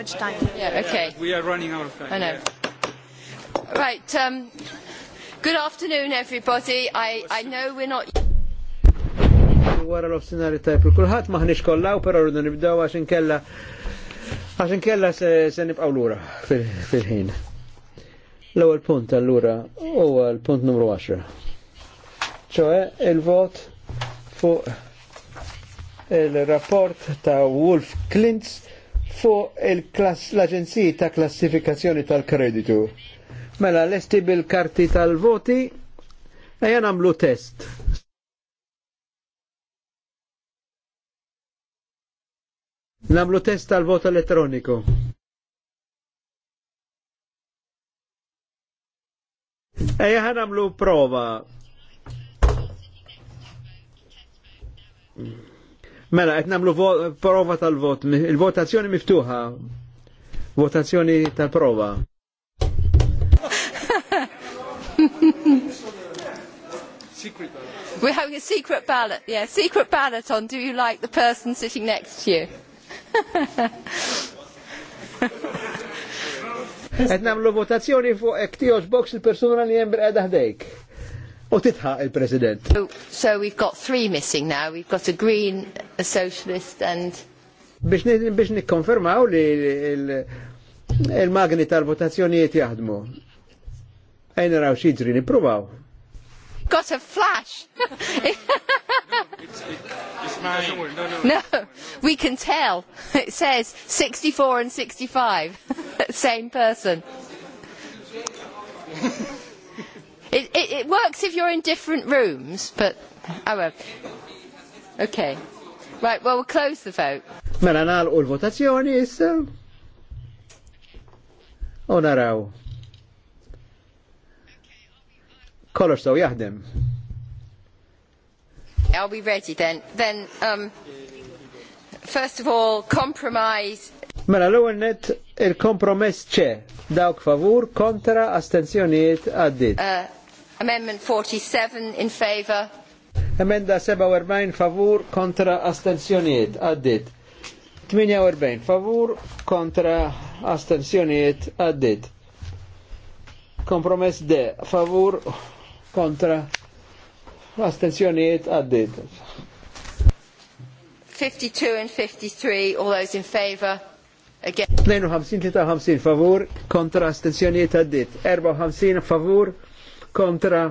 much time. Yeah, okay. We are running out of time. I know. Yeah. Right. Um, good afternoon, everybody. I, I know we're not. wara l-obstinari tajb. Kulħadd maħniex kollha, pero rridu nibdaw għaxin kella għaxin kella se nibqaw l-ura fil-ħin. L-ewwel punt għall-ura u l-punt numru 10. ċoħe il-vot fuq il-rapport ta' Wolf Klintz fuq l-Aġenziji ta' Klassifikazzjoni tal-Kreditu. Mela, lesti bil-karti tal-voti, ejja għamlu test. Namlu test tal-vot elettroniku. Ejja ħanamlu prova. Mm. Mela, qed nagħmlu prova tal-vot, il-votazzjoni miftuħa. Votazzjoni tal-prova. We're having a secret ballot, yeah, secret ballot on do you like the person sitting next to you. Et namlu votazzjoni fuq ektijos box il-persuna li jember edha U titħaq il-President. Oh, so we've got three missing now. We've got a green, a socialist and... Biex nikkonfermaw li il-magni tal-votazzjonijiet jaħdmu. Ejn naraw xidri nipruvaw. Got a flash! no, we can tell. It says 64 and 65. Same person. It, it, it works if you're in different rooms, but oh well. Okay. Right, well, we'll close the vote. Mela nagħlqu l-votazzjoni issa. U naraw. Kolor sew jaħdem. I'll be ready then. Then, um, first of all, compromise. Mela l-ewwel net il-kompromess ċe dawk favur kontra astenzjonijiet għaddit. Uh, Amendment 47 in favour. Emenda 47 favur kontra astensjoniet. Għaddit. 48 favur kontra astensjoniet. Għaddit. Kompromess D. Favur kontra astensjoniet. Għaddit. 52 and 53, all those in favour. Again. 52, 53 favur kontra astensjoniet. Għaddit. 54 favur kontra kontra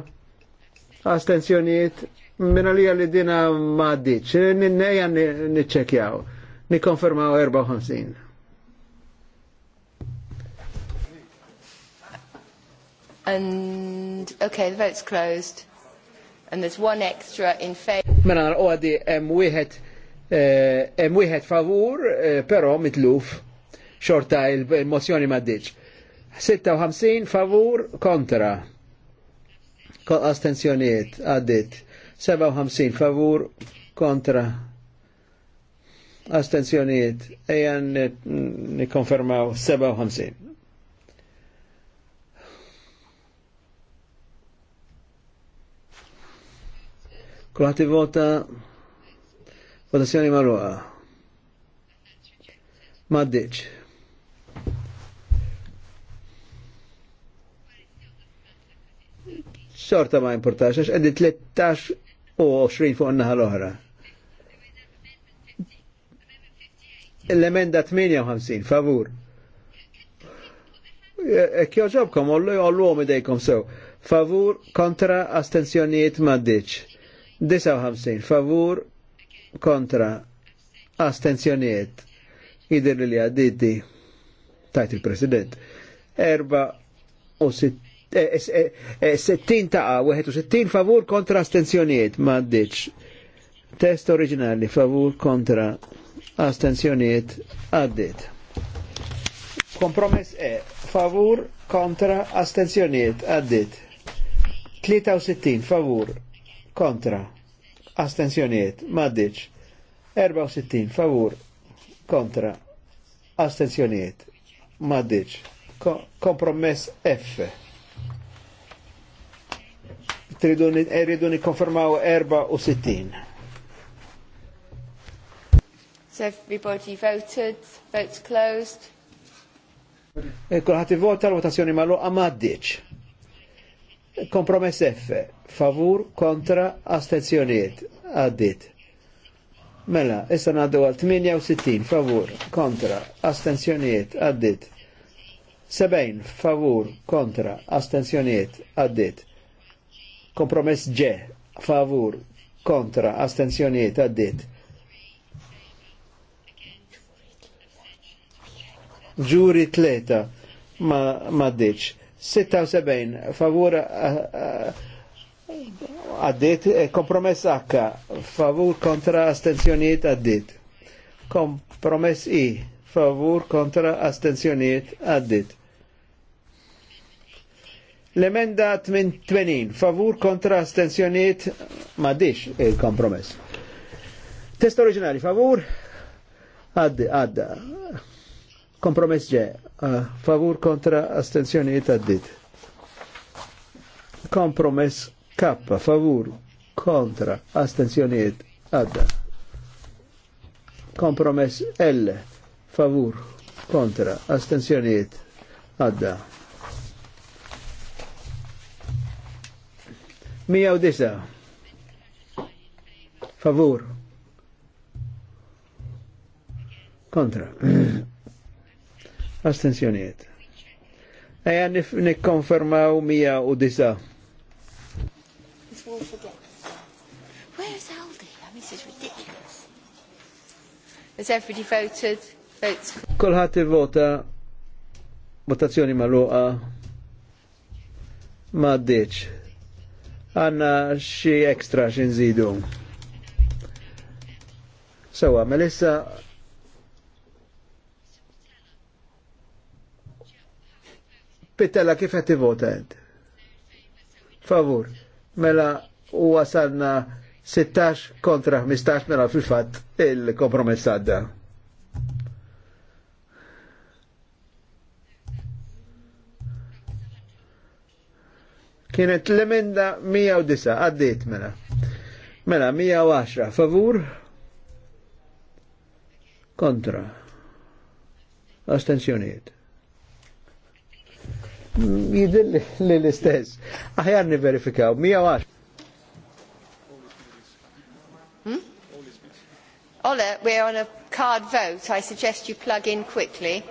astenzjoniet minna li għalli dina maħdiċ. Ninneja niċċekjaw. Nikonfermaw 54. And okay, the vote's closed. And there's one extra in favor. Mena għadi em wieħed hemm eh, wieħed favur, eh, però mitluf xorta il-mozzjoni m'għaddiġ. 56 favur kontra astenzjoniet għaddit 57 favur kontra astenzjoniet ejan nikonfermaw 57 Kulħati vota votazzjoni maluqa. Maddiċ. sorta ma importax, għax għeddi 13 u 20 fuq n naħa l ohra L-emenda 58, favur. E, e, ġobkom, ollu jgħallu għom idejkom sew. Favur kontra astenzjoniet maddiċ. 59, favur kontra astenzjoniet. Idir li għaddiddi, tajt il-president. 4 60 ta' 61 favur kontra astenzjoniet ma' ddiċ. Test oriġinali favur kontra astenzjoniet għaddit. Kompromess E. Favur kontra astenzjoniet għaddit. 63 favur kontra astenzjoniet ma' ddiċ. 64 favur kontra astenzjoniet ma' ddiċ. Kompromess F tridu e nikonfermaw 64. So everybody voted, votes closed. E Kulħati vota l-votazzjoni ma luqa maddiċ. Kompromess F, favur, kontra, astenzjoniet, għaddit. Mela, issa naddu għal 68, favur, kontra, astenzjoniet, għaddit. 70, favur, kontra, astenzjoniet, għaddit. Kompromess ġe, favur, kontra, astenzjoniet għaddit. Ġuri tleta, ma, ma ddiċ. 76, favur għaddit, e, kompromess H, favur kontra astenzjoniet għaddit. Kompromess I, favur kontra astenzjoniet għaddit. L-emenda 28, favur kontra astensjoniet dix il-kompromess. Test oriġinali, favur, għadda, għadda. Kompromess ġe, favur kontra astensjoniet għaddit. Kompromess K, favur kontra astensjoniet għadda. Kompromess L, favur kontra astensjoniet għadda. 109. Favur. Kontra. Astenzjoniet. Eja nikkonfermaw 109. Where is Aldi? I everybody voted? Votes. vota votazzjoni maluqa ma' deċ għanna xie ekstra xie nżidu. Sawa, so, melissa Pittella kif qed votent? Favur. Mela u sanna 16 kontra 15 mela fil fat il-kompromess għadda. Kienet l-emenda 109, għaddit mela. Mela 110, favur? Kontra. Astenzjoniet. Jidil li l-istess. Aħjar verifikaw, 110. Hmm? Ola, we're on a card vote. I suggest you plug in quickly.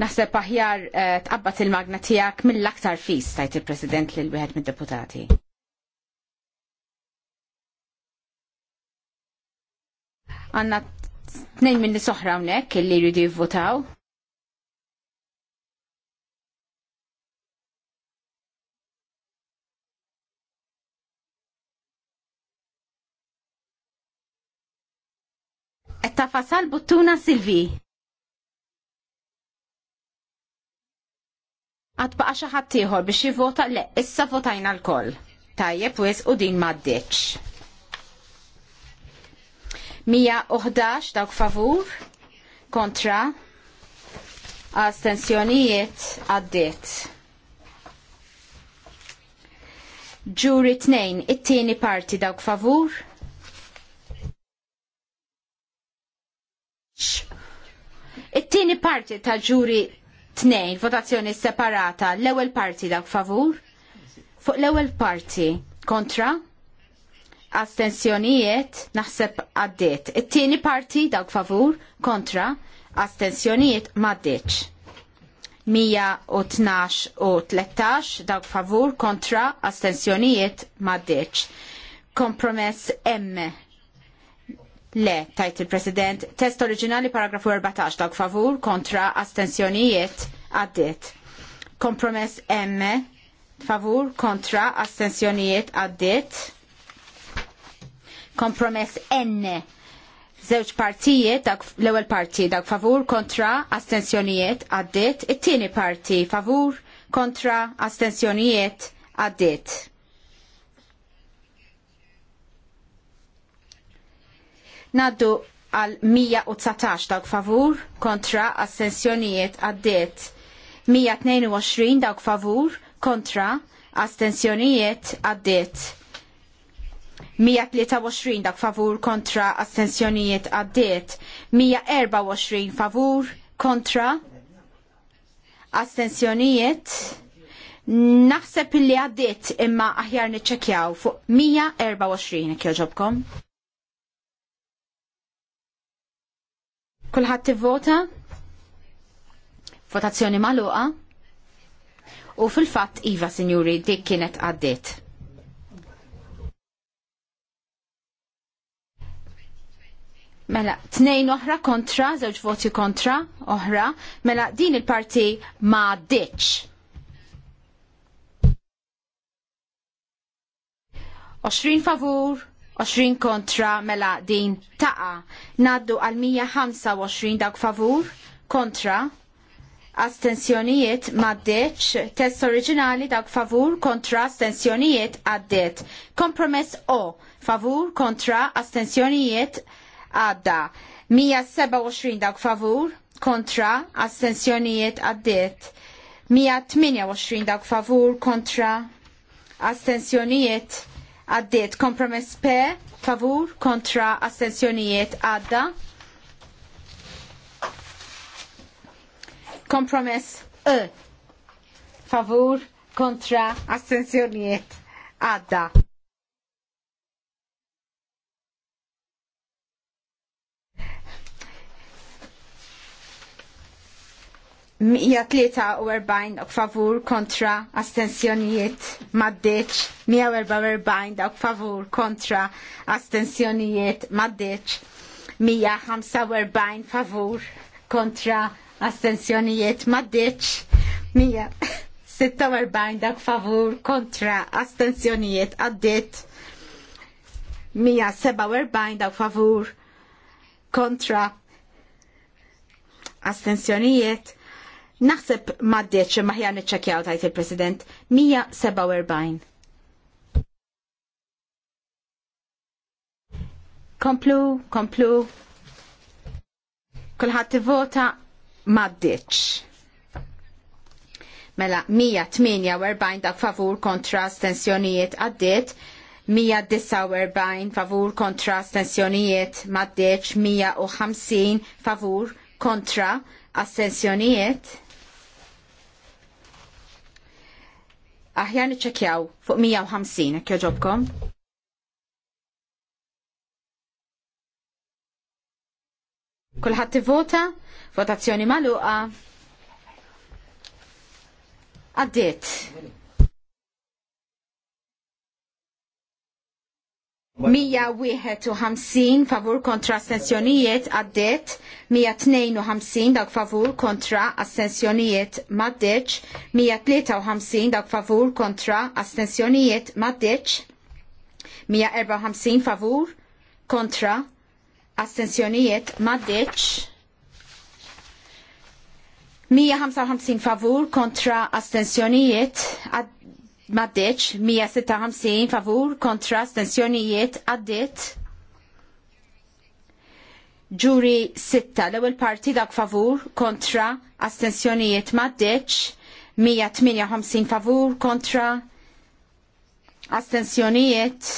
Naħseb aħjar eh, tqabbat il-magna tiegħek mill-aktar fis tajt il-President lil wieħed mid-deputati. Għanna tnejn minni soħra hawnhekk illi jridu jivvotaw. Qed tafasal buttuna Silvi. baqa xaħat tiħor biex jivvota le, issa votajna l-koll. Tajjeb wis u din maddeċ. 111 dawk favur, kontra, astensjonijiet għaddiet. Ġuri tnejn, it-tieni parti dawk favur. It-tieni parti ta' ġuri Tnejn, votazzjoni separata. L-ewwel parti dak favur? Fuq l-ewwel parti kontra? Astensjonijiet naħseb għaddiet. It-tieni parti dak favur kontra? Astensjonijiet m'għaddietx. 112 u 13 dawk favur kontra astensjonijiet maddeċ. Kompromess M Le, tajt il-President, test oriġinali paragrafu 14 dawk favur kontra astensjonijiet għaddit. Kompromess M, favur kontra astensjonijiet għaddit. Kompromess N, zewċ partijiet l-ewwel parti dak favur kontra astensjonijiet għaddit, it-tieni parti favur kontra astensjonijiet għaddit. Naddu għal 119 dawk favur kontra astensjonijiet għaddiet. 122 dawk favur kontra astensjonijiet għaddiet. 123 dak favur kontra astensjonijiet għaddiet, 124 favur kontra astensjonijiet. Naħseb li għaddiet imma aħjar niċċekjaw fuq 124 kjoġobkom. Kulħadd tivvota? Votazzjoni magħluqa? U fil-fatt iva, sinjuri, dik kienet għaddit. Mela, tnejn oħra kontra, żewġ voti kontra, oħra, mela din il-parti ma ditx. Oxrin favur, 20 kontra mela din taqa. Naddu għal 125 dawk favur kontra astensjonijiet maddeċ, test oriġinali dawk favur kontra astensjonijiet għaddet. Kompromess O, favur kontra astensjonijiet għadda. 127 dawk favur kontra astensjonijiet għaddet. 128 dawk favur kontra astensjonijiet għaddiet kompromess P favur kontra astensjonijiet għadda kompromess E favur kontra astensjonijiet għadda 143 dawk favur kontra astensjonijiet maddeċ 144 dak favur kontra astensjonijiet maddeċ 145 favur kontra astensjonijiet maddeċ 146 dak favur kontra astensjonijiet għaddit 147 dak favur kontra astensjonijiet Naħseb maddeċ maħjar niċċekjaw tajt il-President 147. Komplu, komplu. Kulħadd ivota maddeċ. Mela 148 dak favur kontra stensjonijiet għaddiet, 149 favur kontra stensjonijiet maddeċ, 150 favur kontra astensjonijiet Aħjar niċċekjaw fuq 150 ekk joġobkom. Kulħadd ivvota, votazzjoni magħluqa. Għaddiet. 151 favur kontra astensjonijiet għaddiet, 152 dak favur kontra astensjonijiet maddeċ, 153 dak favur kontra astensjonijiet maddeċ, 154 favur kontra astensjonijiet maddeċ, 155 favur kontra astensjonijiet għaddiet, maddeċ 156 favur kontra stensjonijiet għaddit ġuri 6 l-ewwel parti dak favur kontra astensjonijiet maddeċ 158 favur kontra astensjonijiet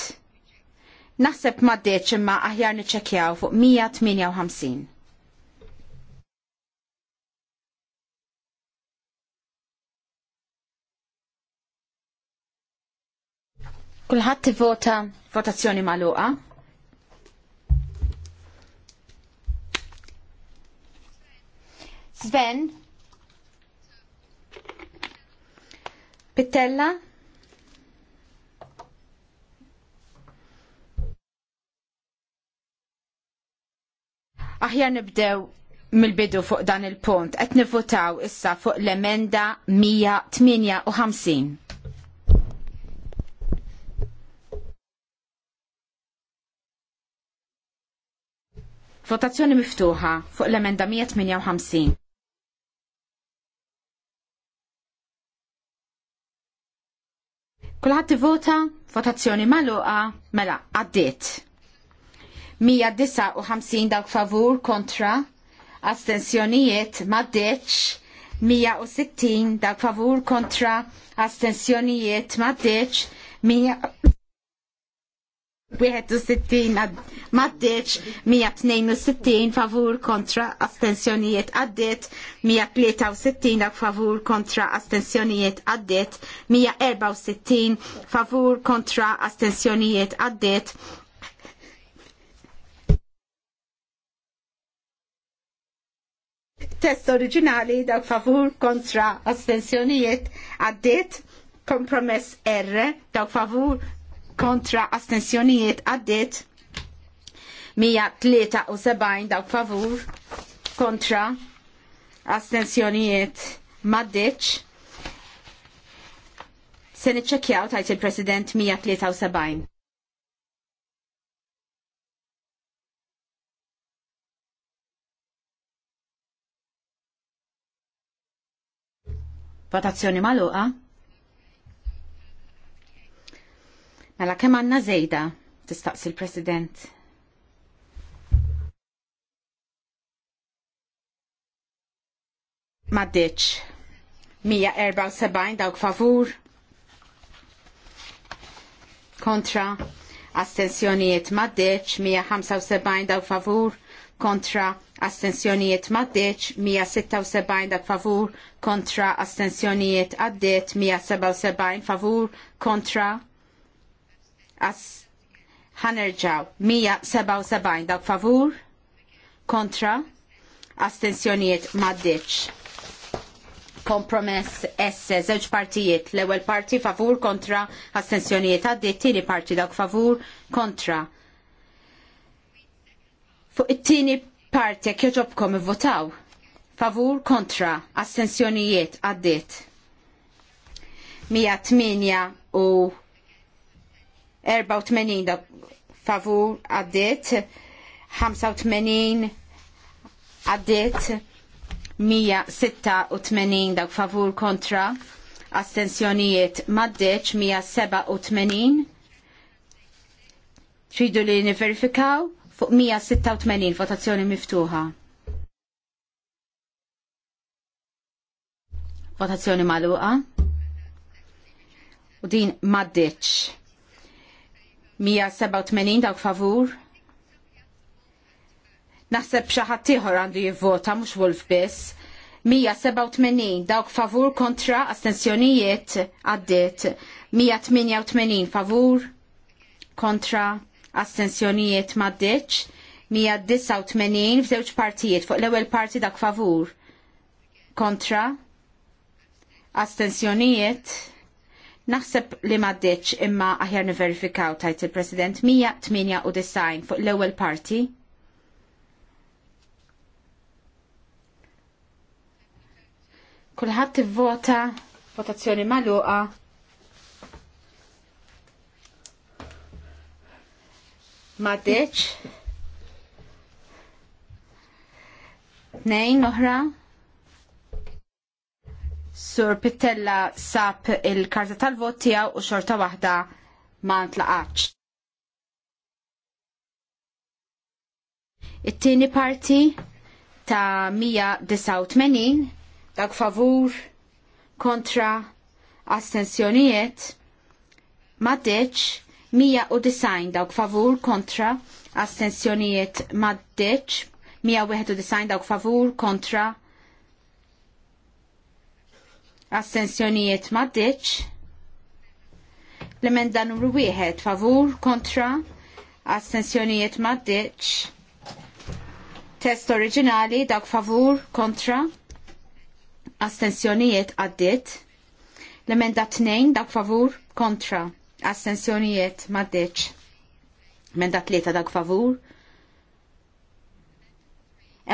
naħseb maddeċ imma aħjar niċekjaw fuq 158. Kulħadd vota votazzjoni magħluqa. Sven. Pittella. Aħjar nibdew mill-bidu fuq dan il-punt. Qed nivvutaw issa fuq l-emenda 158. Votazzjoni miftuħa fuq l-emenda 158. Kulħadd ivota votazzjoni magħluqa mela għaddiet. 159 dawk favur kontra astensjonijiet maddeċ 160 dawk favur kontra astensjonijiet maddeċ 61 maddeċ 162 favur kontra astensjonijiet għaddit 163 dak favur kontra astensjonijiet għaddit 164 favur kontra astensjonijiet għaddit Test oriġinali dak favur kontra astensjonijiet għaddit kompromess R dak favur kontra astensjonijiet għaddit 173 dawk favur kontra astensjonijiet maddiċ se niċċekjaw tajt il-President 173. Votazzjoni maluqa? Mela kemm għandna żejda tistaqsi l-President. Maddiċ. 174 dawk favur. Kontra. Astensjonijiet maddiċ. 175 dawk favur. Kontra. Astensjonijiet maddiċ. 176 dawk favur. Kontra. Astensjonijiet għaddiet. 177 favur. Kontra As ħanerġaw 177 dak favur kontra astensjonijiet maddiċ. Kompromess S żewġ partijiet, l-ewwel parti favur kontra astensjonijiet għaddiet, tieni parti dak favur kontra. Fuq it-tieni parti jogħġobkom ivvotaw. Favur kontra astensjonijiet għaddiet. 108 u 84 favur għaddit, 85 għaddit, 186 dak favur kontra, astensjonijiet maddeċ 187 tridu li niverifikaw fuq 186 votazzjoni miftuħa. Votazzjoni maluqa. U din maddeċ. 187 dawk favur. Naħseb xi ħadd ieħor għandu jivvota mhux Wolf biss. 187 dawk favur kontra astensjonijiet għaddiet 188 favur kontra astensjonijiet maddeċ 189 f'żewġ partijiet fuq l-ewwel parti dak favur kontra astensjonijiet Naħseb li maddeċ imma aħjar niverifikaw tajt il-President 198 fuq l-ewwel parti. Kulħadd vota votazzjoni magħluqa. Maddeċ. Nejn oħra. Sur Pittella sab il-karta tal-vot tiegħu u xorta waħda ma ntlaqax. It-tieni parti ta' 189 dak favur kontra astensjonijiet maddeċ 190 dawk favur kontra astensjonijiet maddeċ 191 dawk favur kontra Astensjonijiet maddiċ. L-emenda numru wieħed favur kontra astensjonijiet maddiċ. Test oriġinali dak favur kontra astensjonijiet għaddit. L-emenda 2 dak favur kontra astensjonijiet maddiċ. Emenda 3 dak favur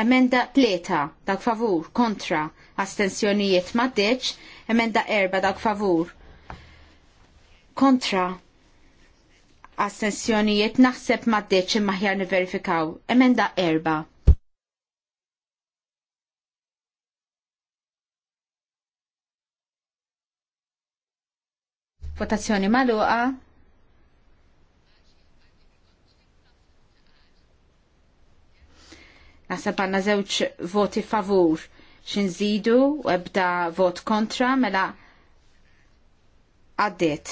Emenda 3 dak favur kontra astensjonijiet maddeċ, emenda erba dak favur. Kontra, astensjonijiet naħseb deċ imma ħjar niverifikaw, emenda erba. Votazzjoni maluqa. Nasa panna zewċ voti favur xinżidu u ebda vot kontra mela għaddit.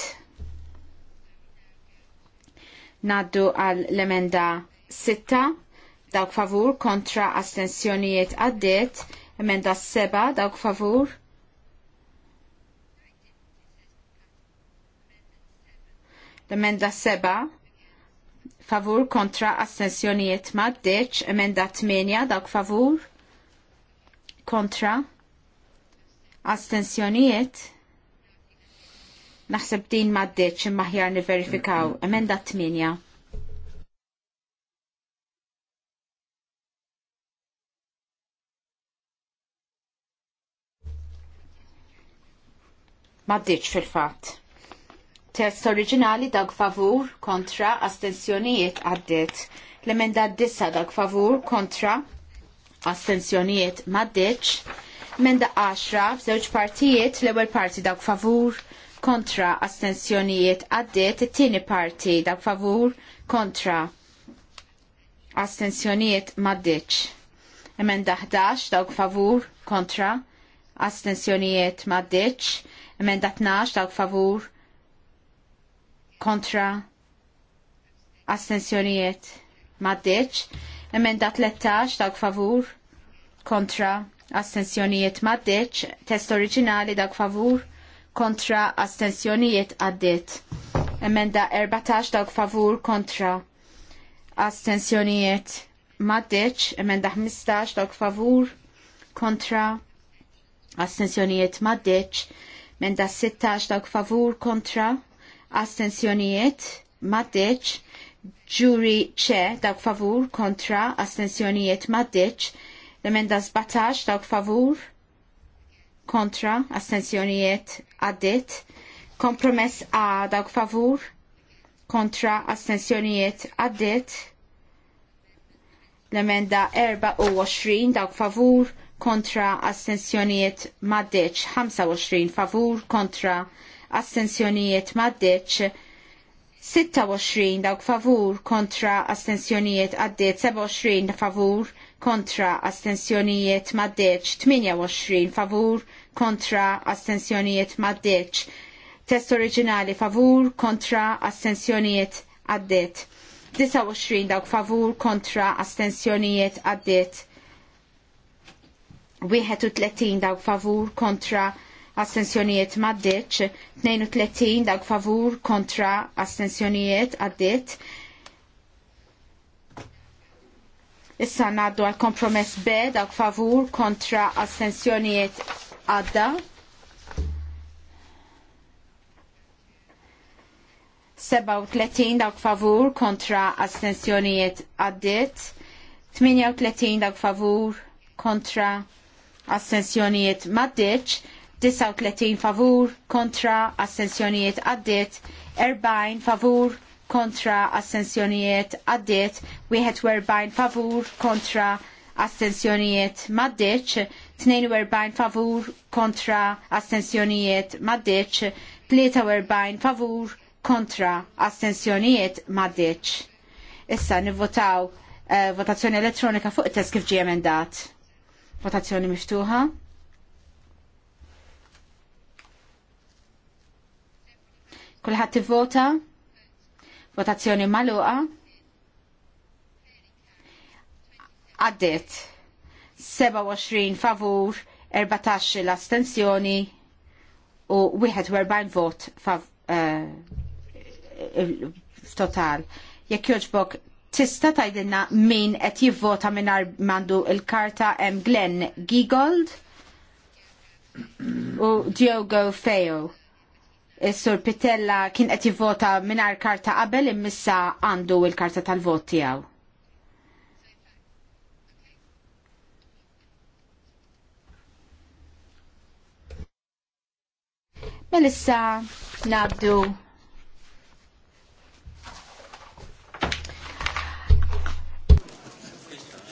Naddu għal l-emenda 6 dawk favur kontra astensjonijiet għaddit, emenda 7 dawk favur l-emenda 7 favur kontra astensjonijiet maddeċ, emenda 8 dawk favur kontra astensjonijiet naħseb din maddeċ imma niverifikaw emenda 8 Maddiċ fil-fat. Test oriġinali dag favur kontra astensjonijiet għaddit. L-emenda d-dissa dag favur kontra astenzjonijiet maddeċ. Menda 10 f'żewġ partijiet l-ewwel parti dawk favur kontra astenzjonijiet għaddiet, it-tieni parti dawk favur kontra astenzjonijiet maddeċ. Emen 11 dawk favur kontra astenzjonijiet maddeċ. Emenda 12 dawk favur kontra astenzjonijiet maddeċ Emenda 13 dak favur kontra astensjonijiet maddeċ. Test oriġinali dak favur kontra astensjonijiet għaddit. Emenda 14 dak favur kontra astensjonijiet maddeċ. Emenda 15 dak favur kontra astensjonijiet maddeċ. Emenda 16 dak favur kontra astensjonijiet maddeċ ġuri ċe dawk favur kontra astensjonijiet maddiċ, l-emenda 17 dawk favur kontra astensjonijiet għaddit, kompromess A dawk favur kontra astensjonijiet għaddit, l-emenda 24 dawk favur kontra astensjonijiet maddiċ, 25 favur kontra astensjonijiet maddiċ, 26 dawk favur kontra astensjonijiet għaddiet 27 favur kontra astensjonijiet maddeċ 28 favur kontra astensjonijiet maddeċ test oriġinali favur kontra astensjonijiet għaddiet 29 dawk favur kontra astensjonijiet għaddiet 31 dawk favur kontra astensjonijiet astensjonijiet maddeċ, 32 dak favur kontra astensjonijiet għaddit. Issa naddu għal kompromess B dak favur kontra astensjonijiet għadda. Seba' u tletin, dak favur kontra astensjonijiet għaddit. 38 dak favur kontra astensjonijiet maddeċ. 39 favur kontra assenzjonijiet għaddiet, 40 favur kontra assenzjonijiet għaddiet, 41 favur kontra assenzjonijiet maddeċ, 42 favur kontra assenzjonijiet maddeċ, 43 favur kontra assenzjonijiet maddeċ. Issa nivvotaw uh, votazzjoni elettronika fuq it-test kif ġie emendat. Votazzjoni miftuħa. Kulħadd vota Votazzjoni magħluqa? Għaddit. 27 favur, 14 l-astensjoni u 41 vot fav, uh, eh, f'total. Jekk joġbok tista tajdinna min qed jivvota mingħajr mandu il-karta hemm Glenn Giegold u Diogo Feo sur Pitella kien qed jivvota mingħajr karta qabel immissa għandu l-karta tal-vot tiegħu. Melissa nabdu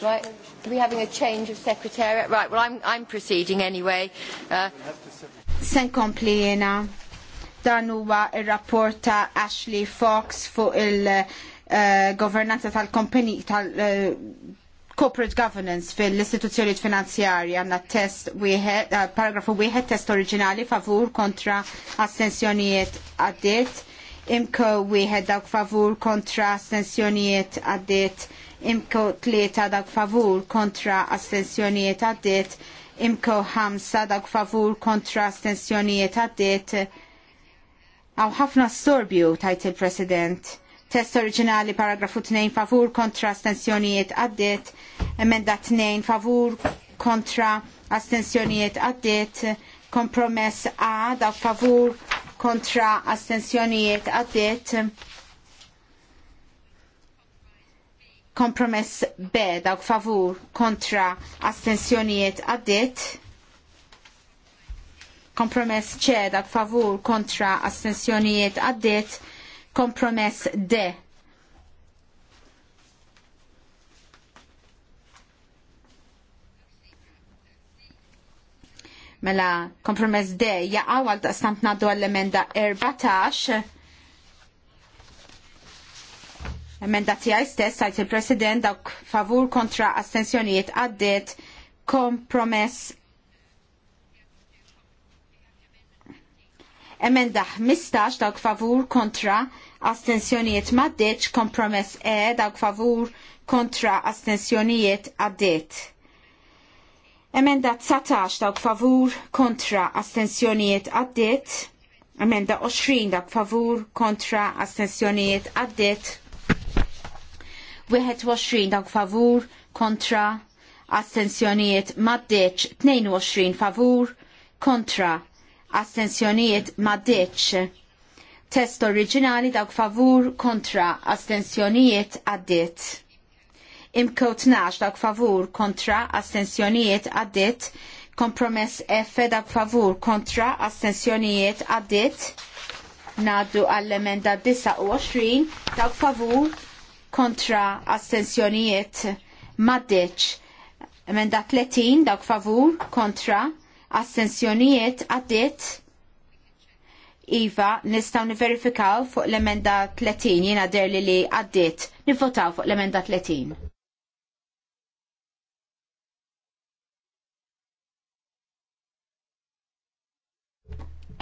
Right, we having a change of secretariat. Right, well, I'm, I'm proceeding anyway. Uh, Sen kompli jena Dan huwa ir-rapport ta' Ashley Fox fuq il-governanza eh, uh, tal-kompani tal-, tal eh, corporate governance fil-istituzzjoni finanzjarja għanna test wieħed, eh, paragrafu wieħed test oriġinali favur kontra astensjonijiet għaddit, imko wieħed dawk favur kontra astensjonijiet għaddit, imko tlieta dawk favur kontra astensjonijiet għaddit, imko ħamsa dawk favur kontra astensjonijiet għaddit, Għaw ħafna storbju tajt il-President. Test oriġinali paragrafu 2 favur kontra astensjonijiet għaddit, emenda 2 favur kontra astensjonijiet għaddit, kompromess A daw favur kontra astensjonijiet għaddit, kompromess B daw favur kontra astensjonijiet għaddit, Kompromess C dak favur kontra astensjonijiet għaddiet. Kompromess D. Mela, kompromess D jaqgħu għal daqstant naddu għall-emenda 14. Emenda tiegħi stess sajt il-President dawk favur kontra astensjonijiet għaddiet kompromess Emenda 15 dawk favur kontra astensjonijiet maddeċ kompromess E dawk favur kontra astensjonijiet għaddiet. Emenda 19 dawk favur kontra astensjonijiet għaddiet. Emenda 20 dawk favur kontra astensjonijiet għaddiet. 21 dawk favur kontra astensjonijiet maddeċ 22 favur kontra astensjonijiet deċ. Test oriġinali dawk favur kontra astensjonijiet għaddit. Imko 12 dawk favur kontra astensjonijiet għaddit. Kompromess F dawk favur kontra astensjonijiet għaddit. Naddu għall-emenda 29 dawk favur kontra astensjonijiet deċ. Emenda 30 dawk favur kontra assenzjonijiet għaddit Iva nistaw niverifikaw fuq l-emenda 30 jina der li għaddit nivvotaw fuq l-emenda 30.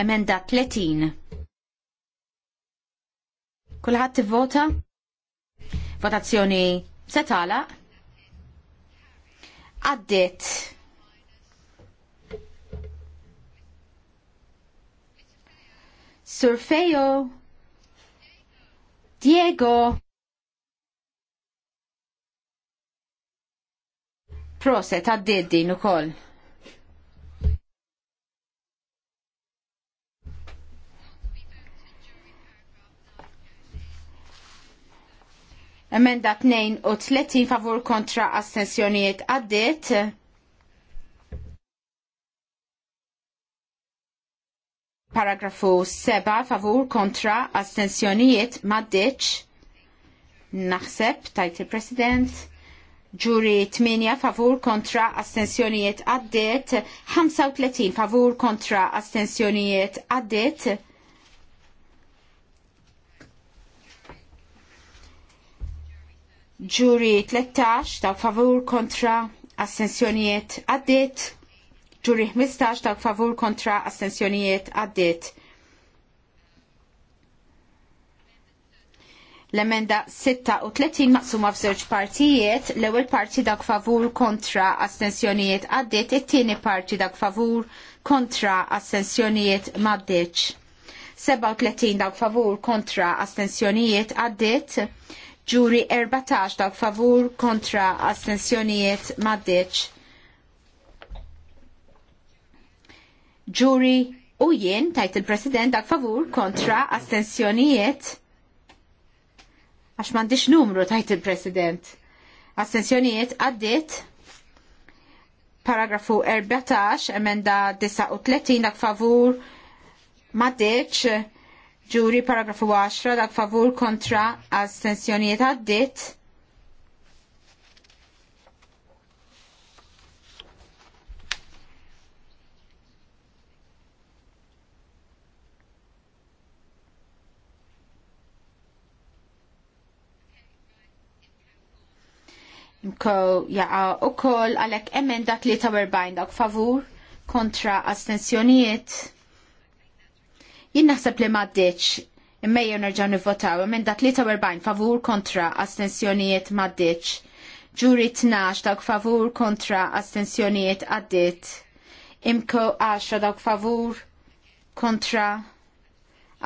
Emenda 30. Kulħadd tivvota? Votazzjoni setala? Għaddit Surfeo. Diego, Proset, għaddid din ukoll. Emenda 30 favur kontra astensjonijiet għaddit. Paragrafu 7 favur kontra astensjonijiet maddiċ. Naħseb tajt il-President. Ġuri 8 favur kontra astensjonijiet għaddiet, 35 favur kontra astensjonijiet għaddit Ġuri 13 ta' favur kontra astensjonijiet għaddit ġuri 15 dak favur kontra astensjonijiet għaddit. L-emenda 36 maqsuma f'żewġ partijiet, l-ewwel parti dak favur kontra astensjonijiet għaddit, it-tieni parti dak favur kontra astensjonijiet m'għaddiċ. 37 dak favur kontra astensjonijiet għaddit, ġuri 14 dak favur kontra astensjonijiet m'għaddiċ. ġuri u jien tajt il-President dak favur kontra astensjonijiet għax m'għandix numru tajt il-President. Astensjonijiet għaddit paragrafu 14 emenda 39 dak favur maddiċ ġuri paragrafu 10 dak favur kontra astensjonijiet għaddit Mko jaqa u koll għalek emenda 43 dak favur kontra astensjonijiet. Jien naħseb li maddiċ imma jew nerġaw nivvotaw emenda 43 favur kontra astensjonijiet maddiċ. Ġuri 12 dak favur kontra astensjonijiet għaddit. Imko 10 dak favur kontra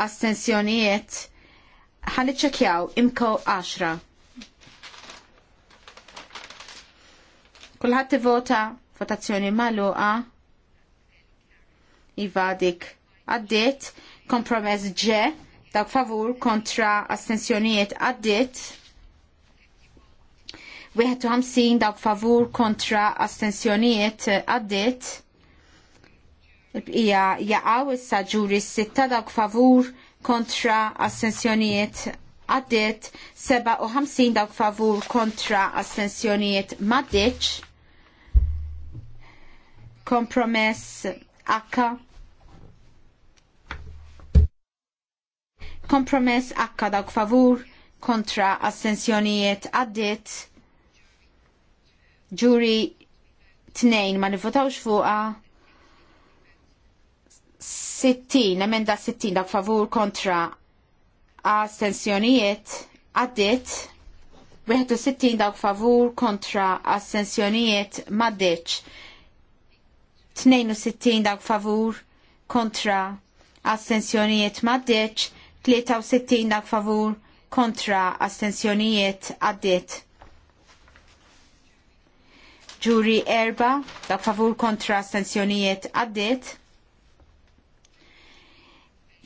astensjonijiet. Ħalli imko 10. Kulħadd vota votazzjoni magħluqa. Iva dik kompromess ġe, dak favur kontra astensjonijiet għaddiet. 51 dak favur kontra astensjonijiet għaddit ija jaqaw issa ġuri sitta dak favur kontra astensjonijiet u 57 dak favur kontra astensjonijiet maddit kompromess H. Kompromess H dawk favur kontra assenzjonijiet għaddit ġuri tnejn ma nivvotawx fuqa 60, emenda 60 dawk favur kontra assenzjonijiet għaddit 61 dawk favur kontra assenzjonijiet maddeċ 62 dawk favur kontra astensjonijiet maddeċ 63 dak favur kontra astensjonijiet għaddiet. Ġuri erba dak favur kontra astensjonijiet għaddiet.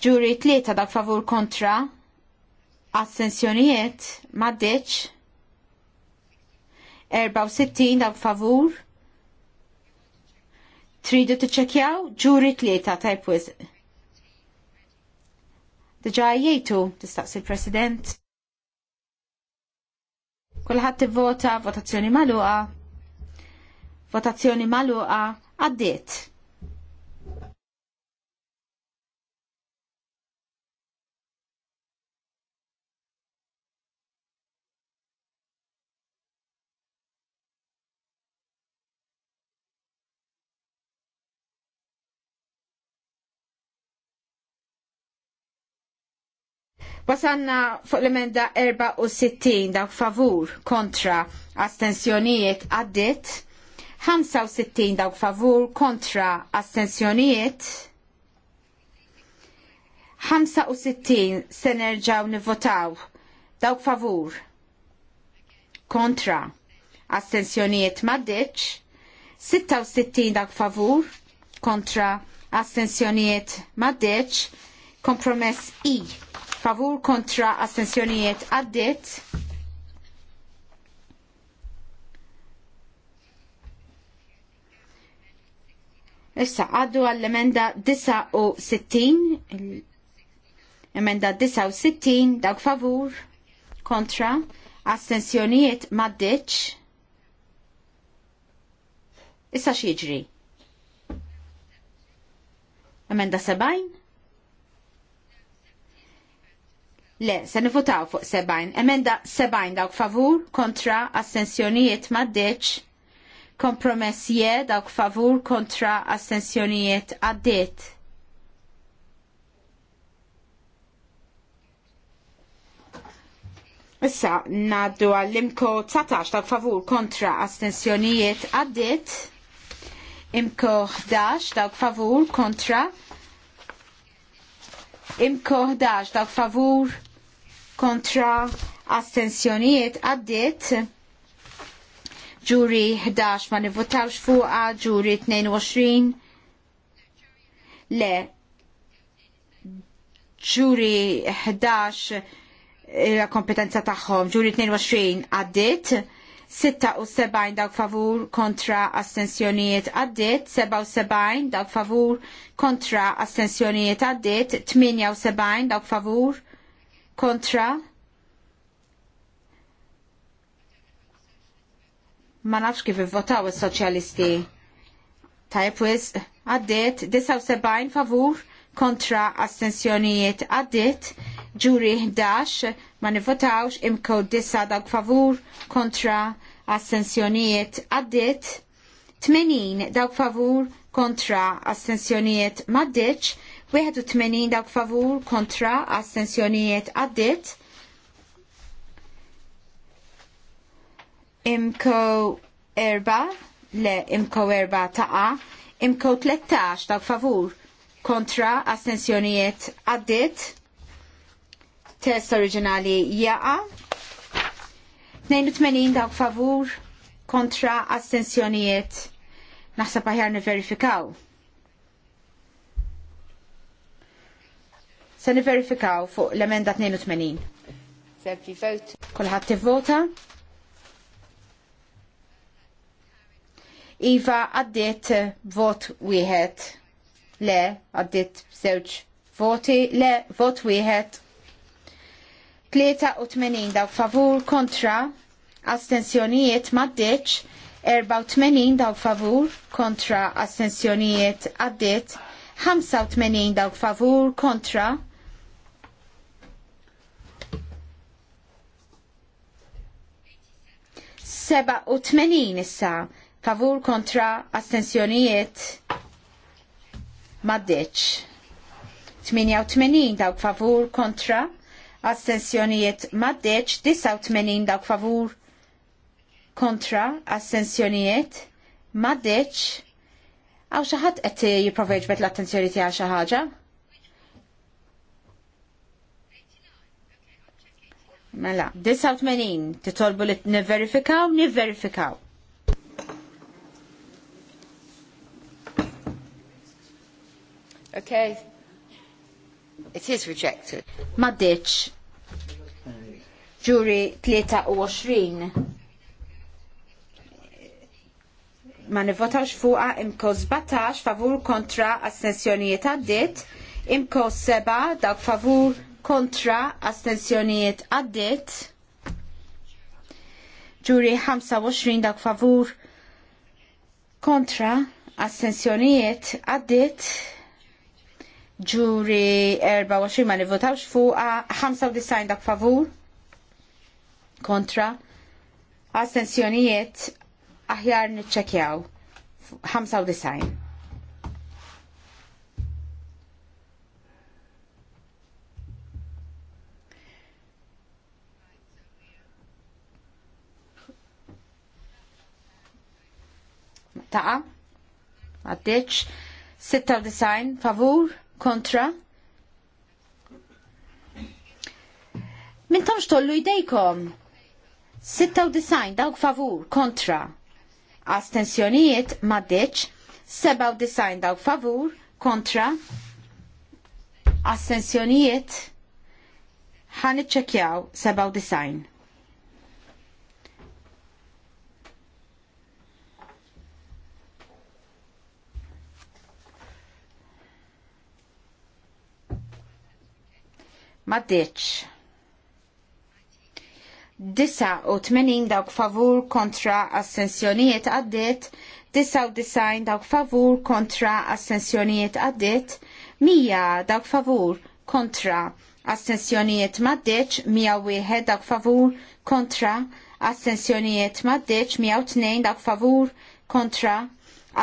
Ġuri tlieta dak favur kontra astensjonijiet maddeċ. 64 dak favur Tridu t-ċekjaw ġuri tlieta tajb wisq. Diġà jgħidu tistaqsi l-President. Kulħadd tivvota votazzjoni magħluqa. Votazzjoni magħluqa għaddiet. Wasanna fuq l-emenda 64 dawk favur kontra astensjonijiet għaddit. 65 dawk favur kontra astensjonijiet. 65 se nerġaw nivotaw dawk favur kontra astensjonijiet maddiċ, 66 dawk favur kontra astensjonijiet maddiċ, Kompromess I favur kontra astensjonijiet għaddit. Issa għaddu għall-emenda 69, emenda 69, dawk favur, kontra, astensjonijiet maddiċ. Issa xieġri? Emenda 70? Le, se nifutaw fuq sebajn. Emenda sebajn dawk favur kontra astensjonijiet maddeċ. Kompromess je dawk favur kontra astensjonijiet għaddit. Issa, naddu għall-imko 19 dawk favur kontra astensjonijiet għaddit. Imko 11 dawk favur kontra Imko 11 dawk favur kontra astensjonijiet għaddiet ġuri 11 ma nivvotawx fuqa ġuri 22 le ġuri 11 eh, la kompetenza taħħom ġuri 22 għaddiet 76 dawk favur kontra astensjonijiet għaddit, 77 dawk favur kontra astensjonijiet għaddit, 78 dawk favur kontra ma nafx kif votaw il soċjalisti Tajb wis għaddit 79 favur kontra astensjonijiet għaddit ġuri 11 ma nivvotawx imko 9 dak favur kontra astensjonijiet għaddit 80 dawk favur kontra astensjonijiet maddiċ 81 dawk favur kontra astensjonijiet għaddit. Imko erba, le imko erba taqa, imko 13 dawk favur kontra astensjonijiet għaddit. Test oriġinali jaqa. 82 dawk favur kontra astensjonijiet. Naħseb aħjar niverifikaw. verifikaw Se niverifikaw fuq l-emenda 82. Every vote. Kulħadd tivvota. Iva għaddiet vot wieħed. Le, għaddit żewġ voti. Le, vot wieħed. 83 daw favur kontra astensjonijiet maddeċ, 84 daw favur kontra astensjonijiet għaddit, 85 daw favur kontra 87 issa favur kontra astensjonijiet maddeċ. 88 dawk favur kontra astensjonijiet maddeċ, 89 dawk favur kontra astensjonijiet maddeċ. Għaw xaħat jiprofeġ bet l-attenzjoni tija xaħġa? Mela, 89, titolbu li niverifikaw, niverifikaw. Okay. It is rejected. Maddiċ. Ġuri 23. Ma nivotax fuqa imko 17 favur kontra assenzjonijiet għaddit, imko 7 dak favur kontra astensjonijiet għaddit ġuri 25 dak favur kontra astensjonijiet għaddit ġuri 24 ma nivotawx fuqa 95 dak favur kontra astensjonijiet aħjar niċċekjaw 95 taqa għaddeċ 96 favur kontra Mintomx tollu idejkom 96 dawk favur kontra astensjonijiet maddeċ 97 dawk favur kontra astensjonijiet ħan iċċekjaw 97 Disa u 89 dawk favur kontra assenzjonijiet għaddit, 99 dawk favur kontra assenzjonijiet għaddit, 100 dawk favur kontra assenzjonijiet maddeċ, 101 dawk favur kontra assenzjonijiet maddeċ, 102 dawk favur kontra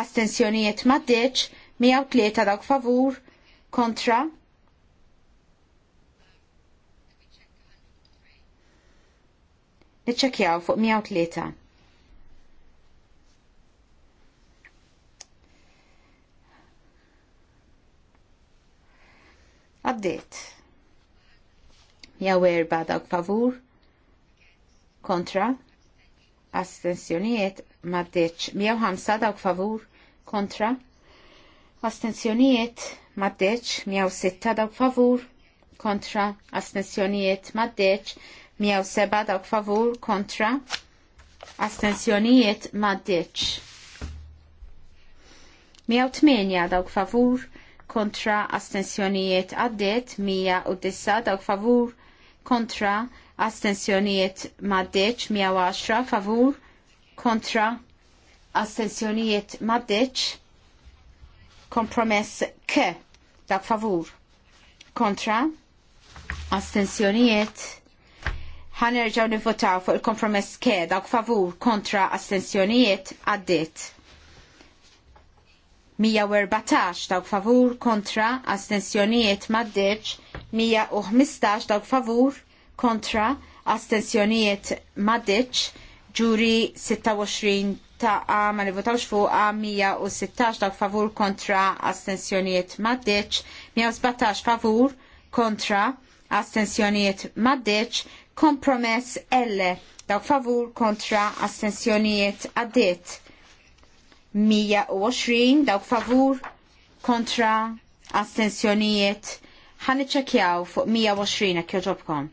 astensjonijiet maddeċ, 103 dawk favur kontra Niċċekjaw fuq 103. Jaw erba dawk favur kontra astensjonijiet maddeċ ħamsa dawk favur kontra astensjonijiet maddeċ sitta dawk favur kontra astensjonijiet maddeċ 107 dawk favur kontra astensjonijiet maddiċ. 108 dawk favur kontra astensjonijiet għaddiet, 109 dawk favur kontra astensjonijiet maddiċ, 110 favur kontra astensjonijiet maddiċ, kompromess ke dak favur kontra astensjonijiet ħanerġaw nivvotaw fuq il-kompromess ke dawk favur kontra astensjonijiet għaddit. 114 dawk favur kontra astensjonijiet maddeċ, 115 dawk favur kontra astensjonijiet maddeċ, ġuri 26 ta' ma nivotawx a' 116 dawk favur kontra astensjonijiet maddeċ, 117 favur kontra astensjonijiet maddeċ, Kompromess L dawk favur kontra astensjonijiet għaddit. 120 dawk favur kontra astensjonijiet ħaniċċekjaw fuq 120 hekk joġobkom.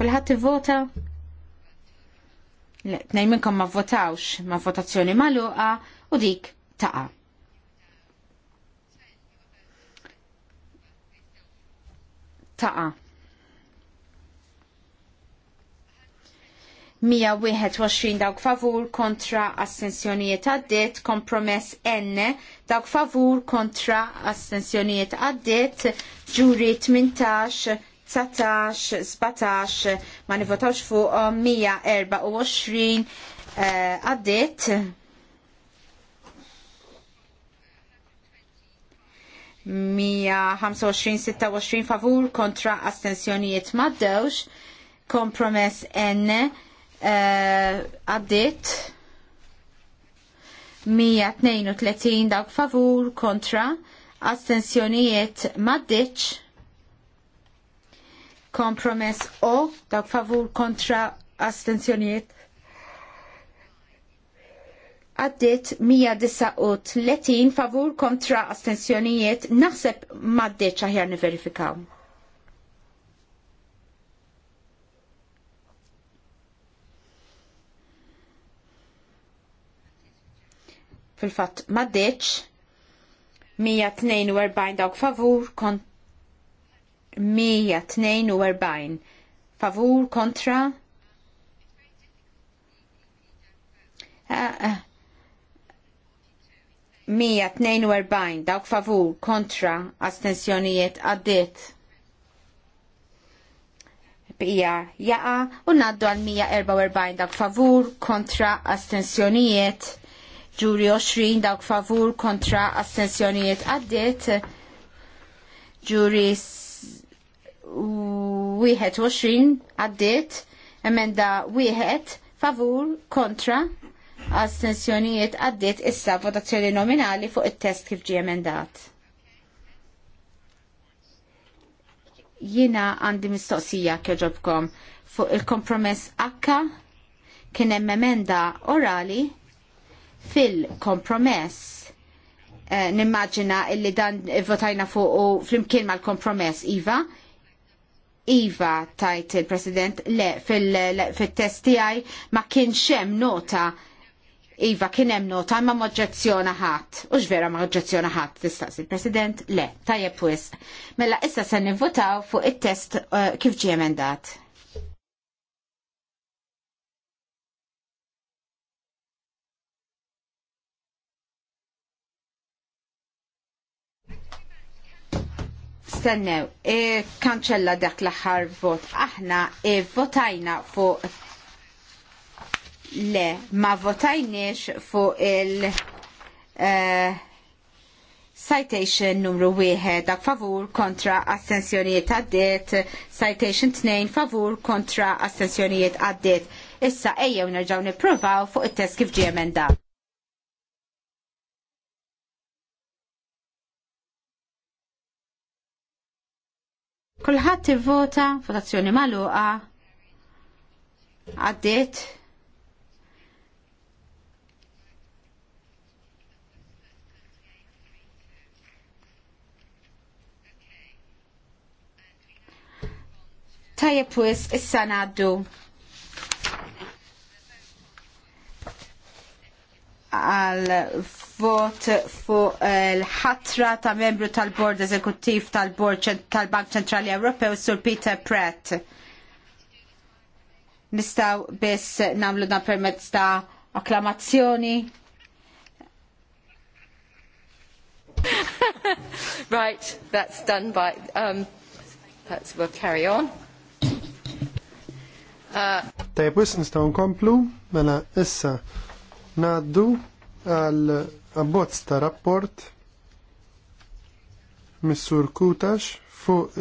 Kulħadd ivvota? Le, tnejn ma votawx ma' votazzjoni magħluqa u dik taqa'. taqa. 121 dawk favur kontra astensjonijiet għaddit, kompromess N dawk favur kontra astensjonijiet għaddit, ġuri 18, 19, 17, ma nivotawx fuq 124 għaddit. Uh, 125-26 favur kontra astensjonijiet maddewx kompromess N uh, addit 132 dawk favur kontra astensjonijiet maddiċ kompromess o dawk favur kontra astensjonijiet għaddit 139 favur kontra astensjonijiet naħseb maddeċ aħjar niverifikaw. Fil-fat maddeċ 142 dawk favur kont 142 favur kontra uh, uh, 142 dawk favur kontra astensjonijiet għaddit. Bija jaqa u naddu għal 144 dawk favur kontra astensjonijiet. Ġuri 20 dawk favur kontra astensjonijiet għaddit. Ġuri 21 għaddit. Emenda 1 favur kontra astensjonijiet għaddiet issa votazzjoni nominali fuq it-test kif ġie emendat. Jina għandi mistoqsija kjoġobkom fuq il-kompromess H kien hemm emenda orali fil-kompromess eh, nimmaġina illi dan votajna fuq u flimkien mal-kompromess Iva Iva tajt il-President le fil-test tiegħi ma kienx hemm nota Iva, kien hemm nota imma moġġezzjona ħadd. U vera ma oġġezzjona ħadd tistaqsi il-President? Le, tajjeb wis. Mela issa se nivvotaw fuq it-test uh, kif ġie emendat. Stennew, eh, kanċella dak l-aħħar vot. Aħna eh, votajna fuq Le, ma votajniex fuq il- uh, Citation numru 1 dak favur kontra astensjonijiet għaddiet, citation 2 favur kontra astensjonijiet għaddit Issa ejjew unerġaw nipprovaw fuq it-test kif ġie emenda. Kulħadd ivvota votazzjoni magħluqa għaddit Tajjeb wis issa ngħaddu. għal vot fu eh, l-ħatra ta' membru tal-Bord Eżekuttiv tal-Bord tal-Bank Ċentrali Ewropew Sur Peter Pratt. Nistaw biss namlu dan permezz ta' akklamazzjoni. right, that's done by um, that's we'll carry on. Tajb, wis nistaw nkomplu, mela issa naddu għal abbozz ta' rapport Missur Kutax fuq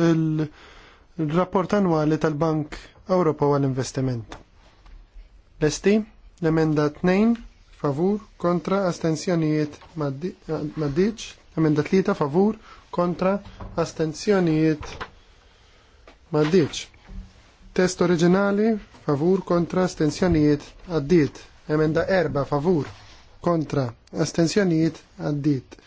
il-rapport annwali tal-Bank Ewropa għal-Investiment. Lesti, l-emenda 2, favur, kontra, astenzjonijiet maddiċ, emenda 3, favur, kontra, astenzjonijiet maddiċ. Test oriġinali, favur kontra astensjonijiet għaddit. Emenda erba, favur kontra astensjonijiet għaddit.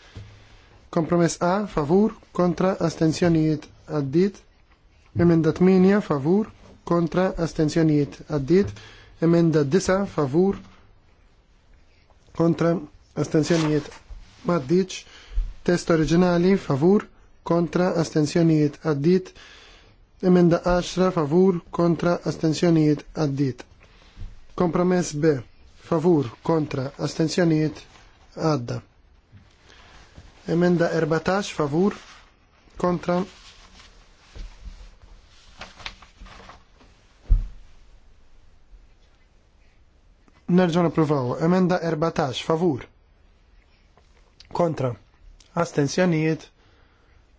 Kompromess A, favur kontra astensjonijiet għaddit. Emenda 8, favur kontra astensjonijiet għaddit. Emenda 9, favur kontra astensjonijiet għaddit. Test oriġinali, favur kontra astensjonijiet għaddit. Emenda 10 favur kontra astenzjonijiet għaddit. Kompromess B. Favur kontra astenzjonijiet għadda. Emenda 14 favur kontra Nerġu approvaw. Emenda 14 favur kontra astenzjonijiet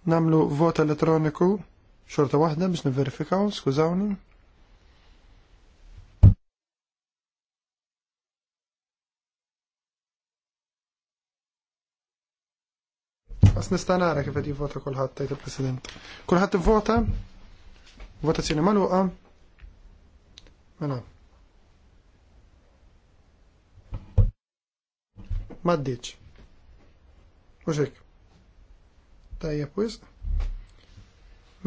namlu vot elettroniku xorta wahda biex niverifikaw, skużawni. Għas nistanara nara kif qed jivvota kulħadd tajt il-President. Kulħadd ivvota, sini maluqa, mela. Maddiċ. Uxek. Tajja wisq.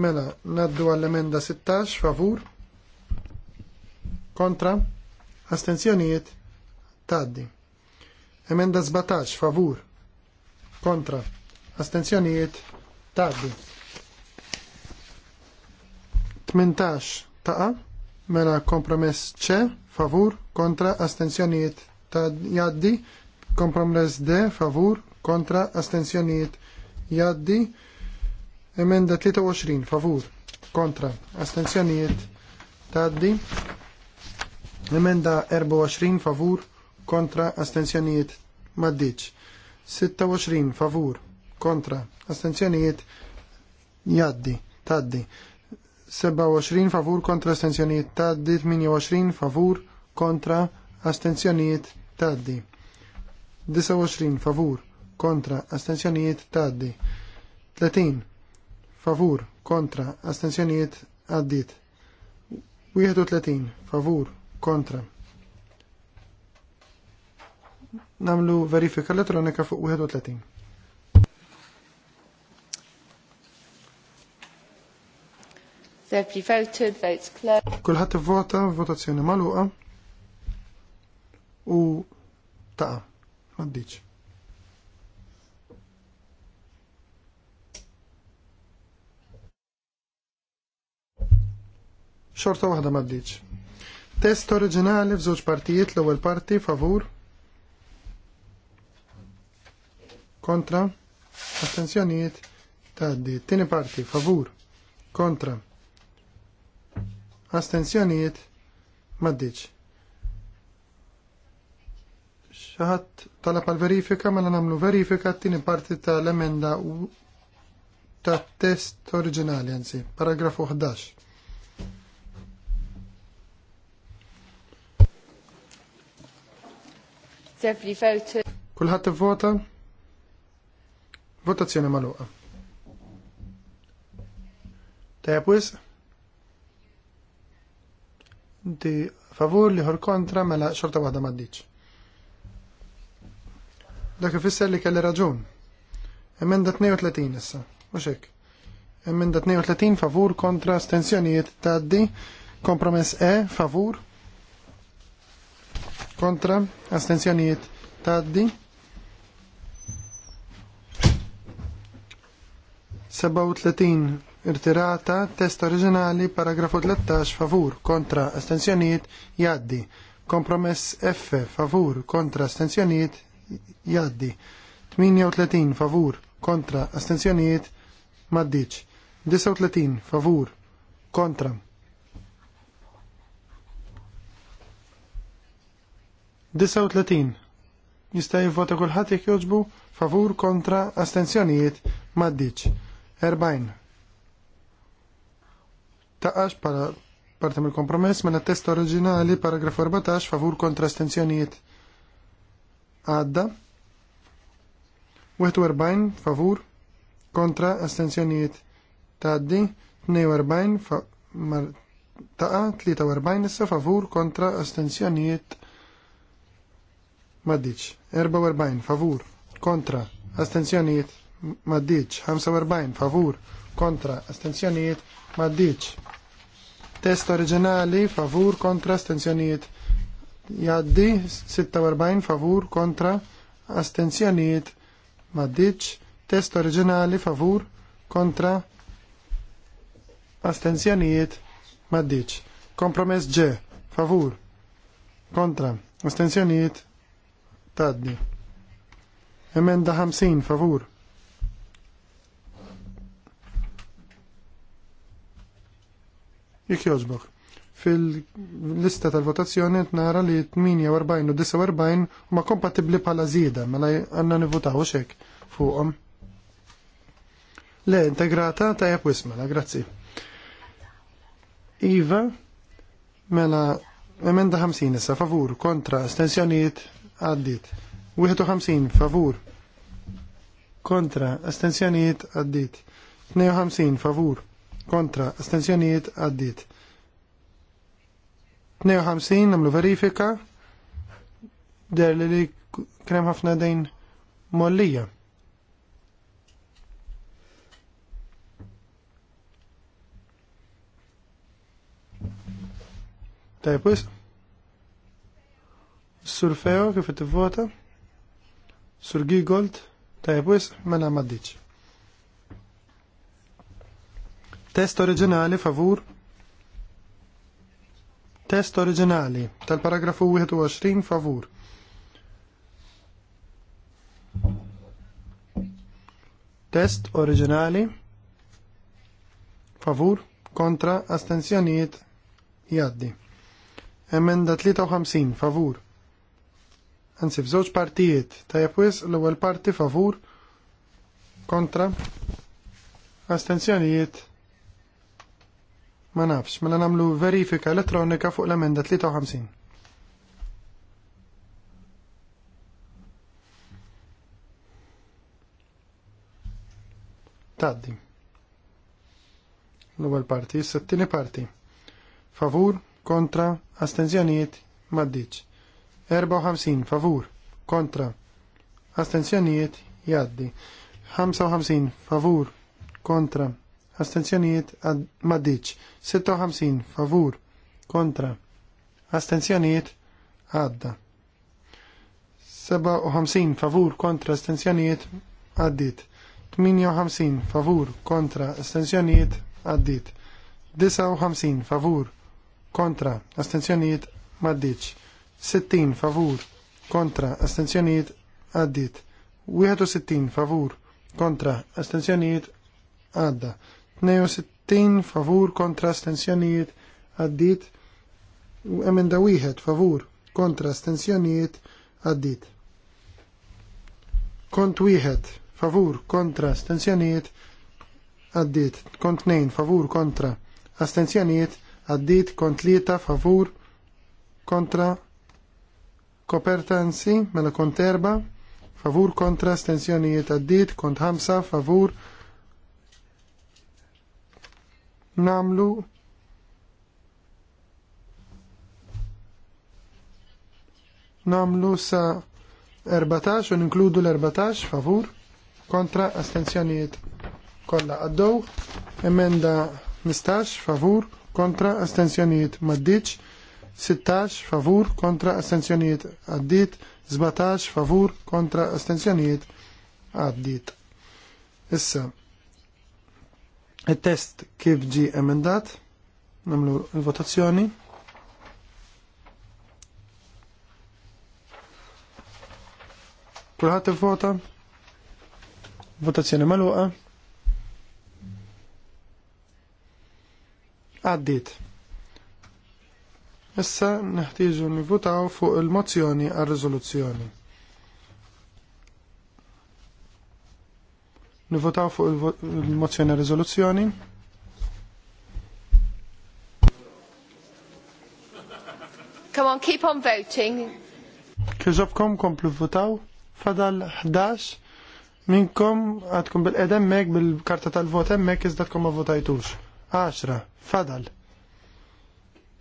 Mela, naddu għall-emenda 16, favur, kontra, astenzjonijiet, taddi. Emenda 17, favur, kontra, astenzjonijiet, taddi. 18, taqa, mela kompromess ċe, favur, kontra, astenzjonijiet, Taddi. Kompromess D, favur, kontra, astenzjonijiet, jaddi. Emenda 23 favur kontra astenzjonijiet taddi. Emenda 24 favur kontra astenzjonijiet maddiċ. 26 favur kontra astenzjonijiet jaddi taddi. 27 favur kontra astenzjonijiet taddi, 28 favur kontra astenzjonijiet taddi. 29 favur kontra astenzjonijiet taddi. 30 favur, kontra, astensjonijiet għaddit. 31, favur, kontra. Namlu verifika elettronika fuq 31. Every voted, votes closed. Kulħat vota, votazzjoni maluqa u ta' għaddiċ. xorta waħda maddiċ. Test oriġinali f'żewġ partijiet l-ewwel parti favur kontra astensjonijiet tgħaddi. Tieni parti favur kontra astensjonijiet maddiċ. Xaħat talab għal verifika ma mela nagħmlu verifika t tini parti tal-emenda ta' test oriġinali anzi, paragrafu 11. Every vote. Kulħadd ivvota? Votazzjoni maluqa. Tepwis? wis? Di favur liħor kontra mela xorta waħda maddiċ. Dak ifisser li kelli raġun. Emenda 32 issa, mhux hekk. Emenda 32 favur kontra stensjonijiet di. kompromess E favur kontra, astenzjonijiet taddi. 37 irtirata, test oriġinali, paragrafu 13, favur, kontra, astenzjonijiet, jaddi. Kompromess F, favur, kontra, astenzjonijiet, jaddi. 38, favur, kontra, astenzjonijiet, maddiċ. 39, favur, kontra, 39. Jista' jivvota kulħadd jekk jogħġbu favur kontra astenzjonijiet m'għaddiċ. 40. Taqax bħala parti mill kompromess minn mela test oriġinali paragraf 14 favur kontra astenzjonijiet għadda. 41 favur kontra astenzjonijiet tgħaddi. 42 taqa 43 issa favur kontra astenzjonijiet maddiċ. 44 favur kontra Astenzjoniet. maddiċ. 45 favur kontra Astenzjoniet. maddiċ. Test oriġinali favur kontra Astenzjoniet. jaddi 46 favur kontra Astenzjoniet. maddiċ. Test oriġinali favur kontra Astenzjoniet. maddiċ. Kompromess G favur kontra Astenzjoniet. Taddi. Emenda 50 favur. Jek joġbok. Fil-lista tal-votazzjoni nara li 48 u 49 ma kompatibli bħala zida, mela għanna nivutaw xek fuqom. Le, integrata ta' jep wismela, grazzi. Iva, mela, emenda 50 issa, favur, kontra, stensjoniet, għaddit. 51 favur kontra astensjonijiet għaddit. 52 favur kontra astensjonijiet għaddit. 52 namlu verifika der li li krem ħafna dejn mollija. Tajpus? Sur Feo kif qed vota? Sur Gigold tajjeb wis mena maddiċ. Test oriġinali favur. Test oriġinali tal-paragrafu 21 favur. Test oriġinali favur kontra astenzjoniet, jaddi. Emenda 53 favur Anzi, f'żewġ partijiet. ta' wis l-ewwel parti favur kontra astenzjonijiet ma nafx, mela nagħmlu verifika elettronika fuq l-emenda 53. Taddi. L-ewwel parti, s-settini parti. Favur kontra astenzjonijiet maddiċ. 54 favur kontra astenzjonijiet jaddi 55 favur kontra astenzjonijiet maddiċ 56 favur kontra astenzjonijiet għadda 57 favur kontra astenzjonijiet għaddit 58 favur kontra astenzjonijiet għaddit 59 favur kontra astenzjonijiet maddiċ 60 favur kontra astenzjonijiet għaddit. 61 favur kontra astenzjonijiet għadda. 62 favur kontra astenzjonijiet għaddit. Emenda wieħed favur kontra astenzjonijiet għaddit. Kont wieħed favur kontra astenzjonijiet għaddit. Kont nejn favur kontra astenzjonijiet għaddit. Kont lieta favur kontra Koperta nsi, mela kont erba, favur kontra stensjonijiet għaddit, kont ħamsa, favur namlu namlu sa 14 u ninkludu l-14 favur kontra astensjonijiet kolla għaddow emenda 15 favur kontra astensjonijiet maddiċ 16 favur kontra astenzjonijiet għaddit, 17 favur kontra astenzjonijiet għaddit. Issa, il-test kif ġi emendat, namlu il-votazzjoni. Kulħat il-vota, votazzjoni maluqa, għaddit. Issa neħtieġu nivutaw fuq il-mozzjoni għal riżoluzzjoni. Nivutaw fuq il-mozzjoni għal riżoluzzjoni. Come on, keep on voting. Kieġobkom komplu votaw, fadal 11, minkom għadkom bil edem mek bil-karta tal-vot emmek, izdatkom ma votajtux. 10, fadal.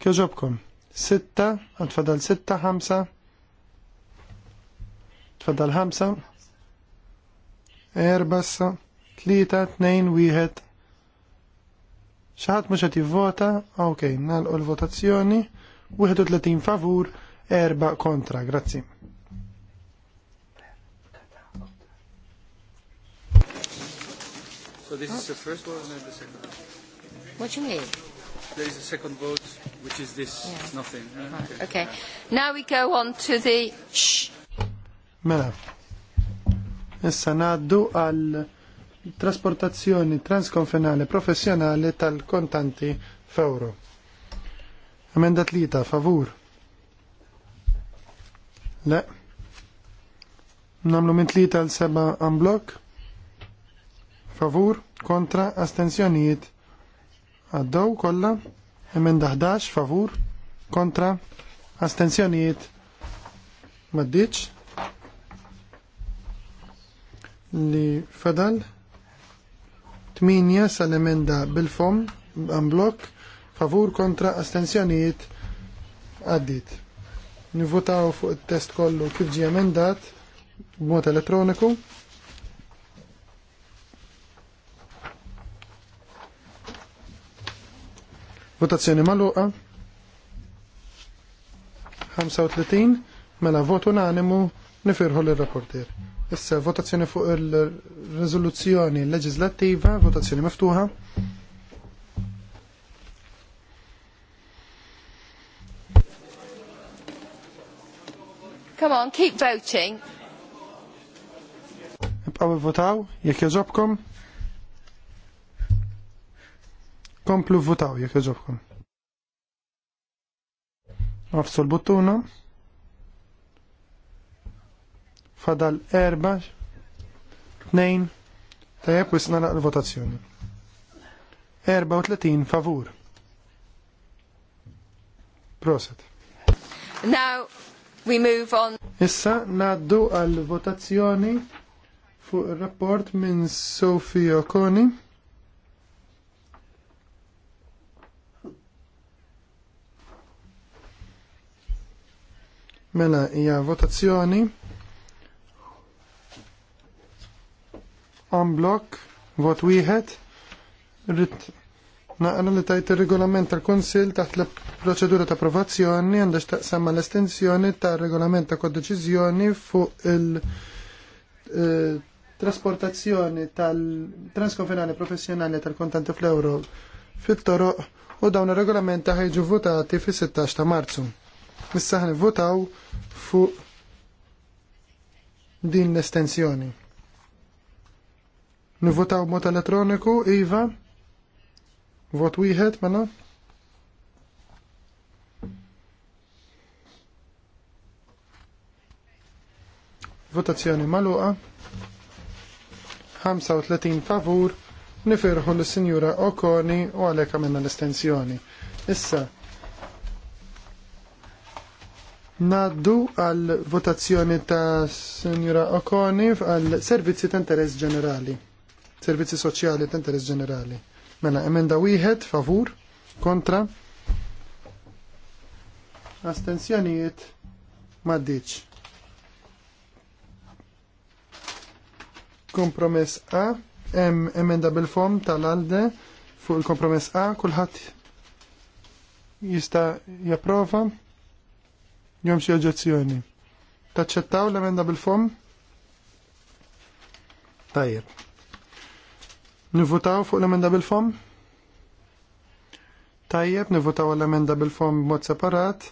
Kieġobkom sitta, għatfadal sitta, ħamsa, tfadal ħamsa, erbassa, tlita, tnejn, wieħed. Xaħat mux għati vota, ok, nalqu l-votazzjoni, 31 favur, erba kontra, grazzi. So this is the first vote and the second vote? What you mean? There is a second vote which is this yeah. nothing. Right. Okay. okay. Now we go on to the shh. Mela. Issa ngħaddu għal trasportazzjoni transkonfenale professjonali tal-kontanti f'euro. Emenda ta' favur. Le. Namlu minn tlita l seba unblock. Favur, kontra, astensjonijiet. Għaddew kollha. Emenda 11 favur kontra astenzjoniet, maddiċ li fadal 8 sal-emenda bil-fom blok favur kontra astenzjonijiet għaddit. Nivvotaw fuq il-test kollu kif ġie emendat b'mod elettroniku. Votazzjoni maluqa. 35 mela vot unanimu nifirħu l-rapporter. Issa votazzjoni fuq il-rezoluzzjoni leġislattiva, votazzjoni miftuħa. Come on, keep voting. Ibqaw votaw, jekk jogħġobkom. Komplu votaw jekk iġobkom. Nafsu l-buttuna. Fadal erba, tnejn, tajab wis naraq l-votazzjoni. 34 favur. Proset. Now we move on. Issa naddu għal votazzjoni fuq il-rapport minn Sofia Okoni. Mela hija votazzjoni on block vot wieħed rrit naqra li tajt ir-regolament tal-Kunsill taħt l proċedura ta' approvazzjoni għandha x'taqsam l-estensjoni tar-regolament ta' kodeċiżjoni fuq il- eh, trasportazzjoni tal-transkonfinali professjonali tal-kontanti fl-euro fit-toroq u dawn ir-regolamenti ħajġu votati fis-16 ta' Marzu. Issa ħan votaw fuq din l-estensjoni. Nivotaw mod elettroniku, Iva. Vot wieħed mela. Votazzjoni maluqa. 35 favur, nifirħu l-Sinjura Okoni u għalek għamilna l-estensjoni. Issa, Naddu għal votazzjoni ta' Senjura Okoni għal servizzi ta' interess ġenerali. Servizzi soċjali ta' interess ġenerali. Mela, emenda wieħed, favur, kontra, astenzjonijiet, maddiċ. Kompromess A, em, emenda bil-fom tal-alde, fuq il-kompromess A, kullħat jista japprova. Njom xie oġezzjoni. Taċċettaw l-emenda bil-fom? Tajjeb. Nivvotaw fuq l-emenda bil-fom? Tajjeb, nivvotaw l-emenda bil-fom mod separat.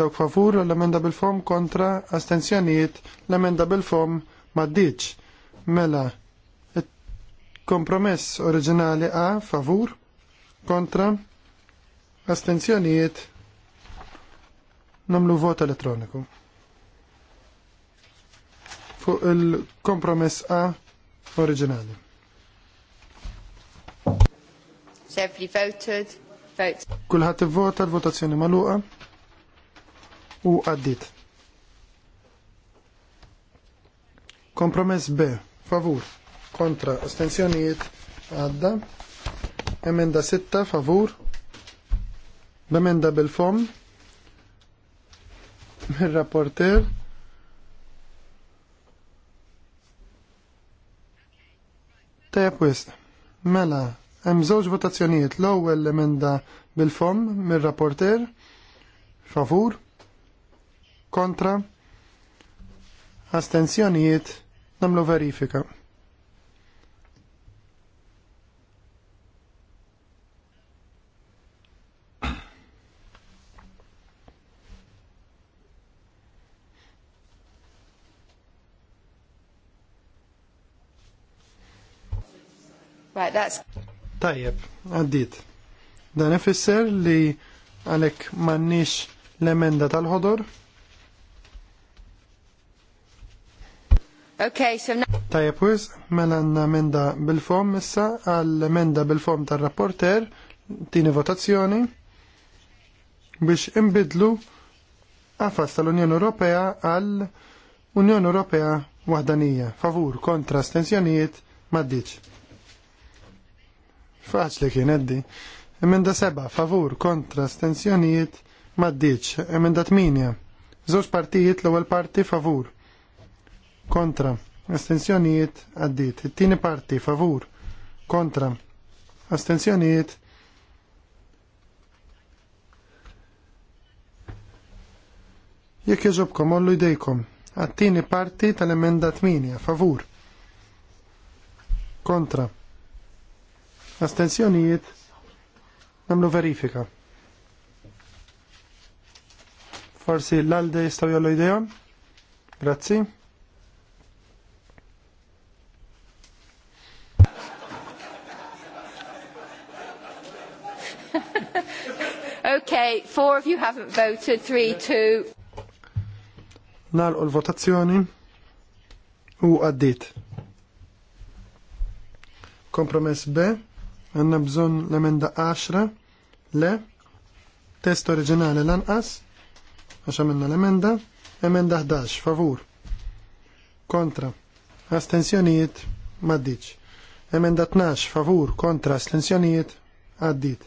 Dawk favur l-emenda bil-fom kontra astenzjonijiet l-emenda bil-fom maddiċ. Mela, kompromess oriġinali A favur kontra astenzjonijiet namlu vot elettroniku. Fuq il-kompromess A oriġinali. Every voted, Kulħat vota l-votazzjoni maluqa u għaddit. Kompromess B, favur, kontra, astenzjonijiet, għadda. Emenda 6, favur. Emenda bil-fom, mir-rapporter. Tajab wist, mela, hemm żewġ votazzjonijiet l-ewwel emenda bil-fom mir-rapporter favur kontra astenzjonijiet namlu verifika. that that's... Tajjeb, għaddit. Dan ifisser li għalek mannix l-emenda tal-ħodor? Okay, so now... Tajjeb wiz, mela n emenda bil-fom issa għall-emenda bil-fom tal-rapporter tini votazzjoni biex imbidlu għafas tal-Unjoni Ewropea għal Unjoni Ewropea wahdanija, favur kontra stenzjonijiet maddiċ faċli kien eddi. Emenda seba, favur, kontra, stenzjonijiet, maddiċ. Emenda tminja, zoċ partijiet l ewwel parti, favur, kontra, astenzjonijiet, għaddit. tini parti, favur, kontra, astenzjonijiet, Jekk jġobkom ollu jdejkom, għattini parti tal-emenda 8, favur. Kontra. Astenzjonijiet, namlu verifika. Forsi l-alde jistaw jollu idea. Grazzi. okay, four of you haven't voted, three, two. Nal l-votazzjoni u għaddit. Kompromess B għanna bżon l-emenda 10, le, test oriġinali lanqas, għax għamilna l-emenda, emenda 11, favur, kontra, astensjonijiet, maddiċ. Emenda 12, favur, kontra, astensjonijiet, għaddit.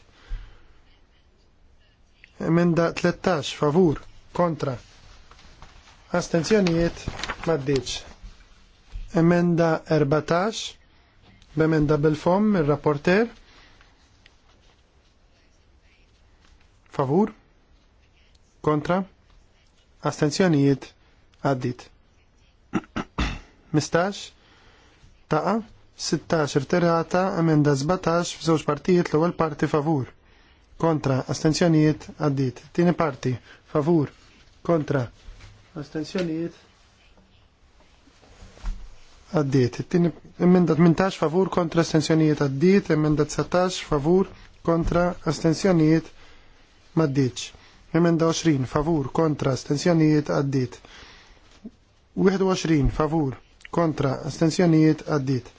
Emenda 13, favur, kontra, astensjonijiet, maddiċ. Emenda 14, Bemenda bil-fom, il-rapporter. Favur. Kontra. Astenzjonijiet. Għaddit. Mistax. Taqa. 16 irterata, emenda 17 f'żewġ partijiet l-ewwel parti favur. Kontra. Astenzjonijiet. Għaddit. Tieni parti. Favur. Kontra. Astenzjonijiet għaddiet. Emenda 18 favur kontra astensjonijiet għaddiet, emenda 19 favur kontra astensjonijiet maddiċ. Emenda 20 favur kontra astensjonijiet għaddiet. 21 favur kontra astensjonijiet għaddiet.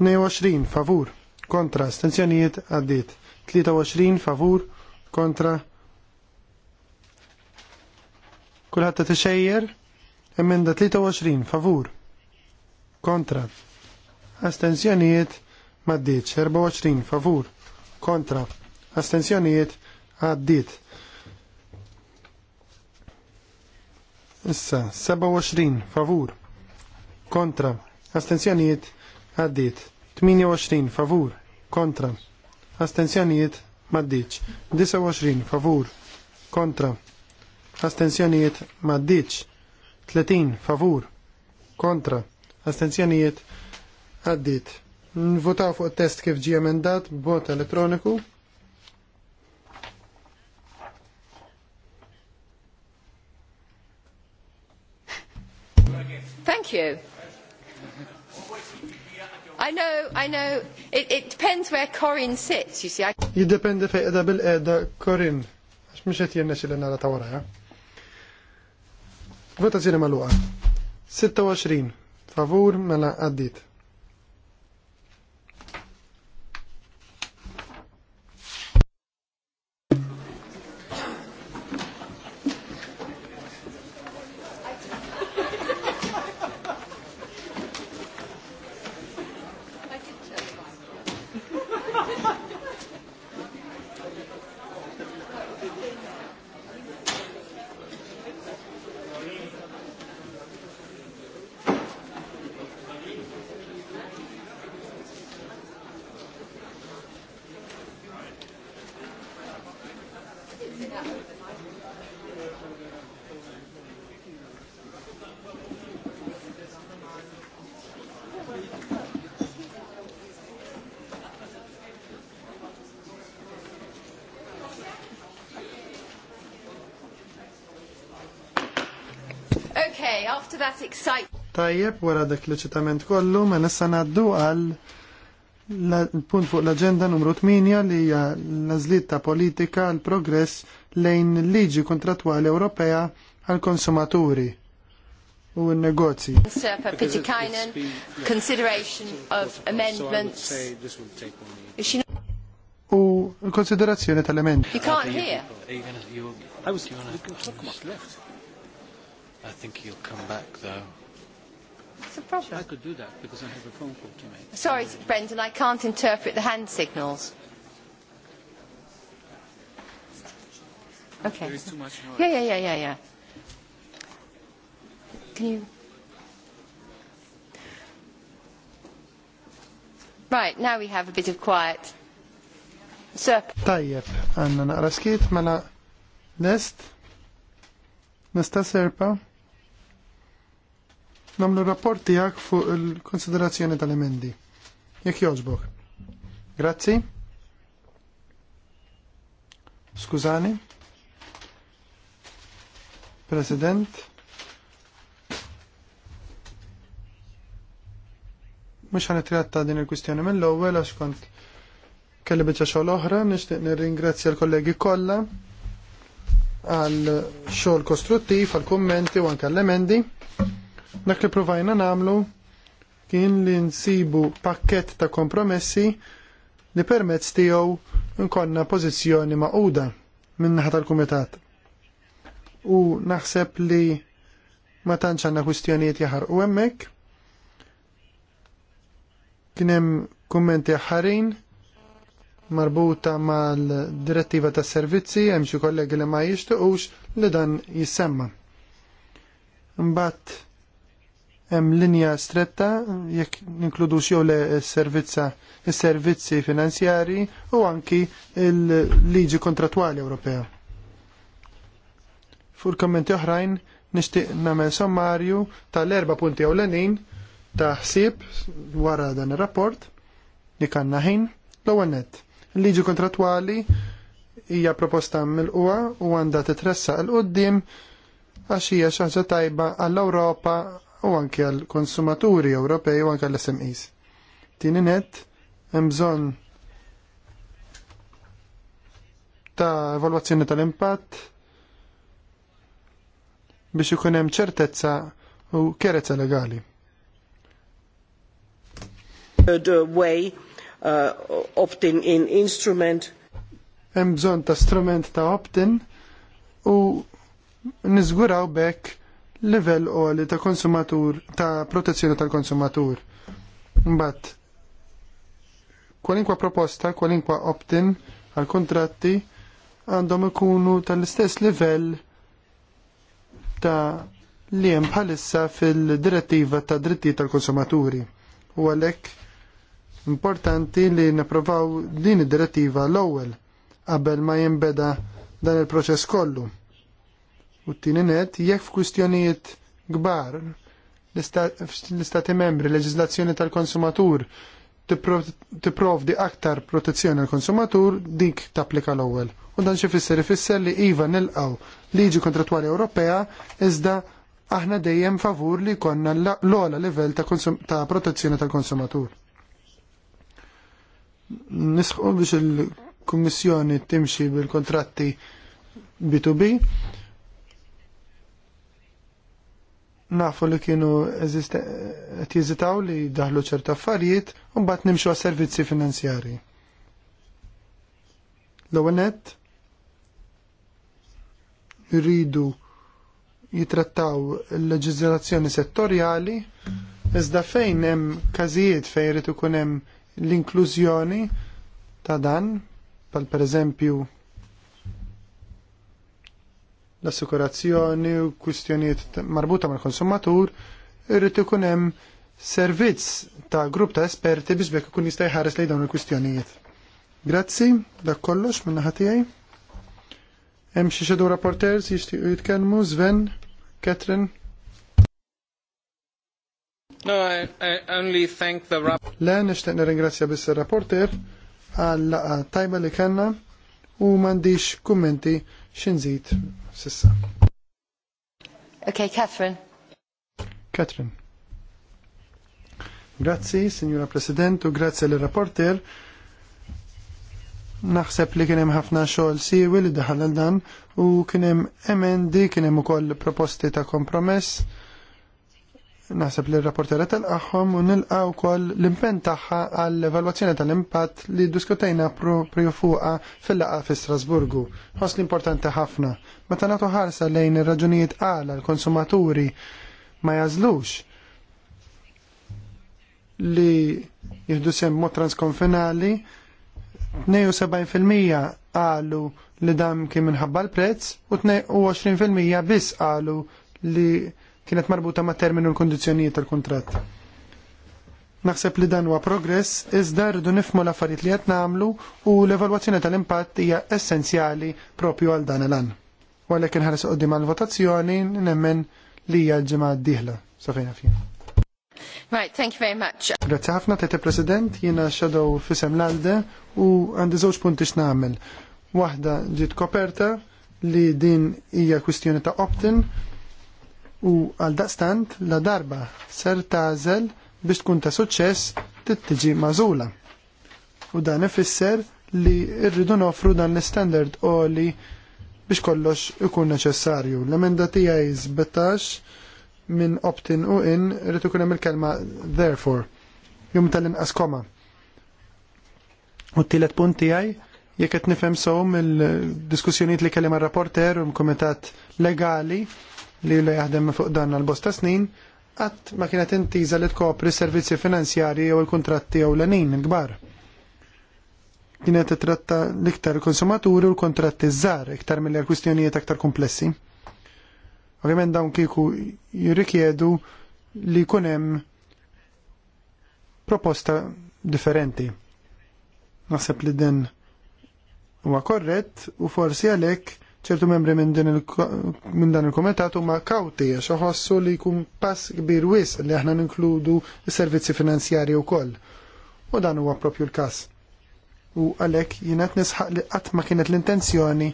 22 favur kontra astensjonijiet għaddiet. 23 favur kontra Kulħadd ta' tixejjer? Emenda 23 favur. Kontra. Astenzjonijiet maddiċ. 24 favur. Kontra. Astenzjonijiet għaddit. Issa 27 favur. Kontra. Astenzjonijiet għaddit. 28 favur. Kontra. Astenzjonijiet maddiċ. 29 favur. Kontra. Astenzjonijiet maddiċ. 30 favur kontra astenzjonijiet għaddit. Nvotaw fuq test kif ġi emendat b'vot elettroniku. Thank you. I know, I know, it, it depends where Corinne sits, you see. I... Jiddependi fejqda bil-qeda Corin, għax mux jtjenna xil a ta' waraja. Votazzjoni maluqa. 26 favur mela għaddit. tajjeb wara dak l-ċitament kollu, ma nissa naddu għal punt fuq l-agenda numru 8 li hija l-azlit ta' politika għal progress lejn liġi kontratwali Ewropea għal konsumaturi u n-negozji. U l-konsiderazzjoni tal-emendi. I I think you'll come back though. It's a problem. I could do that because I have a phone call to make. Sorry, Brendan, I can't interpret the hand signals. Okay. There is too much noise. Yeah, yeah, yeah, yeah, yeah. Can you... Right, now we have a bit of quiet. Sir. Tajjeb, għanna naqra skiet mela lest nista serpa namlu rapport tijak fuq il-konsiderazzjoni tal-emendi. Jek joġbok. Grazzi. Skużani. President. Mux ħan tratta din il-kustjoni mill-ewwel għax kont kelli bieċa xogħol oħra, nixtieq nirringrazzja l-kollegi kollha għal xogħol kostruttiv, għal kummenti u anke għall emendi Dak li provajna namlu kien li nsibu pakket ta' kompromessi li permezz tiegħu nkonna pożizzjoni maquda minn naħa tal-kumitat. U naħseb li ma tantx għandna kwistjonijiet jaħarqu hemmhekk. Kien hemm kummenti ħarin marbuta mal-direttiva tas servizzi hemm xi kollegi li ma jixtiequx li dan jissemma. Imbagħad hemm linja stretta jekk ninkludux jew le servizza is servizzi finanzjari u anki l-liġi kontratwali Ewropea. Fur kommenti oħrajn nixtieq nagħmel sommarju tal-erba' punti ewlenin ta' ħsieb wara dan ir-rapport li kanna ħin l-ewwel nett. il liġi kontratwali hija proposta mill-qwa u għandha titressaq l qudiem għax hija xi ħaġa tajba għall-Ewropa u anke għall konsumaturi Ewropej u anke għall SMEs. Tieni net hemm bżonn ta' evalwazzjoni tal-impatt biex ikun hemm ċertezza u kerezza legali. The uh, way uh, in instrument hemm bżonn ta' strument ta' opt-in u niżguraw bekk livell għoli ta' konsumatur, ta' protezzjoni tal-konsumatur. Mbatt, kwalinkwa proposta, kwalinkwa opt-in għal kontratti għandhom ikunu tal-istess livell ta' li hemm bħalissa fil-direttiva ta' dritti tal-konsumaturi. U għalhekk importanti li napprovaw din id-direttiva l-ewwel qabel ma jinbeda dan il-proċess kollu U t-tini net, jekk f'kustjonijiet gbar l-istati membri leġizlazzjoni tal-konsumatur tipprovdi aktar protezzjoni tal konsumatur dik tapplika l-ewwel. U dan xifisser fisser ifisser li iva nilqaw liġi kontratwali Ewropea iżda aħna dejjem favur li konna l-ola livell ta', ta protezzjoni tal-konsumatur. Nisħu biex il-Kummissjoni timxi bil-kontratti B2B nafu li kienu jizitaw li daħlu ċerta affarijiet u mbagħad nimxu għas servizzi finanzjarji. L-ewwel nett irridu jitrattaw il-leġiżlazzjoni settorjali iżda fejn hemm każijiet fejn irid ikun hemm l-inklużjoni ta' dan, pal pereżempju l-assikurazzjoni u kwistjonijiet marbuta mal-konsumatur, irrid ikun hemm servizz ta' grupp ta' esperti biex bekk ikun jista' jħares lejn dawn il-kwistjonijiet. Grazzi, dak kollox minn naħa tiegħi. Hemm xi xedu rapporters jixtiequ jitkellmu Sven, Catherine. No, I, I only thank the rap. Le, nixtieq nirringrazzja biss ir-rapporter għal laqa tajba li kellna u m'għandix kummenti xinżid sissa. Ok, Catherine. Catherine. Grazzi, Signora President, u grazzi l rapporter Naħseb li kienem ħafna xogħol siwi li daħal dan u kienem emendi, kienem ukoll proposti ta' kompromess Naħseb li r-rapportera tal-qaħħom u nilqa' kol l-impenn tagħha għall-evalwazzjoni tal-impatt li diskutejna pru fuqha fil-laqgħa fi Strasburgu. Ħoss importanti ħafna. Meta nagħtu ħarsa lejn ir-raġunijiet għala l-konsumaturi ma jażlux li jieħdu sem mod transkonfinali 72% qalu li dam kien minħabba l-prezz u 22% biss qalu li kienet marbuta ma' terminu l-kondizjonijiet tal kontrat Naħseb li dan huwa progress, iżda rridu nifmu l-affarijiet li qed nagħmlu u l-evalwazzjoni tal-impatt hija essenzjali propju għal dan il-an. U għalhekk inħares qudiem għall-votazzjoni nemmen li hija l-ġimgħa d-dieħla sa fejn Right, thank you very much. Grazie ħafna, tete President, jiena xadow Fisem l-alde u għandi żewġ punti x'nagħmel. Waħda ġiet koperta li din hija kwistjoni ta' opt-in u għal daqstant la darba ser tażel biex tkun ta' suċċess tittiġi mażula. U dan ifisser li rridu nofru dan l-standard oli biex kollox ikun neċessarju. L-emenda tiegħi 17 minn Optin u in rrid kunem hemm il-kelma therefore jum tal-inqas koma. U t-tielet punt tiegħi jekk qed nifhem sew mill-diskussjonijiet li kellim ar-rapporter u l-kumitat legali li li jaħdem fuq dan għal-bosta snin, għat ma kienet intiża li tkopri servizzi finanzjari jew il-kontratti jew l anin il-gbar. Kienet tratta l-iktar konsumaturi u l-kontratti zzar iktar mill kwistjonijiet aktar komplessi. Ovvijament dawn kieku jirrikjedu li jkun hemm proposta differenti. Naħseb li din huwa korrett u forsi għalhekk ċertu membri minn dan il-komitat huma kawti għax li jkun pass kbir wis li aħna ninkludu s-servizzi finanzjarji wkoll. U dan huwa propju l-każ. U għalhekk jien qed nisħaq li qatt ma kienet l-intenzjoni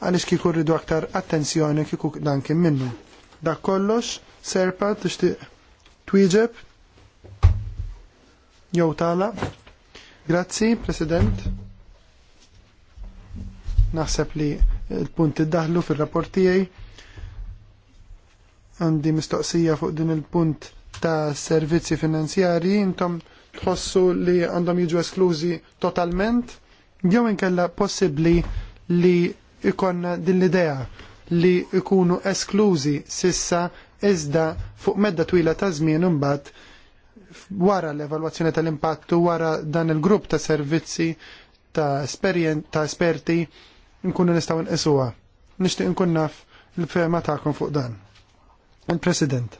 għaliex kieku rridu aktar attenzjoni kieku dan kien minnu. Dak kollox, serpa tixtieq twieġeb jew tala. Grazzi, President. Naħseb li il-punti daħlu fil-rapport tiegħi. Għandi mistoqsija fuq din il-punt ta' servizzi finanzjari intom tħossu li għandhom jiġu esklużi totalment jew inkella possibbli li ikonna din l-idea li ikunu esklużi sissa iżda fuq medda twila ta' żmien imbagħad wara l-evalwazzjoni tal-impattu wara dan il-grupp ta' servizzi ta', ta esperti nkunu nistgħu nqisuha. Nixtieq nkun naf il-fema tagħkom fuq dan. Il-President.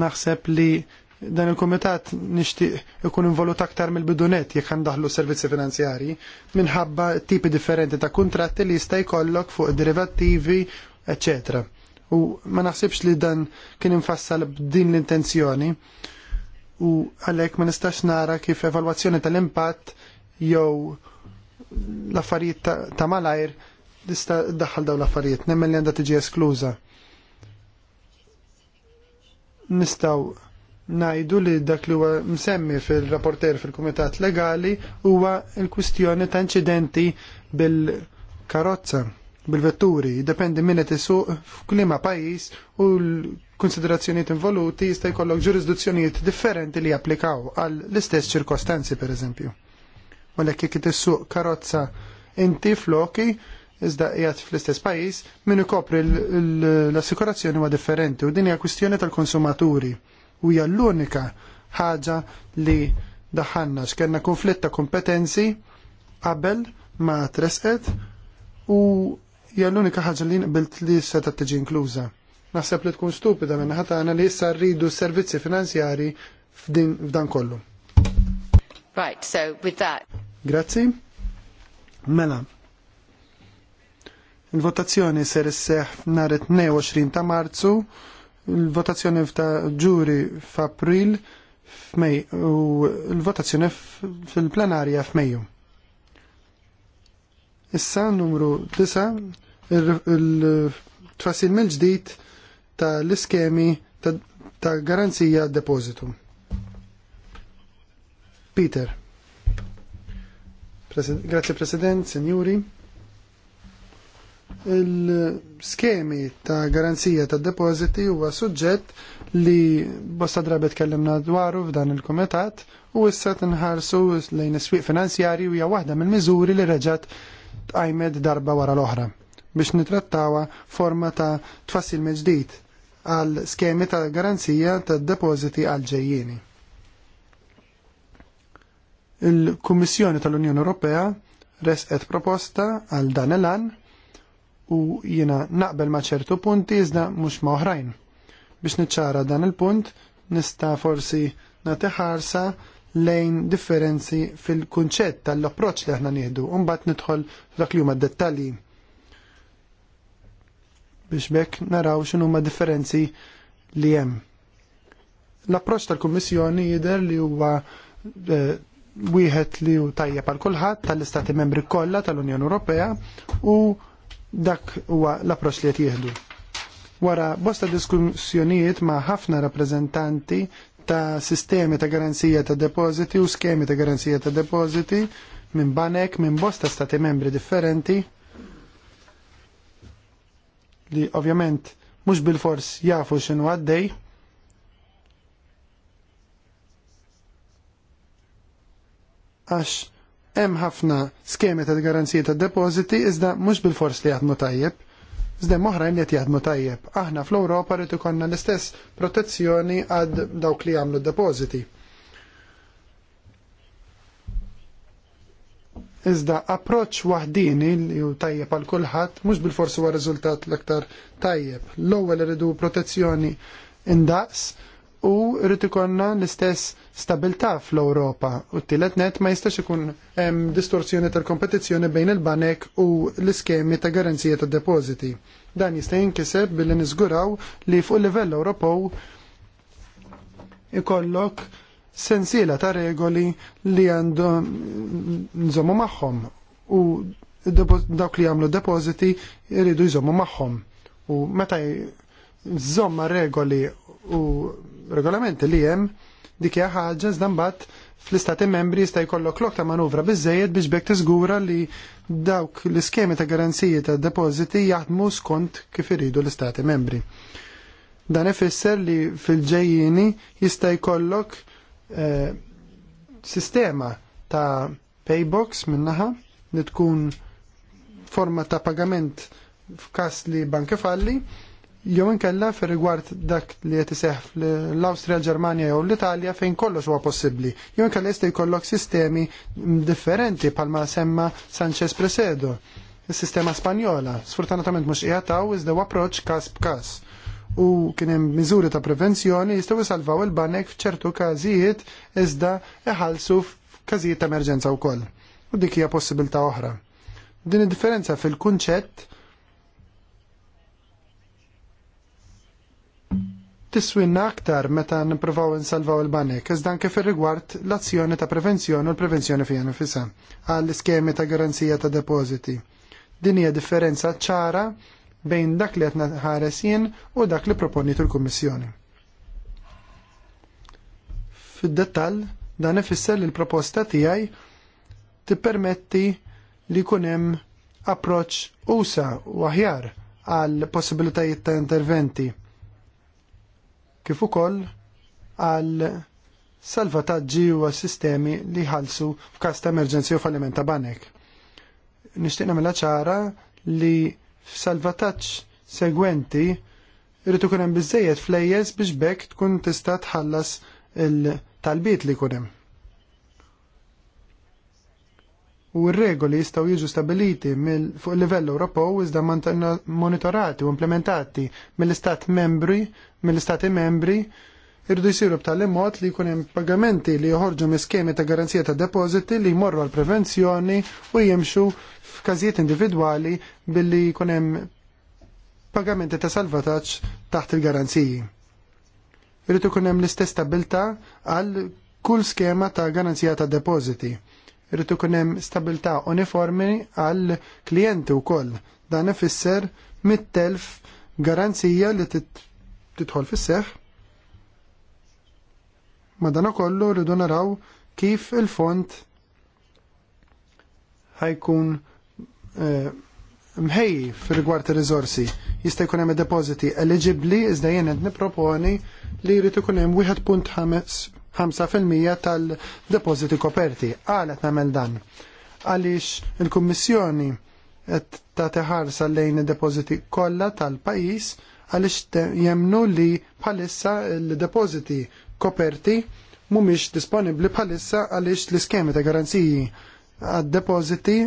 Naħseb li dan il-komitat nixtieq ikun involut aktar mill-bidunet jekk daħlu servizzi finanzjarji minħabba tipi differenti ta' kuntratti li jista' jkollok fuq derivattivi, eccetera. U ma naħsibx li dan kien infassal b'din l-intenzjoni u għalek ma nistax nara kif evalwazzjoni tal-impatt jew l-affarijiet ta' malajr tista' daħħal daw l-affarijiet, nemmen li għandha tiġi eskluża. Nistgħu ngħidu li dak li huwa msemmi fil-rapporter fil-Kumitat Legali huwa l-kwistjoni ta' incidenti bil-karozza bil-vetturi, dependi minn qed isuq f'klima pajjiż u l-konsiderazzjonijiet involuti jista' jkollok ġurisdizzjonijiet differenti li japplikaw għall istess ċirkostanzi pereżempju u l jekk karozza inti floki iżda qiegħed fl-istess pajjiż min ikopri l-assikurazzjoni ma differenti u din hija kwistjoni tal-konsumaturi u hija l-unika ħaġa li daħanna x'kenna konflitt ta' kompetenzi qabel ma tresqet u hija l-unika ħaġa li nqbilt li seta' tiġi inkluża. Naħseb li tkun stupida minn ħatana li issa rridu s-servizzi finanzjari f'dan kollu. Right, so with that. Grazzi. Mela. Il-votazzjoni ser seħ nhar 22 ta' Marzu, il-votazzjoni ta' ġuri f'April f'Mej u l-votazzjoni fil-plenarja f'Mejju. Issa numru 9 il trasil mill-ġdid ta' l-iskemi ta' garanzija depozitu. Peter. Grazie President, Signori. Il-skemi ta' garanzija ta' depositi huwa suġġett li bosta drabet kellimna dwaru f'dan il-komitat u issa tinħarsu lejn is-swieq finanzjarji hija waħda mill-miżuri li reġgħet tqajmed darba wara l-oħra biex nitrattawa forma ta' tfassil meġdid għal skemi ta' garanzija ta' depositi għal ġejjieni. Il-Kummissjoni tal-Unjoni Ewropea resqet proposta għal dan il u jiena naqbel ma' ċertu punti iżda mhux ma' oħrajn. Biex niċċara dan il-punt, nista' forsi nagħti ħarsa lejn differenzi fil-kunċett tal-approċċ li aħna nieħdu, u mbagħad nidħol dak li huma dettalji biex bekk naraw x'inhu huma differenzi li hemm. L-approċċ tal-Kummissjoni jidher li huwa eh, wieħed li hu tajjeb għal kulħadd tal-istati membri kollha tal-Unjoni Ewropea u dak huwa l-approċċ li qed jieħdu. Wara bosta diskussjonijiet ma' ħafna rappreżentanti ta' sistemi ta' garanzija ta' depositi u skemi ta' garanzija ta' depositi minn banek minn bosta stati membri differenti li ovvjament mhux bil-fors jafu x'inhu għaddej għax hemm ħafna skemi ta' garanzija ta' depositi iżda mhux bil-fors li jaħdmu tajjeb. Iżda moħra li jaħdmu tajjeb. Aħna fl-Ewropa rid ikollna l-istess protezzjoni għad dawk li jagħmlu depositi. Iżda approċċ waħdini li hu tajjeb għal kulħadd mhux bil-forsi huwa riżultat l-aktar tajjeb. L-ewwel iridu protezzjoni indaqs u rrit ikonna l-istess stabilta fl-Europa. U t-tielet net ma jistax ikun hemm distorsjoni tal-kompetizzjoni bejn il-banek u l-iskemi ta' garanzija ta' depoziti. Dan jista' jinkiseb billi niżguraw li fuq livell Ewropew ikollok sensiela ta' regoli li għandhom nżommu magħhom u dawk li jagħmlu depoziti jridu jżommu magħhom. U meta jżomma regoli u regolament li hemm dik hija ħaġa iżda mbagħad fl-istati membri jista' jkollok lok ta' manuvra biżejjed biex bekk tiżgura li dawk l-iskemi ta' garanziji ta' depożiti jaħdmu skont kif iridu l-istati membri. Dan ifisser li fil-ġejjini jista' jkollok eh, sistema ta' paybox minnaħa li tkun forma ta' pagament f'każ li banki falli jew inkella fir rigward dak li qed iseħħ l-Awstrija, l-Ġermanja jew l-Italja fejn kollox huwa possibbli. Jew inkella jista' jkollok sistemi differenti palma semma Sanchez Presedo, is-sistema Spanjola. Sfortunatament mhux qiegħed taw iżda approċċ każ b'każ. U kien hemm miżuri ta' prevenzjoni jistgħu jsalvaw il-banek f'ċertu każijiet iżda iħallsu f'każijiet ta' emerġenza wkoll. U dik hija possibilità oħra. Din id-differenza fil-kunċett tiswinna aktar meta nippruvaw insalvaw il-banek, iżda anke fir-rigward l-azzjoni ta' prevenzjoni u l-prevenzjoni fija nifisha għall-iskemi ta' garanzija ta' depożiti. Din hija differenza ċara bejn dak li qed ħares jien u dak li proponi l kummissjoni Fid-dettall, dan ifisser li l-proposta tiegħi tippermetti li jkun hemm approċċ usa u aħjar għal possibilitajiet ta' interventi kif ukoll għal salvataġġi u sistemi li ħalsu f'każ ta' emerġenzi u falliment ta' banek. Nixtieq nagħmel ċara li f'salvataġġ segwenti irid ikun hemm biżejjed flejjes biex bekk tkun tista' tħallas il-talbiet li jkun hemm. u r-regoli jistgħu jiġu stabiliti fuq il-livell Ewropew iżda monitorati u implementati mill-istat membri, mill-istati membri irridu jsiru b'tali mod li jkun hemm pagamenti li joħorġu minn skemi ta' garanzija ta' depożiti li jmorru għal prevenzjoni u jimxu f'każijiet individwali billi jkun hemm pagamenti ta' salvataġġ taħt il-garanziji. Irrid ikun hemm l-istess stabilta għal kull skema ta' garanzija ta' depożiti irrid ikun hemm stabilità uniformi għal klijenti wkoll. Dan ifisser mit-telf garanzija li titħol fis-seħħ. Madana kollu rridu naraw kif il-font ħajkun eh, mħej fil-rigward il-rizorsi. Jista' jkun hemm depositi eligibli iżda jien qed nipproponi li jrid ikun hemm 1.5 5% tal-depositi koperti. Għalet namel dan. Għalix il-Kummissjoni qed ta' teħarsa lejn id kolla kollha tal-pajjiż għaliex jemnu li bħalissa il depositi koperti mhumiex disponibbli bħalissa għaliex l-iskemi ta' garanziji għad depositi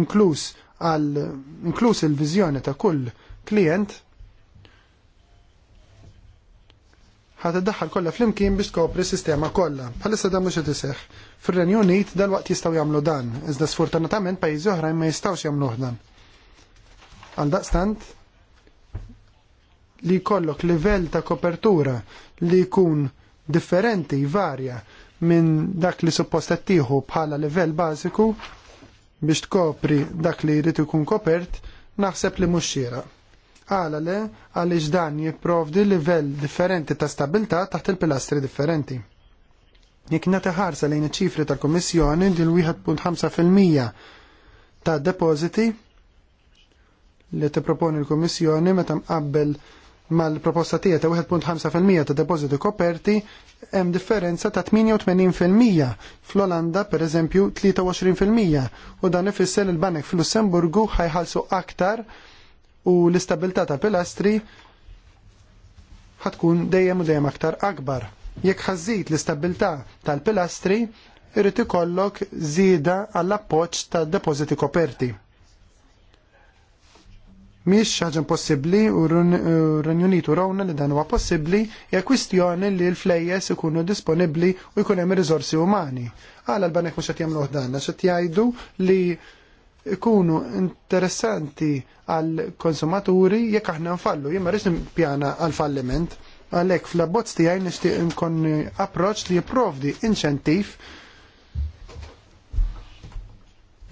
inkluż inkluż il-viżjoni ta' kull klient ħat daħħal kollha flimkien biex tkopri s-sistema kollha. Bħalissa dan mhux qed iseħħ. Fir-Renju Unit dalwaqt jistgħu jagħmlu dan, iżda sfortunatament pajjiżi oħrajn ma jistgħux jagħmlu. dan. Għaldaqstant li jkollok livell ta' kopertura li jkun differenti, varja minn dak li suppost tieħu bħala livell bażiku biex tkopri dak li jrid ikun kopert, naħseb li mhux xieraq. Għala le għaliex dan jipprovdi livell differenti ta' stabilta taħt il-pilastri differenti. Jekk nagħti ħarsa lejn iċ-ċifri tal-Kummissjoni din l-1.5% ta' depositi li tipproponi l-Kummissjoni meta mqabbel mal-proposta tiegħek ta' 1.5% ta' depositi koperti hemm differenza ta' 88% fl-Olanda pereżempju 23% u dan ifisser il-banek fil-Lussemburgu ħajħalsu aktar u l-istabilità ta' pilastri ħatkun dejjem u dejjem aktar akbar. Jekk ħażid l-istabilità tal-pilastri, irrid ikollok żieda għall-appoġġ tad-depożiti koperti. Miex ħaġa possibbli u r-Renjunitu rawna li dan huwa possibbli hija kwistjoni li l-flejjes ikunu disponibbli u jkun hemm riżorsi umani. Għala l-banek mhux qed jagħmluh dan, għax qed jgħidu li ikunu interessanti għal konsumaturi jekk aħna nfallu, jien ma rridx pjana għal falliment. Għalhekk fl-abbozz tiegħi nixtieq nkun approċċ li jipprovdi inċentiv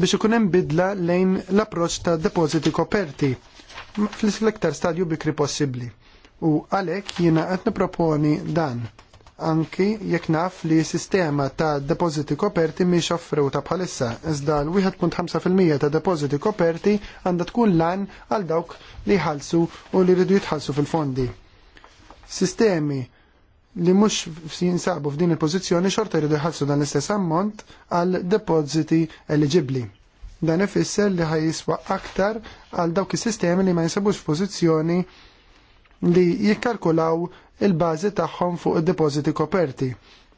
biex ikun hemm bidla lejn l-approċċ ta' depositi koperti fl-iktar stadju bikri possibbli. U għalhekk jiena qed nipproponi dan anki jekk naf li sistema ta' depositi koperti miex offruta bħalissa, iżda l-1.5% ta' depositi koperti għandha tkun lan għal dawk li jħallsu u li jridu jitħallsu fil-fondi. Sistemi li mhux jinsabu f'din il-pożizzjoni xorta jridu jħallsu dan l-istess ammont għal depositi eligibbli. Dan ifisser li ħajiswa aktar għal dawk is-sistemi li ma jinsabux f'pożizzjoni li jikkalkulaw il-bażi tagħhom fuq id-depożiti koperti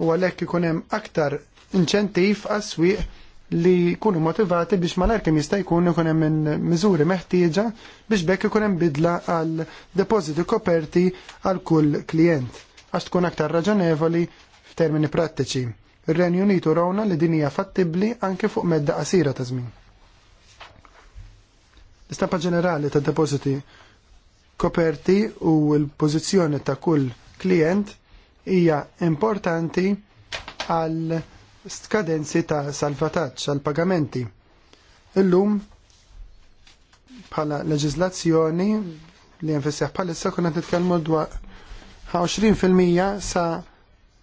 u għalhekk ikun hemm aktar inċentiv għas-swieq li jkunu motivati biex malar kem jista' jkun ikun hemm minn miżuri meħtieġa biex bekk ikun hemm bidla għal depożiti koperti għal kull klient għax tkun aktar raġonevoli f'termini prattiċi. Ir-Renju Unitu rawna li din hija fattibbli anke fuq medda qasira ta' żmien. L-istampa ġenerali ta' depożiti koperti u l-pożizzjoni ta' kull klient hija importanti għal skadenzi ta' salvataġġ għal pagamenti. Illum bħala leġiżlazzjoni li nfisseħ bħalissa kuna titkellmu dwar 20% sa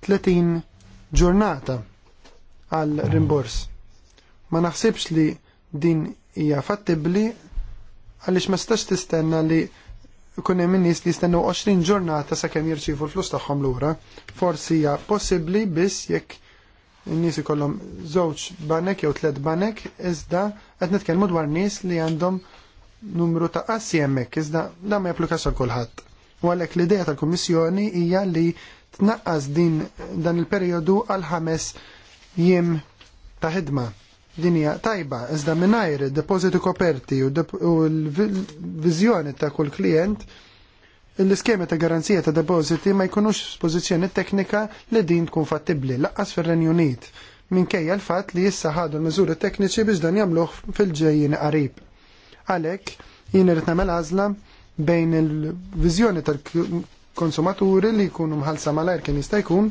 30 ġurnata għal rimbors. Ma naħsibx li din hija fattibbli għaliex ma stax tistenna li ikun hemm nies li jistennu 20 ġurnata sakemm jirċievu l-flus tagħhom lura. Forsi hija possibbli biss jekk in-nies ikollhom żewġ banek jew tliet banek iżda qed nitkellmu dwar nies li għandhom numru ta' qassi hemmhekk iżda dan ma japplikax għal kulħadd. U għalhekk l-idea tal-Kummissjoni hija li tnaqqas din dan il-perjodu għal ħames jiem ta' ħidma dinja tajba, iżda minnajr depositi koperti u l-vizjoni ta' kull klient, l-iskema ta' garanzija ta' depositi ma jkunux pozizjoni teknika li din tkun fattibli laqqas fir-Renju Unit minkejja l-fatt li jissa ħadu l-miżuri tekniċi biex dan jagħmluh fil-ġejjin qarib. Għalhekk jien irid nagħmel għażla bejn il-viżjoni tal-konsumaturi li jkunu mħallsa malajr kien jista' jkun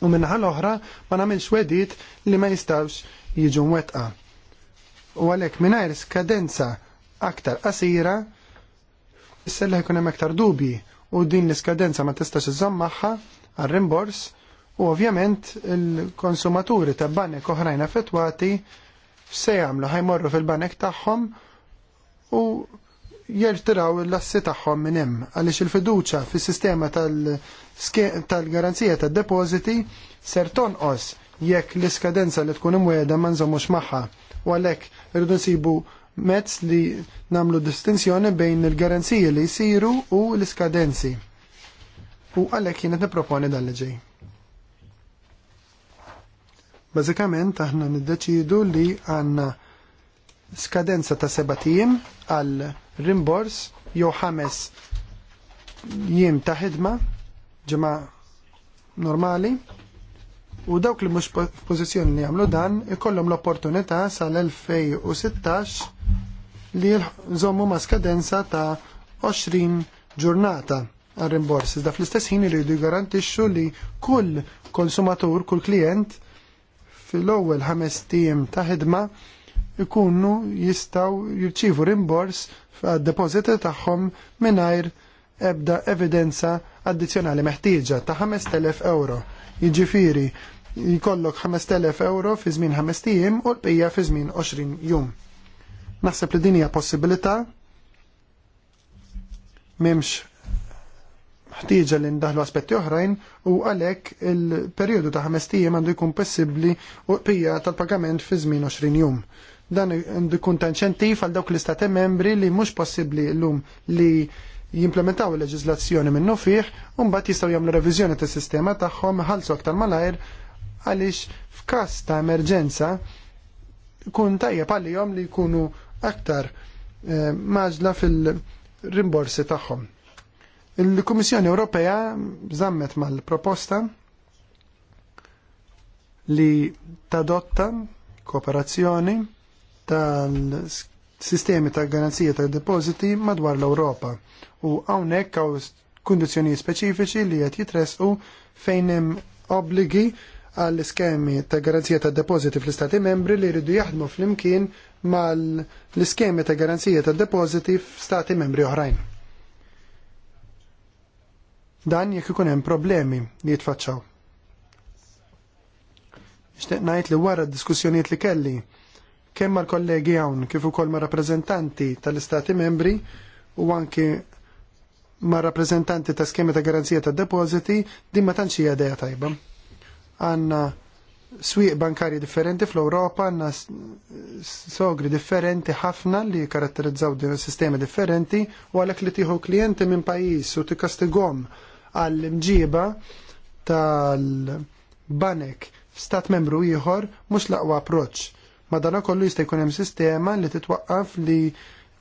u minnaħal l-oħra ma nagħmilx wedit li ma jistawx jiġu mwettqa. U għalhekk mingħajr skadenza aktar qasira, s-sella jkun hemm aktar dubji u din l-iskadenza ma tistax iżomm magħha rimbors u ovvjament il-konsumaturi ta' banek oħrajn affettwati se jagħmlu ħajmorru fil-banek tagħhom u jertiraw l-assi tagħhom minn hemm għaliex il-fiduċja fis-sistema tal-garanzija tad-depożiti ser tonqos jekk l-iskadenza li tkun imwiegħda ma nżommux magħha u għalhekk irridu nsibu mezz li nagħmlu distinzjoni bejn il-garanziji li jsiru u l-iskadenzi. U għalhekk kienet nipproponi dan li Bażikament aħna niddeċidu li għandna skadenza ta' seba' tim għal rimbors jew ħames jiem ta' ħidma ġimgħa normali u dawk li mhux f'pożizzjoni li jagħmlu dan ikollhom l-opportunità sal-2016 li jżommu ma' skadenza ta' 20 ġurnata għal rimbors. Iżda fl-istess ħin iridu jgarantixxu li kull konsumatur, kull klient fil-ewwel ħames tiem ta' ħidma ikunu jistaw jirċivu rimbors għad depoziti tagħhom mingħajr ebda evidenza addizzjonali meħtieġa ta' 5000 euro. Jiġifieri jkollok 5000 euro fi żmien 5 tiem u l-bqija fi żmien 20 jum. Naħseb li din hija possibilità m'hemmx ħtieġa li ndaħlu aspetti oħrajn u għalhekk il-perjodu ta' 5 tiem għandu jkun possibbli u l bija tal-pagament fi żmien 20 jum. Dan għandu jkun ta' inċentiv għal dawk l-istati membri li mhux possibbli llum li jimplementaw il-leġizlazzjoni minnu fih, un bat jistaw jamlu revizjoni ta' sistema tagħhom ħalsu aktar malajr għaliex f'każ ta' emerġenza kun tajjeb għalihom li jkunu aktar eh, maġla fil-rimborsi tagħhom. Il-Kummissjoni Ewropea żammet mal-proposta li tadotta kooperazzjoni tal-sistemi ta' garanzija ta' depositi madwar l-Ewropa u hawnhekk hawn kundizzjonijiet speċifiċi li qed jitresqu fejn hemm obbligi għall iskemi ta' garanzija ta' depożiti fl-Istati membri li jridu jaħdmu fl-imkien mal-iskemi ta' garanzija ta' depożiti f'Stati membri oħrajn. Dan jekk ikun hemm problemi li jitfaċċaw. Nixtieq ngħid li wara d-diskussjonijiet li kelli kemm mal-kollegi hawn kif ukoll ma' rappreżentanti tal-Istati membri u anki ma' rappreżentanti ta' skemi ta' garanzija ta' depożiti din ma tantx hija tajba għanna swieq bankarji differenti fl-Europa għanna sogri differenti ħafna li karatterizzaw sistemi differenti u għalek li tiħu klienti minn pajis u tikastigom għall-imġiba tal-banek f'stat membru ieħor mhux laqwa approċ. Madana kollu jista' jkun hemm sistema li titwaqqaf li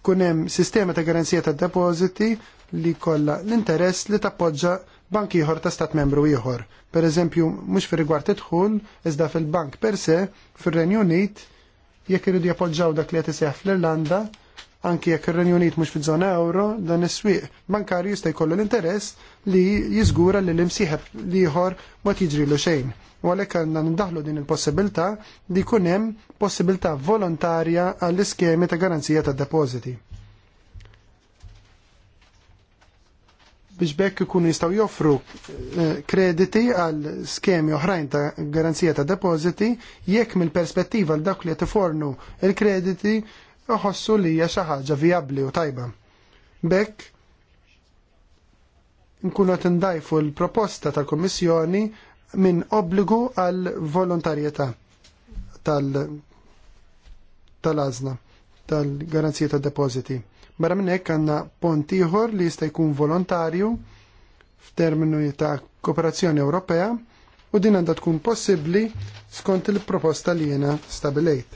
kun hemm sistema ta' garanzija tad depożiti li kollha l-interess li tappoġġa bank ieħor ta' stat membru ieħor. Per eżempju, mhux fir-rigward idħul, iżda fil-bank per se fir-Renju Unit jekk iridu jappoġġaw dak li qed iseħħ fl-Irlanda, anki jekk ir-Renju Unit mhux fiż-żona euro, dan is-swieq bankarju jista' jkollu l-interess li jiżgura li l-imsieħeb ieħor ma tiġrilu xejn. U għalhekk għandna nindaħlu din il-possibilità li jkun hemm possibilità volontarja għall-iskemi ta' garanzija tad depożiti. biex bekk ikunu jistaw joffru eh, krediti għal skemi oħrajn ta' garanzija ta' depositi jekk mill-perspettiva l dak li tifornu il-krediti uħossu li hija xi ħaġa vijabbli u tajba. Bekk nkunu qed ndajfu l-proposta tal-Kummissjoni minn obbligu għal volontarjetà tal azna tal-garanzija ta' depositi Barra minn hekk għandna pont ieħor li jista' jkun volontarju f'terminu ta' kooperazzjoni Ewropea u din għandha tkun possibbli skont il-proposta li jiena stabilejt.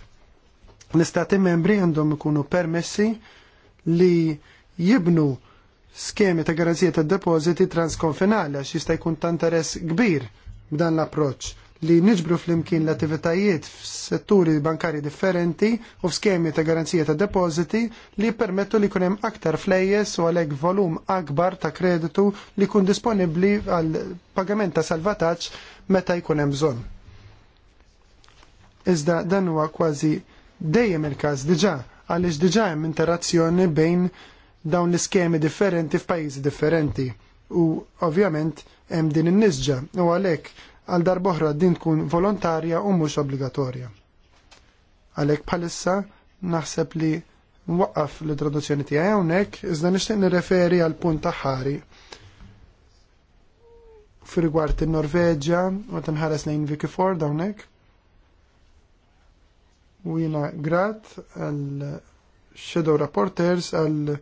L-istati membri għandhom ikunu permessi li jibnu skemi ta' garanzija ta' depoziti transkonfinali għax jista' jkun ta' interess kbir b'dan l-approċċ li niġbru fl-imkien l-attivitajiet f'setturi bankari differenti u skemi ta' garanzija ta' depositi li permettu li kunem aktar flejjes u għalek volum akbar ta' kreditu li kun disponibli għal pagament ta' salvataċ meta jkunem bżon. Iżda dan huwa kważi dejjem il-każ diġà għaliex diġà hemm interazzjoni bejn dawn l-iskemi differenti f'pajjiżi differenti u ovvjament hemm din in niżġa u għalhekk għal darboħra din tkun volontarja u mhux obbligatorja. Għalhekk bħalissa naħseb li nwaqqaf l-traduzzjoni tiegħi hawnhekk iżda nixtieq nirreferi għal punt taħari. f'rigward in-Norveġja u tinħares lejn Vicky Ford hawnhekk. U jiena grat għal Shadow Reporters għal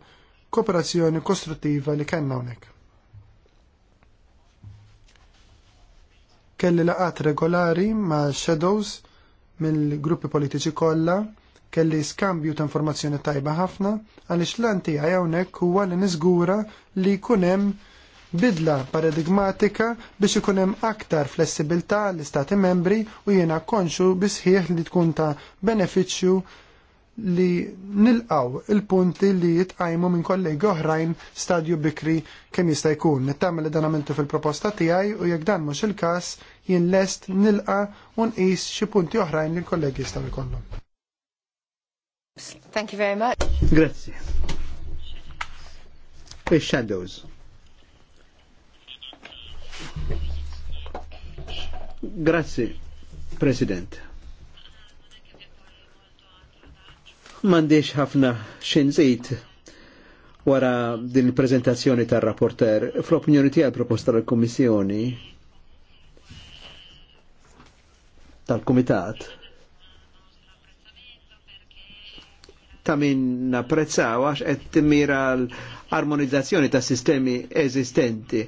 kooperazzjoni kostruttiva li kellna hawnhekk. kelli laqat regolari ma' shadows mill-gruppi politiċi kollha, kelli skambju ta' informazzjoni tajba ħafna, għaliex l-anti hawnhekk huwa li niżgura li jkun hemm bidla paradigmatika biex ikun hemm aktar flessibilità l istati membri u jiena konxu bisħieħ li tkun ta' benefiċċju li nilqaw il-punti li jitqajmu minn kollegi oħrajn stadju bikri kemm jista' jkun. Nittamel id-danamentu fil-proposta tiegħi u jekk dan mhux il-każ jien lest nilqa u nqis xi punti oħrajn li l-kollegi jistgħu jkollhom. Thank you very much. Grazie. E shadows. Grazie, President. mandiex ħafna xinżit wara din il-prezentazzjoni tal-rapporter. Fl-opinjoni tiegħek proposta tal-Kummissjoni tal-Kumitat ta' min napprezzaw għax qed timira l-armonizzazzjoni ta' sistemi eżistenti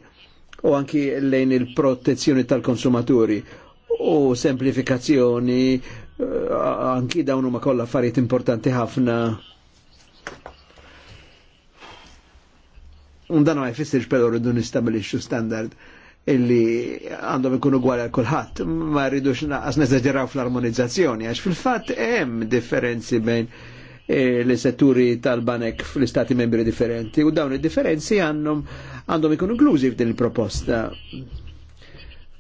u anki lejn il-protezzjoni tal-konsumaturi u semplifikazzjoni Eh, anki dawn huma kollha affarijiet importanti ħafna. Un dan ma jfissirx però rridu nistabilixxu standard illi għandhom ikunu gwali għal kulħadd, ma rridux naqas neżagġeraw fl-armonizzazzjoni, għax fil-fatt hemm differenzi bejn l eh, li setturi tal-banek fl-istati membri differenti u dawn id-differenzi għandhom għandhom ikunu inklużi f'din il-proposta.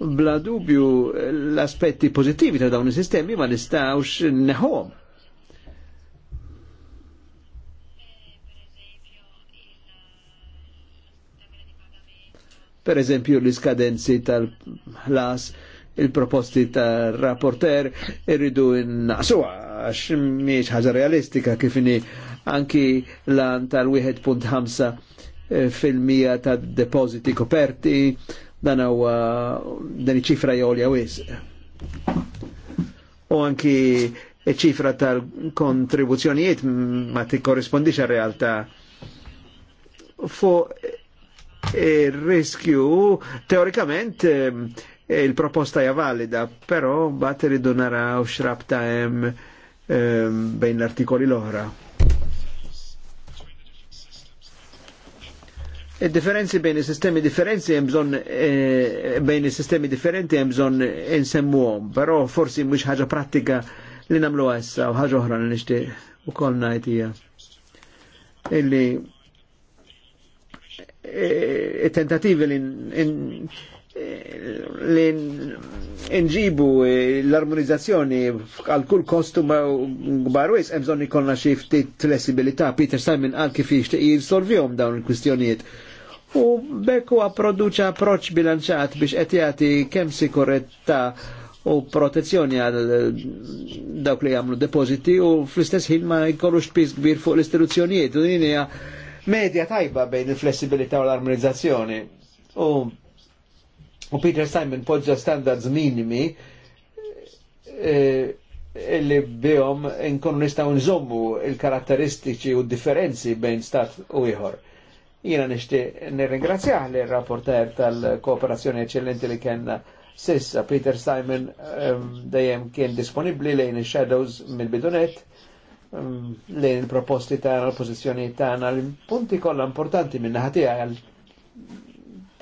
Bla dubju l-aspetti pozittivi ta' dawn is-sistemi ma nistgħux neħom. Per eżempju l-iskadenzi tal-ħlas, il-proposti tal-rapporter irridu naqsuha għax miex ħaġa realistika kifini anki lan tal-1.5 E, fil-mija ta' depositi koperti, dan u dan iċifra jolja wis. U anki ċifra tal-kontribuzzjonijiet ma tikkorrispondix għal-realtà. Fuq il-riskju e, teorikament e, il-proposta ja valida, però bat irridu u xrabta hemm bejn l-artikoli l ohra differenzi bejn is-sistemi differenzi hemm bżonn eh, bejn is-sistemi differenti hemm bżonn insemmuhom, però forsi mhux ħaġa prattika li nagħmlu issa u ħaġa oħra li nixtieq ukoll ngħid hija illi eh, it-tentativi li li nġibu eh, l-armonizzazzjoni għal kull kostu ma gbar wis hemm bżonn ikollna xi ftit flessibilità Peter Simon għal kif jixtieq jissolvihom dawn il-kwistjonijiet. il kwistjonijiet u bekku għaproduċa produċa approċ bilanċat biex etjati kem kemm sikuretta u protezzjoni għal dawk li jagħmlu depositi u fl-istess ħin ma jkollux pis kbir fuq l-istituzzjonijiet u din hija medja tajba bejn il-flessibilità u l-armonizzazzjoni. U, u Peter Simon poġġa standards minimi e, illi bihom nkunu nistgħu nżommu il-karatteristiċi u differenzi bejn stat u ieħor Jina nishti nirringrazzjah li rapporter tal-kooperazzjoni eccellenti li kien sissa Peter Simon ehm, dejjem kien disponibli lejn il-Shadows mill-bidunet ehm, lejn il-proposti ta' l-pożizzjoni tagħna, l-punti kollha importanti minn għal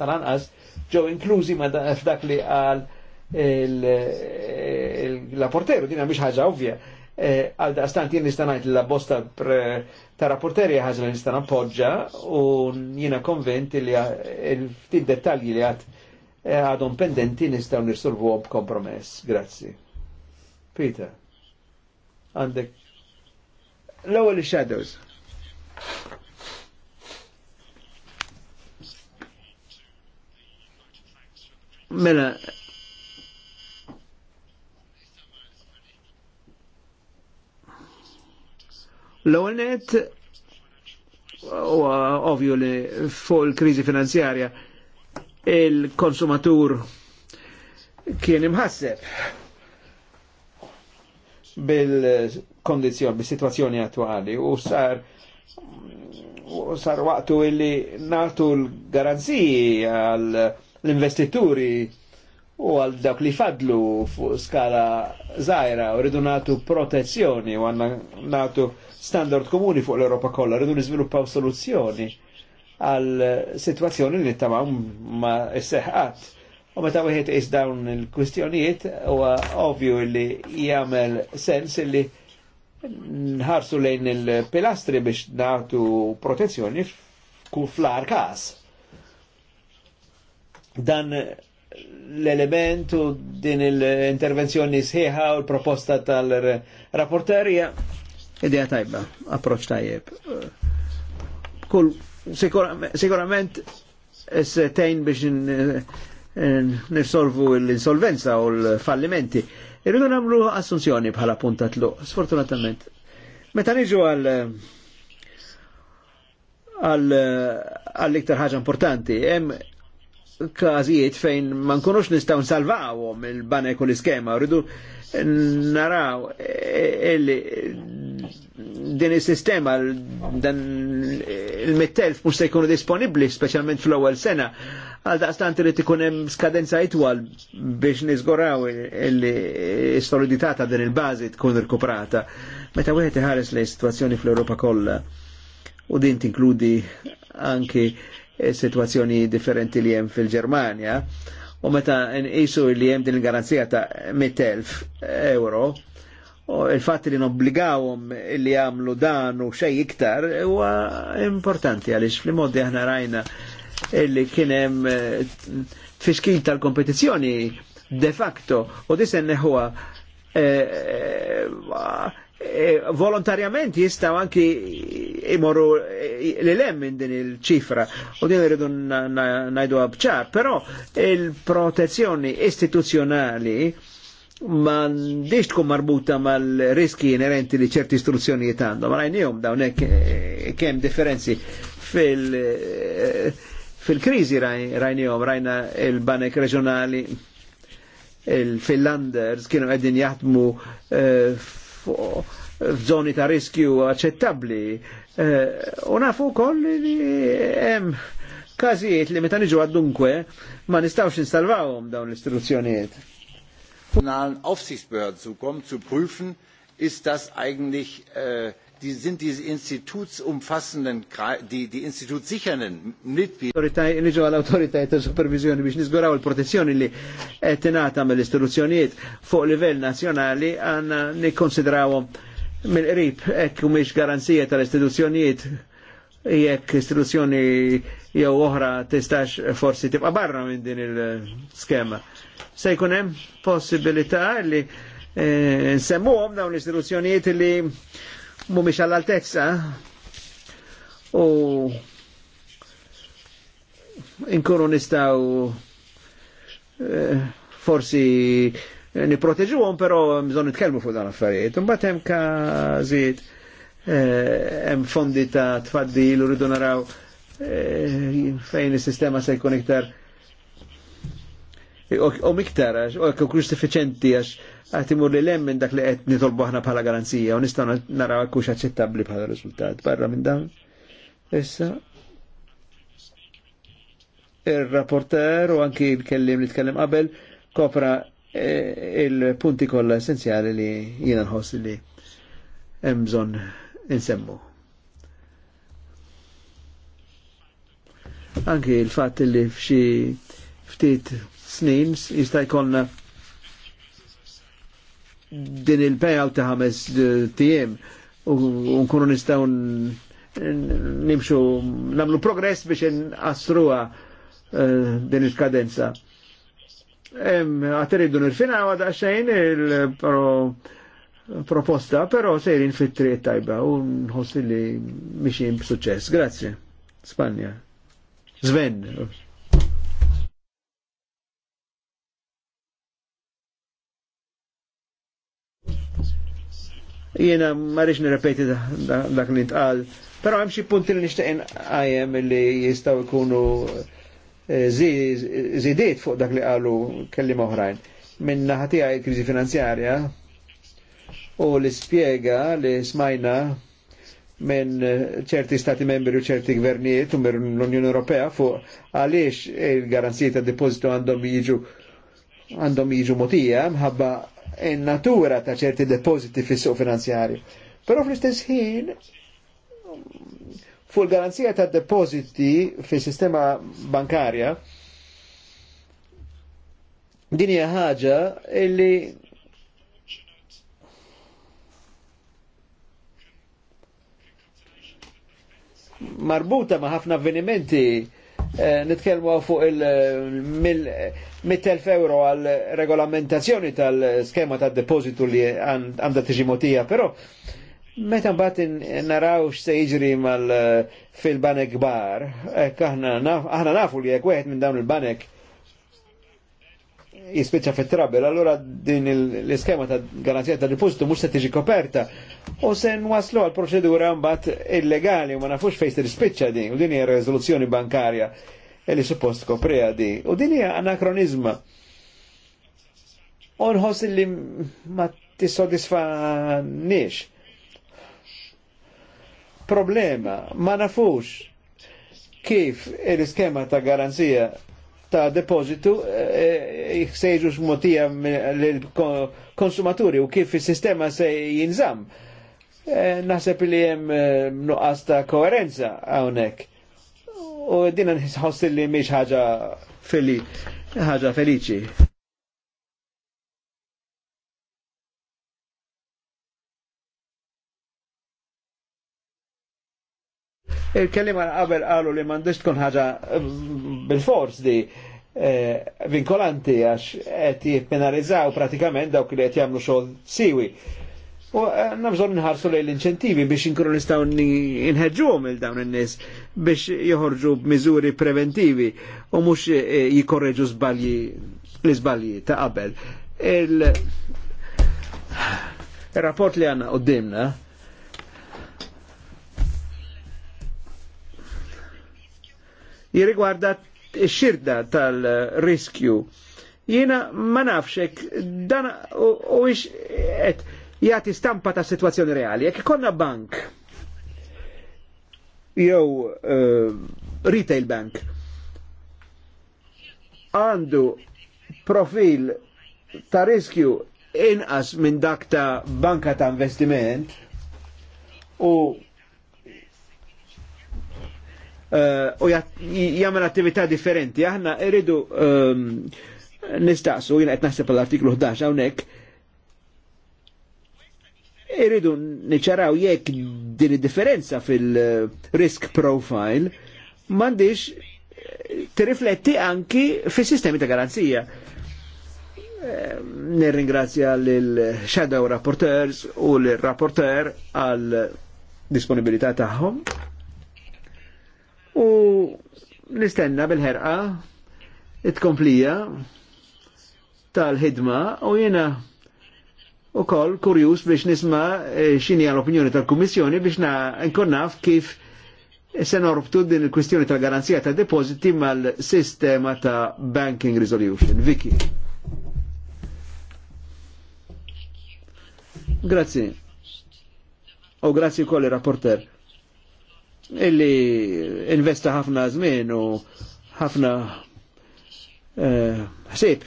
tal-anqas ġew inklużi ma f'dak li għal il-rapporteru dina mhix ħaġa ovvja E, għal daqstant jien nista' la bosta ta' rapporterja ħażla nista' nappoġġa u jiena konvent li ftit dettalji li għad e, għadhom pendenti nistgħu nirsolvu kompromess. Grazzi. Peter, għandek l-ewwel shadows. Mela, L-ewwel net huwa ovvju li fuq il-kriżi finanzjarja il-konsumatur kien imħasseb bil-kondizjoni, bil-situazzjoni attuali u sar u sar waqtu illi natu l-garanziji għal l-investituri u għal dawk li fadlu fuq skala zaħira u rridu natu protezzjoni u għanna natu standard komuni fuq l-Europa kollha, rridu niżviluppaw soluzzjoni għal situazzjoni li tamam ma s-seħqat. U meta wieħed is dawn il-kwistjonijiet huwa ovvju li jagħmel sens li nħarsu lejn il-pilastri biex nagħtu protezzjoni fl-ar Dan l-element u din l-intervenzjoni sħiħa u l-proposta tal-rapporterja idea tajba, approċ tajjeb. Kull, sigurament, s-tejn biex nirsolvu l-insolvenza u l-fallimenti. Irridu namlu assunzjoni bħala punta tlu, sfortunatament. Meta niġu għal għal iktar ħaġa importanti, hemm kazijiet fejn ma nkunux nistaw nsalvawhom il-banek u l-iskema, rridu naraw illi e, e, din is-sistema dan il-mittelf mhux se jkunu disponibbli speċjalment fl-ewwel sena għal daqstant irid ikun hemm skadenza itwal biex niżgoraw illi s-solidità ta' din il-bażi tkun irkuprata. Meta wieħed iħares lejn situazzjoni fl-Ewropa kollha u din tinkludi anki situazzjoni differenti li jem fil-Ġermanja. U meta nqisu li jem din il-garanzija ta' 100.000 euro, u il fat li nobbligawhom li jamlu dan u xej iktar u importanti għaliex fl-modi aħna rajna li kienem hemm eh, tfixkil tal kompetizjoni de facto u disen huwa E, volontarjament jistaw anki imorru e, l lem minn din il-ċifra u din rridu najdu għabċar, però il-protezzjoni istituzjonali ma diċ tkun marbuta mal-riski inerenti li ċerti istruzzjoni jitando, ma rajnijom dawnek e, kem differenzi fil- fil-krizi rajnijom, rajna il-banek reġjonali il-Finlanders kienu għedin jaħdmu uh, f'żoni ta' riskju aċċettabbli. Eh, u nafu wkoll li hemm każijiet li meta niġu għaddunkwe ma nistgħux nistalvawhom dawn l-istruzzjonijiet. Nationalen Aufsichtsbehörden zukommen, zu prüfen, ist das eigentlich äh, die sind die institutsumfassenden, die, die institut sichernden Mitglieder. Niġu għal-autoritajt ta' supervizjoni biex nizguraw il-protezzjoni li tenata mill-istituzzjonijiet fuq livell nazjonali għanna nikkonsidrawhom mill-qrib hekk mhix garanzija tal-istituzzjonijiet jekk istituzzjoni jew oħra tistax forsi tibqa' barra minn din il-skema. Se jkun hemm possibilità li eh, nsemmuhom dawn l-istituzzjonijiet li mumiex għall-altezza u inkunu nistaw eh, forsi forsi għom, però mżon nitkelmu fuq dan affarijiet. Imbagħad hemm każijiet eh, hemm fondi ta' tfaddi l rridu naraw eh, fejn is-sistema se jkun iktar u miktar u għek kux suffiċenti għax għatimur li lemmen dak li għet nitolbu ħna bħala garanzija u nistaw naraw kux għacċettabli bħala rizultat barra minn dan. Issa, il-rapporter u anki il-kellim li t-kellim qabel kopra e, il-punti kollha essenzjali li jiena nħoss li hemm insemmu. Anki il fat li fxie ftit snin jista' jkollna din il-payout ta' ħames eh, tijem u nkunu nistaw nimxu namlu progress biex nqasruha eh, din il-kadenza. Għatiridu nirfinaw għada xejn il-proposta, pero sejrin fit-triq tajba u nħossi li miexin b'suċċess. Grazie. Spanja. Sven. Jiena marriċ nirrepeti dak li tqal, però hemm xi punti li nixtieq għajem li jistgħu jkunu eh, zidiet fuq dak li qalu kellim oħrajn. Minna ħatija kriżi finanzjarja u li spjega li smajna minn ċerti stati membri u ċerti gvernijiet u minn l-Unjoni Ewropea fuq għaliex il-garanzijiet ta' depozitu għandhom jiġu għandhom jiġu motija mħabba in-natura ta' ċerti depositi fis-suq finanzjarju. Pero fl-istess ħin fuq garanzija ta' depositi fis-sistema bankarja din hija ħaġa illi marbuta ma' ħafna avvenimenti Eh, nitkellmu fuq il-100.000 euro għal regolamentazzjoni tal-skema tad depositu li għandha tiġi motija, però meta mbagħad naraw x'se jiġri mal fil-banek bar, aħna nafu li hekk wieħed minn dawn il-banek jispiċċa fit-trabel, allora din l-iskema ta' garanzija ta' depositu mux se tiġi koperta u sen waslu għal proċedura mbat illegali u ma nafux fejst se tispiċċa din u din hija riżoluzzjoni bankarja e li suppost koprija din u din hija anakronizma. U nħoss li ma nix Problema, ma nafux kif l-iskema ta' garanzija ta' depositu eh, eh, jħsejġu x'motija lill-konsumaturi u kif is-sistema se jinżamm. Eh, naħseb li hemm nuqqas ta' koerenza hawnhekk. U dinan nħossi li mhix ħaġa feliċi. Il-kelima għabel għalu li mandiġ tkun ħaġa eh, bil-fors di eh, vinkolanti għax għet jipenalizzaw pratikament dawk li għet jamlu xogħol siwi. U eh, nabżon nħarsu li l-inċentivi biex inkunu nistaw nħedġuhom il dawn n-nis biex joħorġu b-mizuri preventivi u mux jikorreġu zbalji l-iżbalji ta' qabel. Il-rapport li għanna qoddimna jirigwarda xirda tal-riskju. Jiena ma nafxek dan u ix jati stampa ta' situazzjoni reali. Jek konna bank, jew uh, retail bank, għandu profil ta' riskju inqas minn dak ta' banka ta' investiment u Eh, u jagħmel attività differenti. Aħna irridu ehm, nistaqsu, jina qed naħseb l-artiklu 11 hawnhekk, irridu niċaraw jekk din differenza fil-risk profile mandiġ eh, tirrifletti anki fi sistemi ta' garanzija. Ehm, nirringrazzja l-Shadow Rapporteurs u l-Rapporteur għal disponibilità tagħhom U nistenna bil-ħerqa it-komplija tal-ħidma u jena u kol kurjus biex nisma eh, xini għal-opinjoni tal komissjoni biex na nkonnaf kif se norbtu din il-kwistjoni tal-garanzija ta' depositi mal-sistema ta' banking resolution. Viki. Grazie. O grazie kolli rapporter illi investa ħafna żmien u ħafna eh, ħsieb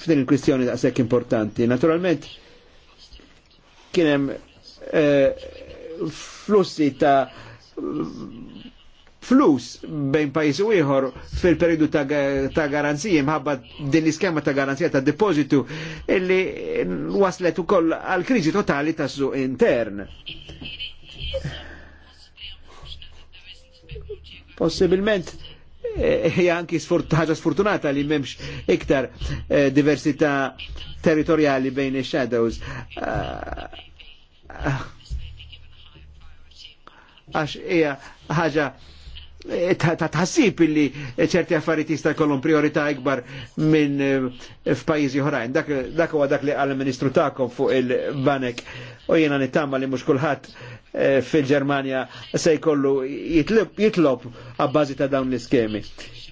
f'din il-kwistjoni daqshekk importanti. Naturalment kien hemm eh, flussi ta' flus bejn pajis u ieħor fil-periodu ta', garanzija mħabba din l-iskema ta' garanzija ta' depositu illi waslet ukoll għal kriżi totali ta' suq intern possibilment eh, hija anki ħaġa sfortunata li memx iktar eh, diversità territoriali bejn ix-shadows. Ah, ah. Għax hija ħaġa Eh, ta' tħassib illi ċerti affarijiet jista' jkollhom priorità ikbar minn eh, f'pajjiżi oħrajn. Dak huwa dak li qal ministru tagħkom fuq il-banek u jiena nittama li mhux kulħadd eh, fil-Ġermanja se jkollu jitlob għabbażi ta' dawn l-iskemi.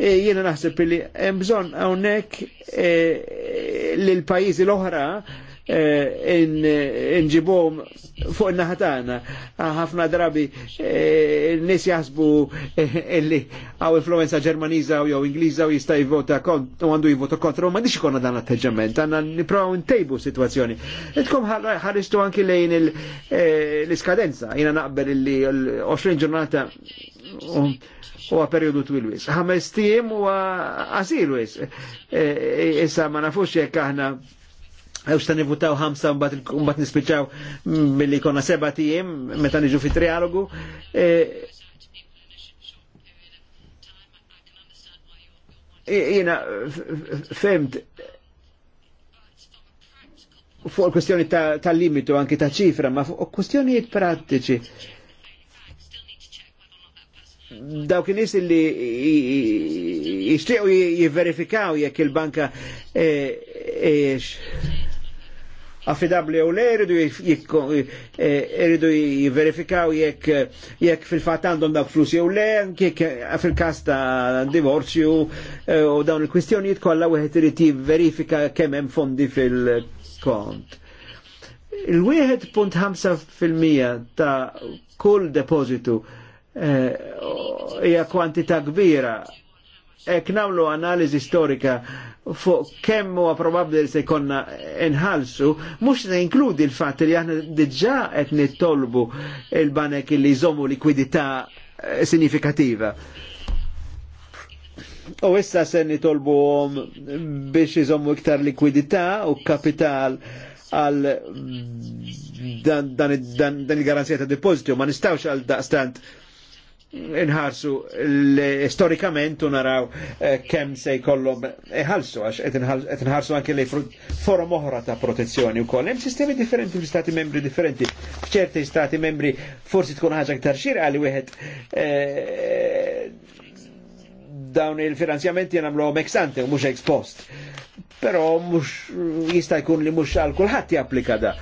Jiena naħseb illi hemm bżonn hawnhekk lil pajjiżi l-oħra Eh, nġibuhom fuq naħatana ah, Ħafna drabi eh, n-nies jaħsbu eh, illi għaw influenza ġermaniza u jew ingliza u jista' jivota kont u għandu jivota kontra u ma m'għandix ikonna dan l-atteġġament, għandna nipprovaw ntejbu situazzjoni. etkom ħaristu anki lejn l-iskadenza, jina naqbel illi 20 ġurnata u periodu twilwis. Ħames tiem u għasirwis. Issa ma nafux jekk aħna Għaw stani votaw ħamsa mbat nispiċaw mill-li konna seba tijem, metan iġu fi trialogu. E, Jena, femt, fuq il-kustjoni ta' limitu anki ta' ċifra, ma fuq il-kustjoni kwestjonijiet prattiċi. Dawk nies li jixtiequ jiverifikaw jekk il-banka e, e, affidabli u lej irridu jridu eh, jiverifikaw jekk jekk fil-fatt għandhom dak flus jew le jekk fil-każ ta' divorzju eh, u dawn il-kwistjonijiet kollha wieħed irid jivverifika kemm hemm fondi fil-kont. Il-1.5% ta' kull depositu eh, hija kwantità kbira ek namlu analizi storika fuq kemm huwa probabbli li se jkollna inħalsu, mhux se inkludi l-fatt li aħna diġà qed nittolbu il-banek li jżommu likwidità eh, sinifikativa. U issa se nitolbu biex jżommu iktar likwidità u kapital għal dan, dan il-garanzija ta' depozitu ma nistawx għal daqstant inħarsu storikament u naraw eh, kem se jkollhom iħallsu għax qed inħarsu anke lej forom oħra ta' protezzjoni wkoll. Hemm sistemi differenti fl stati membri differenti. F'ċerti stati membri forsi tkun ħaġa aktar xira li wieħed eh, dawn il-finanzjamenti nagħmlu ex ante u mhux ex post. Però mhux jista' jkun li mhux għal kulħadd japplika da.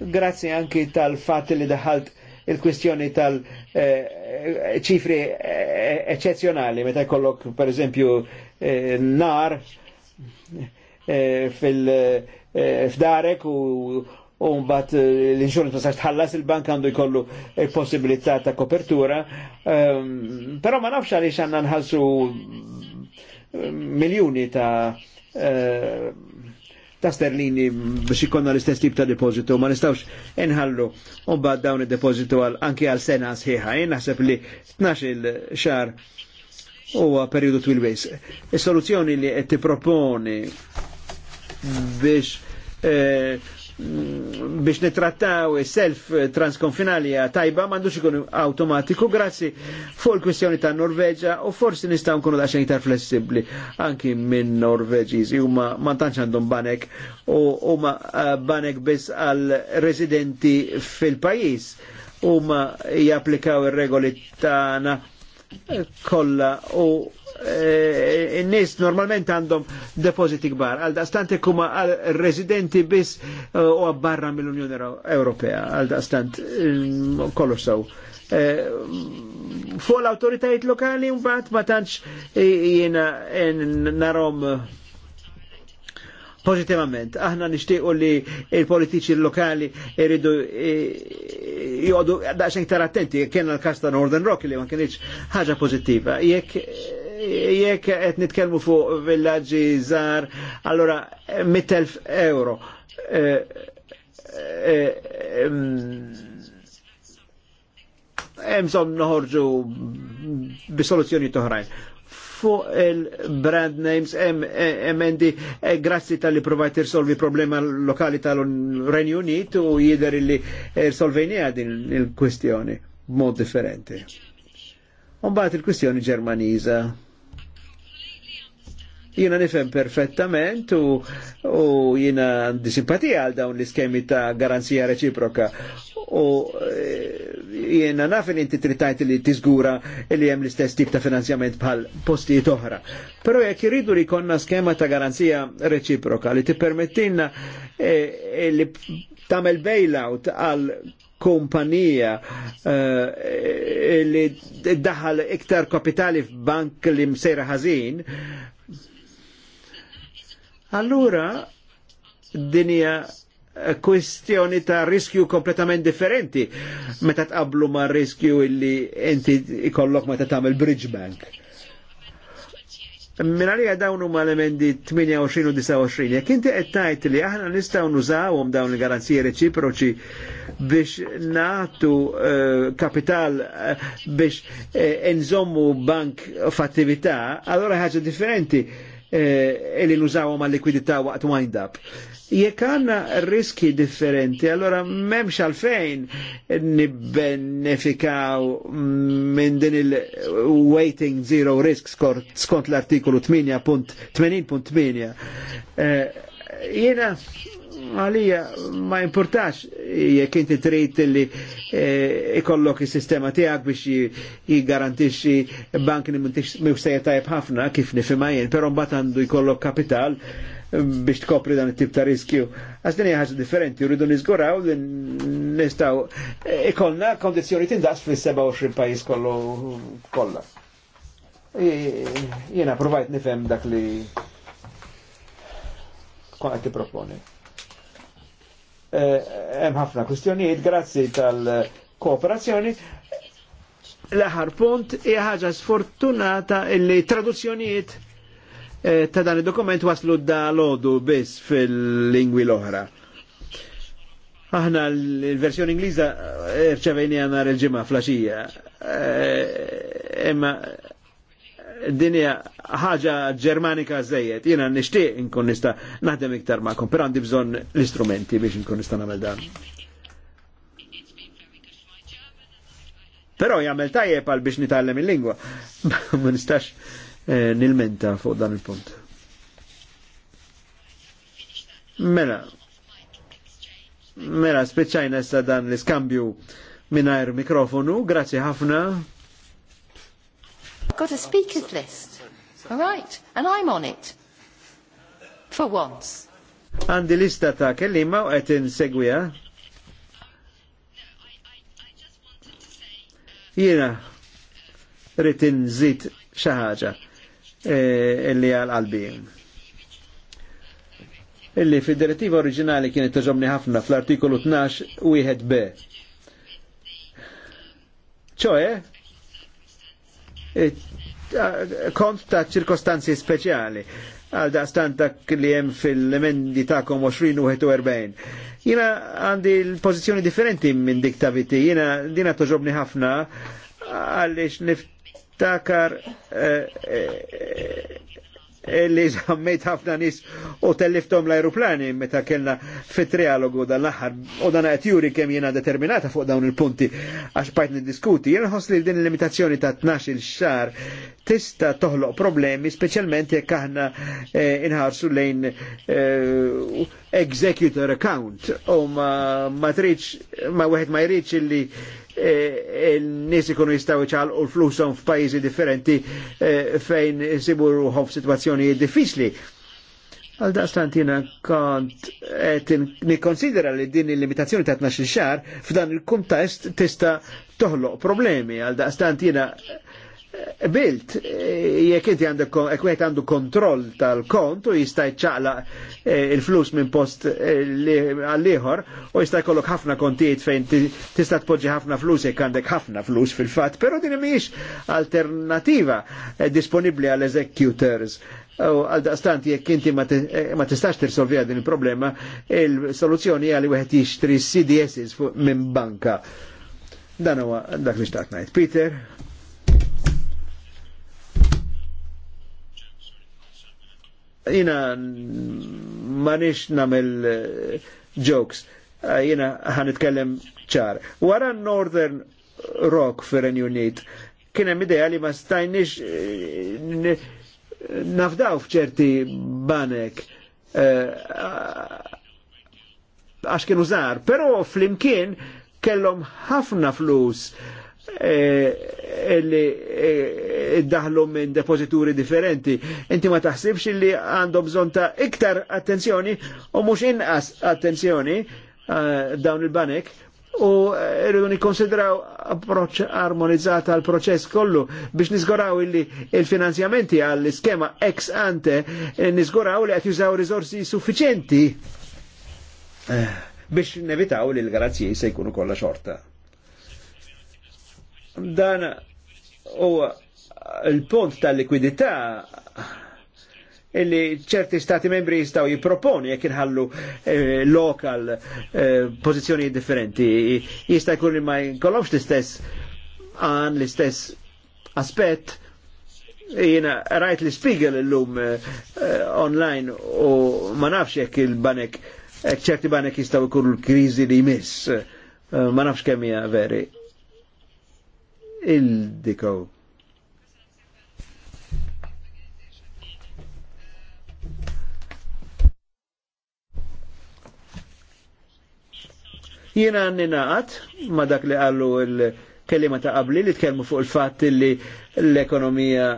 Grazzi anki tal-fatt li daħalt il-kwestjoni tal- eh, ċifri eh, eccezjonali meta jkollok per eżempju eh, nar eh, fil-fdarek u un bat l-insurance ma sax tħallas il-bank għandu jkollu il-possibilità ta' kopertura, ehm, però ma nafx għaliex għanna nħassu miljuni ta' ta' sterlini biex ikonna l-istess tip ta' depositu, ma nistawx inħallu un bad dawn il-depositu anki għal sena sħiħa, jien naħseb li 12 il xar huwa periodu twil wis. Is-soluzzjoni li qed tipproponi biex eh, biex nitrattaw self transkonfinali tajba mandux ikun automatiku grazzi fuq il-kwistjoni ta' Norveġa u forsi nistaw nkunu daċċen iktar flessibli anki minn Norveġiżi u ma, mantanċ tantx għandhom banek u ma eh, banek biss għal residenti fil-pajis u ma japplikaw ir-regoli tagħna kolla u e, e, n-nis normalment għandhom depositi kbar, għal daqstant ikuma għal residenti bis e, u għabbarra mill-Unjoni Ewropea, għal daqstant mm, kollu sew. E, Fuq l-autoritajiet lokali un bat ma tantx jena narom pozitivament. Aħna nixtiequ li il-politiċi lokali jridu e, jgħodu daqsxejn iktar attenti, kena l-kas ta' Northern Rock li ma kienx ħaġa pożittiva. Jekk jekk qed nitkellmu fuq villaġġi żgħar, allora 100,000 euro. E, e, noħorġu bi soluzzjoni toħrajn fuq il-brand names e, emendi e, grazzi tal-li provajt irsolvi problema lokali tal-Renju Unit u jider li irsolvejnija din il-kwistjoni mod differenti. Umbat il-kwistjoni ġermaniza jina nifem perfettament u, u jina disimpatija għal dawn l-iskemi ta' garanzija reċiproka u e, jiena naf li inti trittajt li tizgura li jem l-istess tip ta' finanzjament bħal postijiet oħra. Pero jek jiridu li konna skema ta' garanzija reċiproka li tippermettilna eh, eh li tamel bailout għal kumpanija eh, eh, li daħal iktar kapitali f'bank li msejra ħażin, allura dinja kwestjoni ta' riskju kompletament differenti meta tqablu ma' riskju illi inti ikollok meta tagħmel bridge bank. Minna li għadawnu ma' l-emendi 28 u 29, jek inti qed li aħna nistaw nużawhom dawn il garanzije reċiproċi biex natu eh, kapital eh, biex uh, nżommu bank f'attività, allora ħagġa differenti illi nużawhom għal likwidità waqt wind up. Jekk għanna riski differenti, allora memx għalfejn nibbenefikaw minn din il-waiting zero risk skont l-artikolu 8.80.8. Eh, jena għalija ma importax jekk inti trid li eh, ikollok il is-sistema tiegħek biex jiggarantixxi bank li mhux se tajjeb ħafna kif nifhimha però mbagħad għandu jkollok kapital biex tkopri dan it-tip ta' riskju. Għax din ħaġa differenti, rridu niżguraw li nistgħu eh, ikolna kondizzjoni tindaqs fis-27 pajjiż kollu kollha. Jiena provajt nifhem dak li kon qed tipproponi. Eh, hemm ħafna kwistjonijiet grazzi tal-kooperazzjoni l-aħar punt hija ħaġa sfortunata illi traduzzjonijiet Eh, ta' dan il-dokument waslu da' lodu biss fil-lingwi l ohra Aħna l-versjoni Ingliża eh, rċevejni għanar il-ġimgħa flaxija. Eh, imma dinja ħaġa ġermanika zejet, jena nixtieq nkun nista' naħdem iktar ma'kom, però għandi bżon l-istrumenti biex nkun nista' namel dan. Pero jgħamil tajjeb għal biex nitgħallem il-lingwa. Ma nistax Eh, nil-menta fuq dan il-punt. Mela, mela, speċajna issa dan l-iskambju minnajr mikrofonu, grazie ħafna. Got a speaker's list. All right, and I'm on it. For once. Għandi lista ta' kellima u għet insegwija. Jena, rritin nżid xaħġa. E, illi għal-qalbi. Illi fil-direttiva oriġinali kienet toġobni ħafna fl-artikolu 12 u 1b. ċoħe, e, kont ta' ċirkostanzi speċjali għal da' stanta li jem fil-emendi ta' kom 20 u 41. Jina għandi l-pozizjoni differenti minn dik ta' viti, jina dina toġobni ħafna għalix nift Takar eh, eh, eh, li zammejt ħafna nis u telliftom l-aeroplani meta kellna fit trialogu l aħħar u dan qed juri kemm jiena determinata fuq dawn il-punti għax bajt niddiskuti. Jiena ħoss din il-limitazzjoni ta' 12 xar tista' toħloq problemi speċjalment jekk aħna inħarsu lejn executor account u ma ma triċ ma wieħed ma jriċ illi eh, il-nies ikunu jistaw iċal u l-flusom f'pajjiżi differenti eh, fejn sibu ruħom f'sitwazzjonijiet diffiċli. Għal daqstantina kont nikonsidera li din il-limitazzjoni ta' 12 xar f'dan il-kuntest tista' toħloq problemi. Għal daqstantina bilt, jek inti għandek għandu kontroll tal-kont u jista' jċaqla eh, il-flus minn post eh, għall-ieħor u jistaj kollok ħafna kontijiet fejn tista' tpoġġi ħafna flus jekk għandek ħafna flus fil-fatt, però din mhijiex alternativa eh, disponibbli għall executors għal daqstant jekk inti ma tistax tirsolvija din il-problema, il-soluzzjoni għal wieħed jixtri CDS minn banka. Dan huwa dak li Peter, jina manix namel eh, jokes, eh, jina għan itkellem ċar. Wara Northern Rock fir Unit, kienem ideja li ma stajnix eh, nafdaw fċerti banek għax kienu zar, pero flimkien kellom ħafna flus illi e e, e, e, daħlu minn depozituri differenti. Inti ma taħsibx li għandhom bżon ta' iktar attenzjoni u mux inqas attenzjoni e, dawn il-banek u rridu nikkonsidraw approċ armonizzata għal proċess kollu biex nizgoraw illi il-finanzjamenti għall iskema ex ante nizgoraw li għat jużaw risorsi suffiċenti eh, biex nevitaw li l-garazzji se jkunu kollha xorta. Dan u l-pont tal-likwidità illi ċerti stati membri jistaw jiproponi jek inħallu eh, lokal eh, pozizjoni differenti. Jista' jkun li ma jkollhomx l-istess għan l-istess aspett jina rajt li spiegel l-lum eh, online u ma nafx jekk il-banek eh, ċerti banek jistaw ikunu l-krizi li jmiss eh, ma nafx kemm veri il-dikow. Jiena ninaqat ma dak li għallu il-kelima ta' qabli li tkellmu fuq il-fatt li l-ekonomija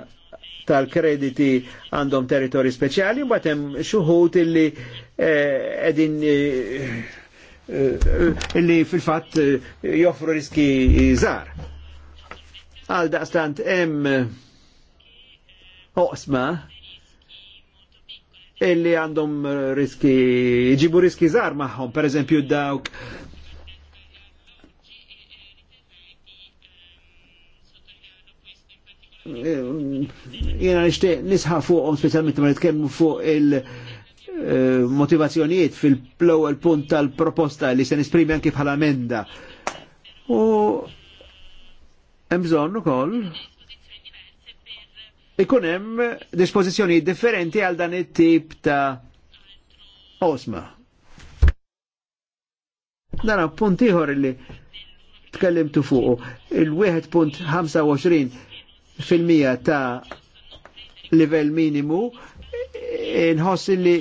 tal-krediti għandhom territori speċjali, batem xuħut illi eh, eh, eh illi fil-fat eh, joffru riski zar. Għal daqstant hemm oqsma illi għandhom riski, ġibu riski zar maħħom, per eżempju dawk jena nishtiq nisħa fuqhom speċjalment ma nitkellmu fuq il- eh, motivazzjonijiet fil il punt tal-proposta li se nisprimi anki bħala emenda. U hemm bżonn ukoll ikun hemm dispożizzjonijiet differenti għal dan it-tip ta' osma. Dan punt ieħor li tkellimtu fuqu il-1.25 fil-mija ta' livell minimu nħoss li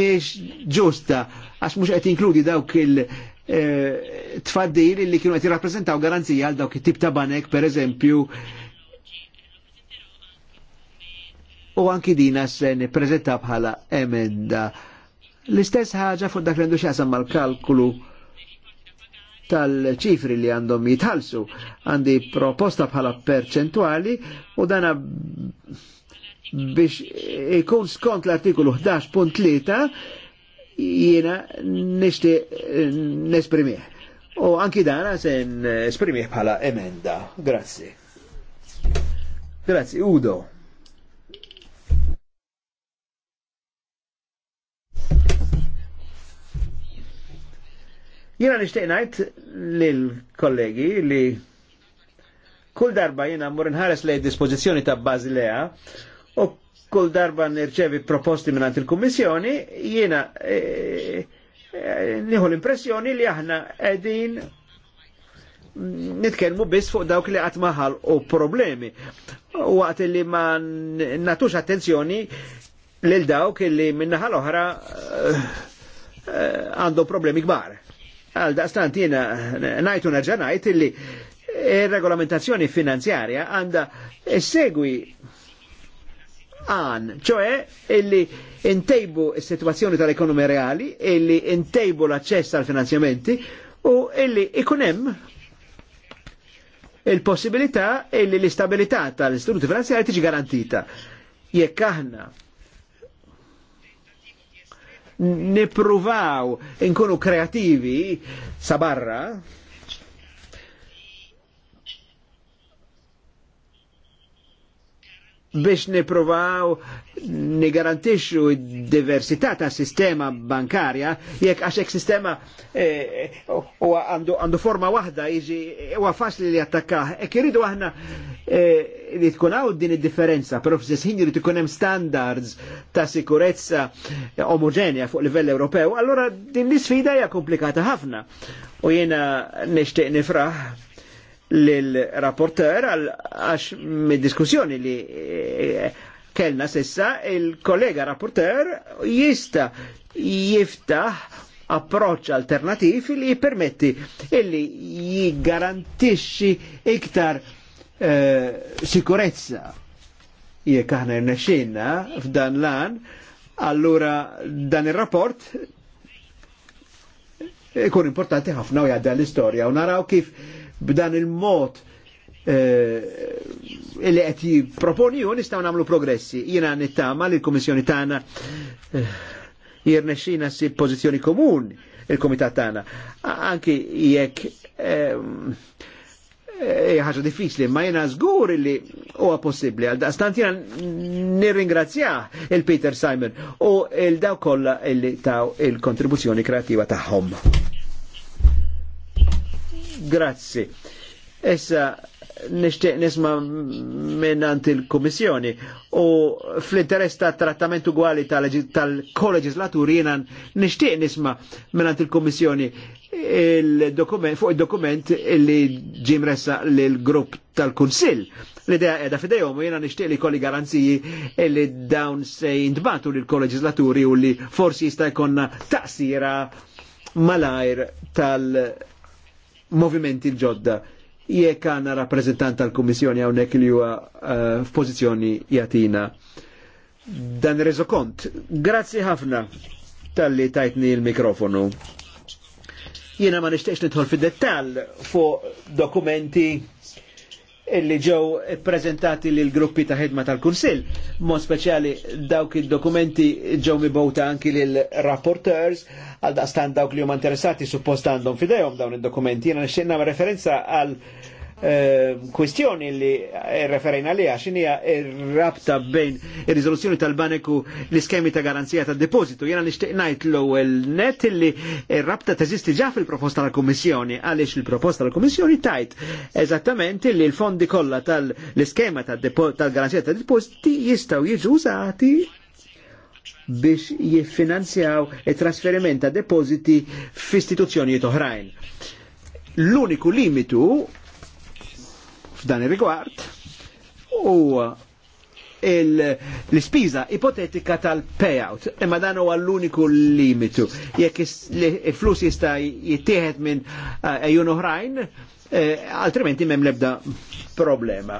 miex ġusta għax mhux qed inkludi dawk il- Eh, tfaddil li kienu qed jirrappreżentaw garanzija għal dawk it-tip ta' banek pereżempju u anki dina se nippreżenta bħala emenda. L-istess ħaġa fuq dak li għandu xjaqsam mal-kalkulu tal-ċifri li għandhom jitħalsu. Għandi proposta bħala perċentuali u dana biex ikun skont l-artikolu 11.3 jiena nishti nesprimieħ. U anki dana sen esprimieħ bħala emenda. Grazzi. Grazzi, Udo. Jena nishtiq najt lil-kollegi li kull darba jena mmur nħares lej dispozizjoni ta' Basilea u kull darba nirċevi proposti minnant il-Kommissjoni, jiena eh, eh, niħu l-impressjoni li aħna edin nitkelmu biss fuq dawk li qatt maħal u problemi. U għat li ma natux attenzjoni lil dawk li minnaħal l-oħra eh, għandhom problemi kbar. Għal daqstant jiena najtu nerġa' ngħid li il regolamentazzjoni finanzjarja għandha segwi għan, ċoħe illi intejbu s-situazzjoni tal ekonomi reali, illi intejbu l-access tal-finanzjamenti u illi ikunem il-possibilità illi l-istabilità tal-istituti finanzjari tiġi garantita. Jekk aħna nipruvaw inkunu kreativi sabarra, biex niprovaw nigarantixxu diversità ta' sistema bankarja jekk għax hekk sistema eh, għandu forma waħda jiġi huwa faċli li jattakkaħ. Hekk iridu aħna eh, li tkun hawn din id-differenza, però f'istess ħin jrid ikun hemm standards ta' sikurezza eh, omogenja fuq livell Ewropew, allora din l-isfida hija komplikata ħafna. U jiena nixtieq nifraħ l-rapporter għax mid-diskussjoni li eh, kellna sissa il-kollega rapporter jista jiftaħ approċċ alternativ li jipermetti illi jiggarantixxi iktar eh, sikurezza jekk aħna rnexxinna f'dan lan, allura dan ir-rapport ikun importanti ħafna u jgħadda l-istorja u naraw kif b'dan il-mod eh, li qed jipproponi u nistgħu nagħmlu progressi. Jiena nittama li l-Kummissjoni tagħna eh, jirnexxina si pożizzjoni komuni il-Kumitat tagħna. Anki jekk eh, ħaġa diffiċli, ma jena żgur li huwa possibbli. Għal daqstant jena nirringrazzjah il-Peter Simon u il-daw kollha illi taw il-kontribuzzjoni kreativa tagħhom. Grazzi. Essa nishtiq nisma minnant il-Komissjoni u fl-interess ta' trattament ugwali tal-koleġislaturi jena nishtiq nisma minnant il-Komissjoni il-dokument fuq il-dokument li ġimressa l-grupp tal-Kunsill. L-idea edha fidejom u jena nishtiq li kolli garanziji li dawn se jindbatu l-koleġislaturi u li forsi jista' jkonna taqsira malajr tal- movimenti l-ġodda jekk għandna rappreżentant tal-Kummissjoni hawnhekk li huwa eh, f'pożizzjoni jatina dan kont. Grazzi ħafna tal-li tajtni il-mikrofonu. Jiena ma nixtieqx nidħol fid-dettall fuq dokumenti illi ġew prezentati lil gruppi ta' ħidma tal-Kunsill. Mod speċjali dawk id-dokumenti ġew mibgħuta anki lil rapporteurs għal daqstan dawk li huma interessati suppost għandhom fidejhom dawn id-dokumenti. Jiena nixtieq nagħmel referenza għal Ehm, kwestjoni li eh, referajna li għax hija rabta bejn ir-riżoluzzjoni tal-banek u l-iskemi ta' garanzija ta' depositu. Jena nixtieq ngħid l-ewwel net li rabta teżisti ġa fil-proposta tal-Kummissjoni għaliex il-proposta tal-Kummissjoni tajt eżattament li l-fondi kollha tal-iskema tal-garanzija ta' depositi jistgħu jiġu użati biex jiffinanzjaw it-trasferiment ta' depositi f'istituzzjonijiet oħrajn. L-uniku limitu f'dan ir-rigward u l-spiża ipotetika tal-payout, imma dan huwa l-uniku limitu. Jekk il-flus jista' jittieħed minn eh, ejjun oħrajn, eh, altrimenti m'hemm l-ebda problema.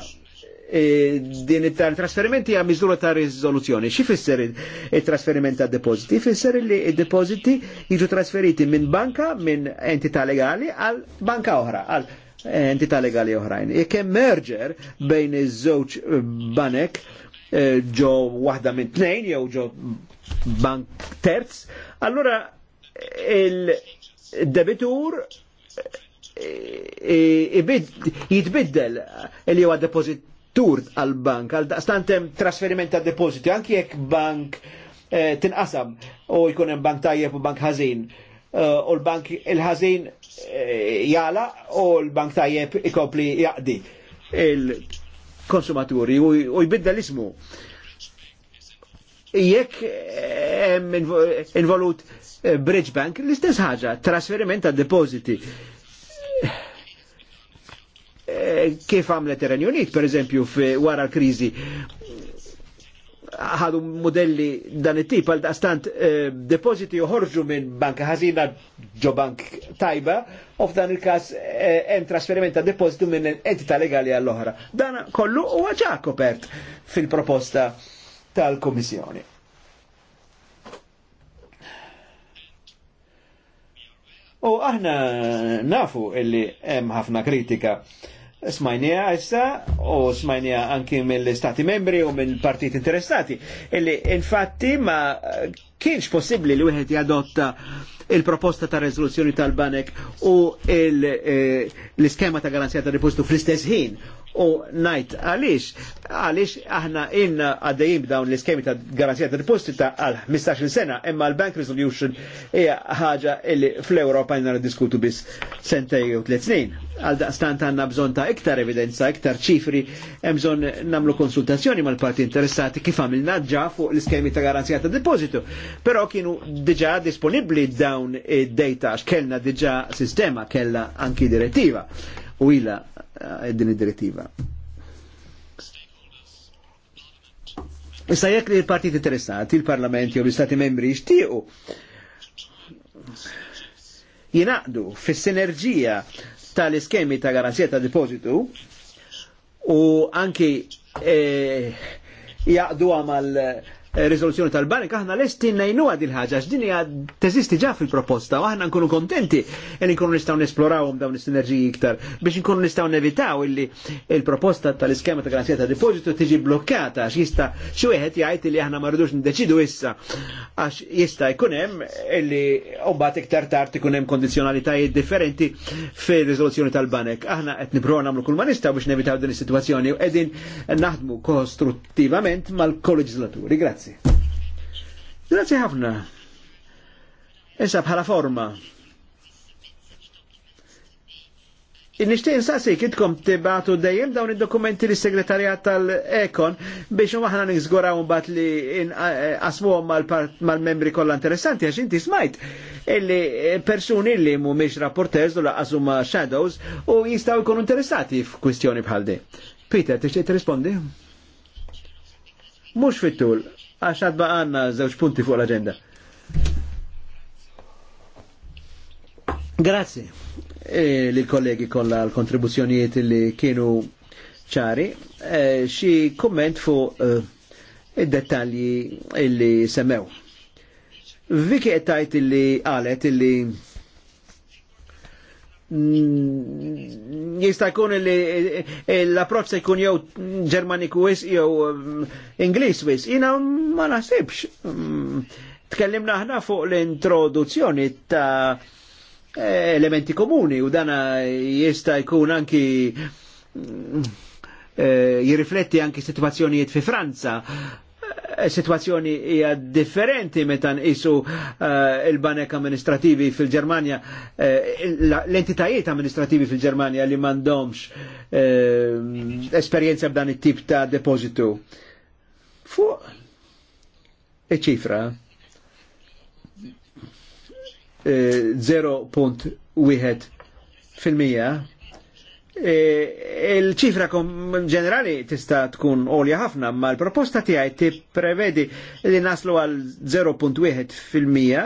E, din il-trasferimenti għam miżura ta' rizoluzjoni. Xi fisser il-trasferiment ta' depositi? Fisser li il-depositi jiġu trasferiti minn banka, minn entità legali, għal banka oħra, għal entità legali oħrajn. Jekk hemm merger bejn iż-żewġ banek eh, ġo waħda minn tnejn jew ġo bank terz, allura il-debitur eh, jitbiddel il huwa depozitur għal bank għal stantem trasferiment ta' depositi, anki jekk bank eh, tinqasam u jkun hemm bank tajjeb u bank ħażin. Eh, u l-bank il-ħazin eh, jala u l-bank tajjeb ikopli jaqdi il-konsumaturi u jbidda l-ismu. Jekk eh, involut Bridge Bank, l-istess ħaġa, trasferiment ta' depositi kif għamlet ir Unit, per eżempju, wara l-krizi ħadu modelli dan it-tip għal daqstant eh, depositi joħorġu minn banka ħażina ġo bank tajba u f'dan il-każ eh, hemm trasferiment ta' depositu minn entità legali għall-oħra. Dan kollu huwa ġa kopert fil-proposta tal-Kummissjoni. U aħna nafu illi hemm ħafna kritika smajnija issa u smajnija anki mill-stati membri u mill partiti interessati. Illi infatti ma kienx possibli li wieħed jadotta il-proposta ta' rezoluzzjoni tal-Banek u eh, l-iskema ta' garanzija ta' ripostu fl-istess ħin. U najt, għalix, għalix aħna inna għaddejim dawn l-iskemi ta' garanzija ta' riposti ta' għal 15 sena, imma l-Bank Resolution hija ħaġa illi fl-Europa jina diskutu bis sentej u tliet snin għal daqstant għanna bżon ta' iktar evidenza, iktar ċifri, bżon namlu konsultazzjoni mal-parti interessati kif għamilna ġa fuq l-iskemi ta' garanzija ta' depositu. Però kienu diġa disponibli dawn id-data għax kellna diġa sistema, kellha anki direttiva u ila eh, din id-direttiva. Issa jekk li l-partiti interessati, il-parlamenti u l-istati membri jixtiequ jinaqdu fis sinerġija tal-iskemi ta' garanzija ta' depositu u anki e, eh, jaqdu għamal Eh, risoluzzjoni tal-banik, aħna lesti najnu għad il-ħagġa, x'din hija teżisti ġa fil-proposta, u aħna nkunu kontenti li nkunu nistgħu nesplorawhom dawn is-sinerġiji iktar biex nkunu nistgħu nevitaw illi il-proposta tal-iskema ta' garanzija ta' depositu tiġi blokkata għax jista' xi wieħed jgħid li aħna ma rridux ndeċidu issa għax jista' jkun hemm illi u mbagħad iktar tard ikun hemm kondizzjonalitajiet differenti fir-riżoluzzjoni tal-banek. Aħna qed nipprova nagħmlu kull ma nistgħu biex nevitaw din is-sitwazzjoni u qegħdin naħdmu kostruttivament mal-kolleġislaturi. Grazzi. Grazzi. Grazie ħafna. Issa bħala forma. Nishtiq insaqsi kitkom tibatu dejjem dawn id-dokumenti li segretarjat tal-Ekon biex maħna nizguraw mbagħad li asmuhom mal-membri kollha interessanti għax inti smajt illi persuni li mhumiex rapporters u laqas shadows u jistgħu jkunu interessati f'kwistjoni bħal di. Peter, tixtieq tirrispondi? Mhux fit-tul, għax għadba għanna żewġ punti fuq l-agenda. Grazzi e, li kollegi kolla l-kontribuzzjonijiet li kienu ċari. E, Xi komment fuq e, id-dettalji illi semmew. Viki qed tajt illi qalet illi Mm, jista' jkun li eh, eh, l approċ se jkun jew Ġermaniku wis jew eh, Ingliż wis. Jiena ma naħsibx. Mm, tkellimna aħna fuq l-introduzzjoni ta' elementi komuni u dana jista' jkun anki mm, jirrifletti anki situazzjonijiet fi Franza Eh, situazzjoni hija differenti meta nqisu eh, il-banek amministrativi fil-Ġermanja, eh, l-entitajiet amministrativi fil-Ġermanja li m'għandhomx esperjenza b'dan it-tip ta' depositu. Fuq iċ-ċifra 0.1 fil-mija E, il-ċifra ġenerali tista tkun olja ħafna, ma l-proposta tiegħi ti prevedi li naslu għal 0.1 fil-mija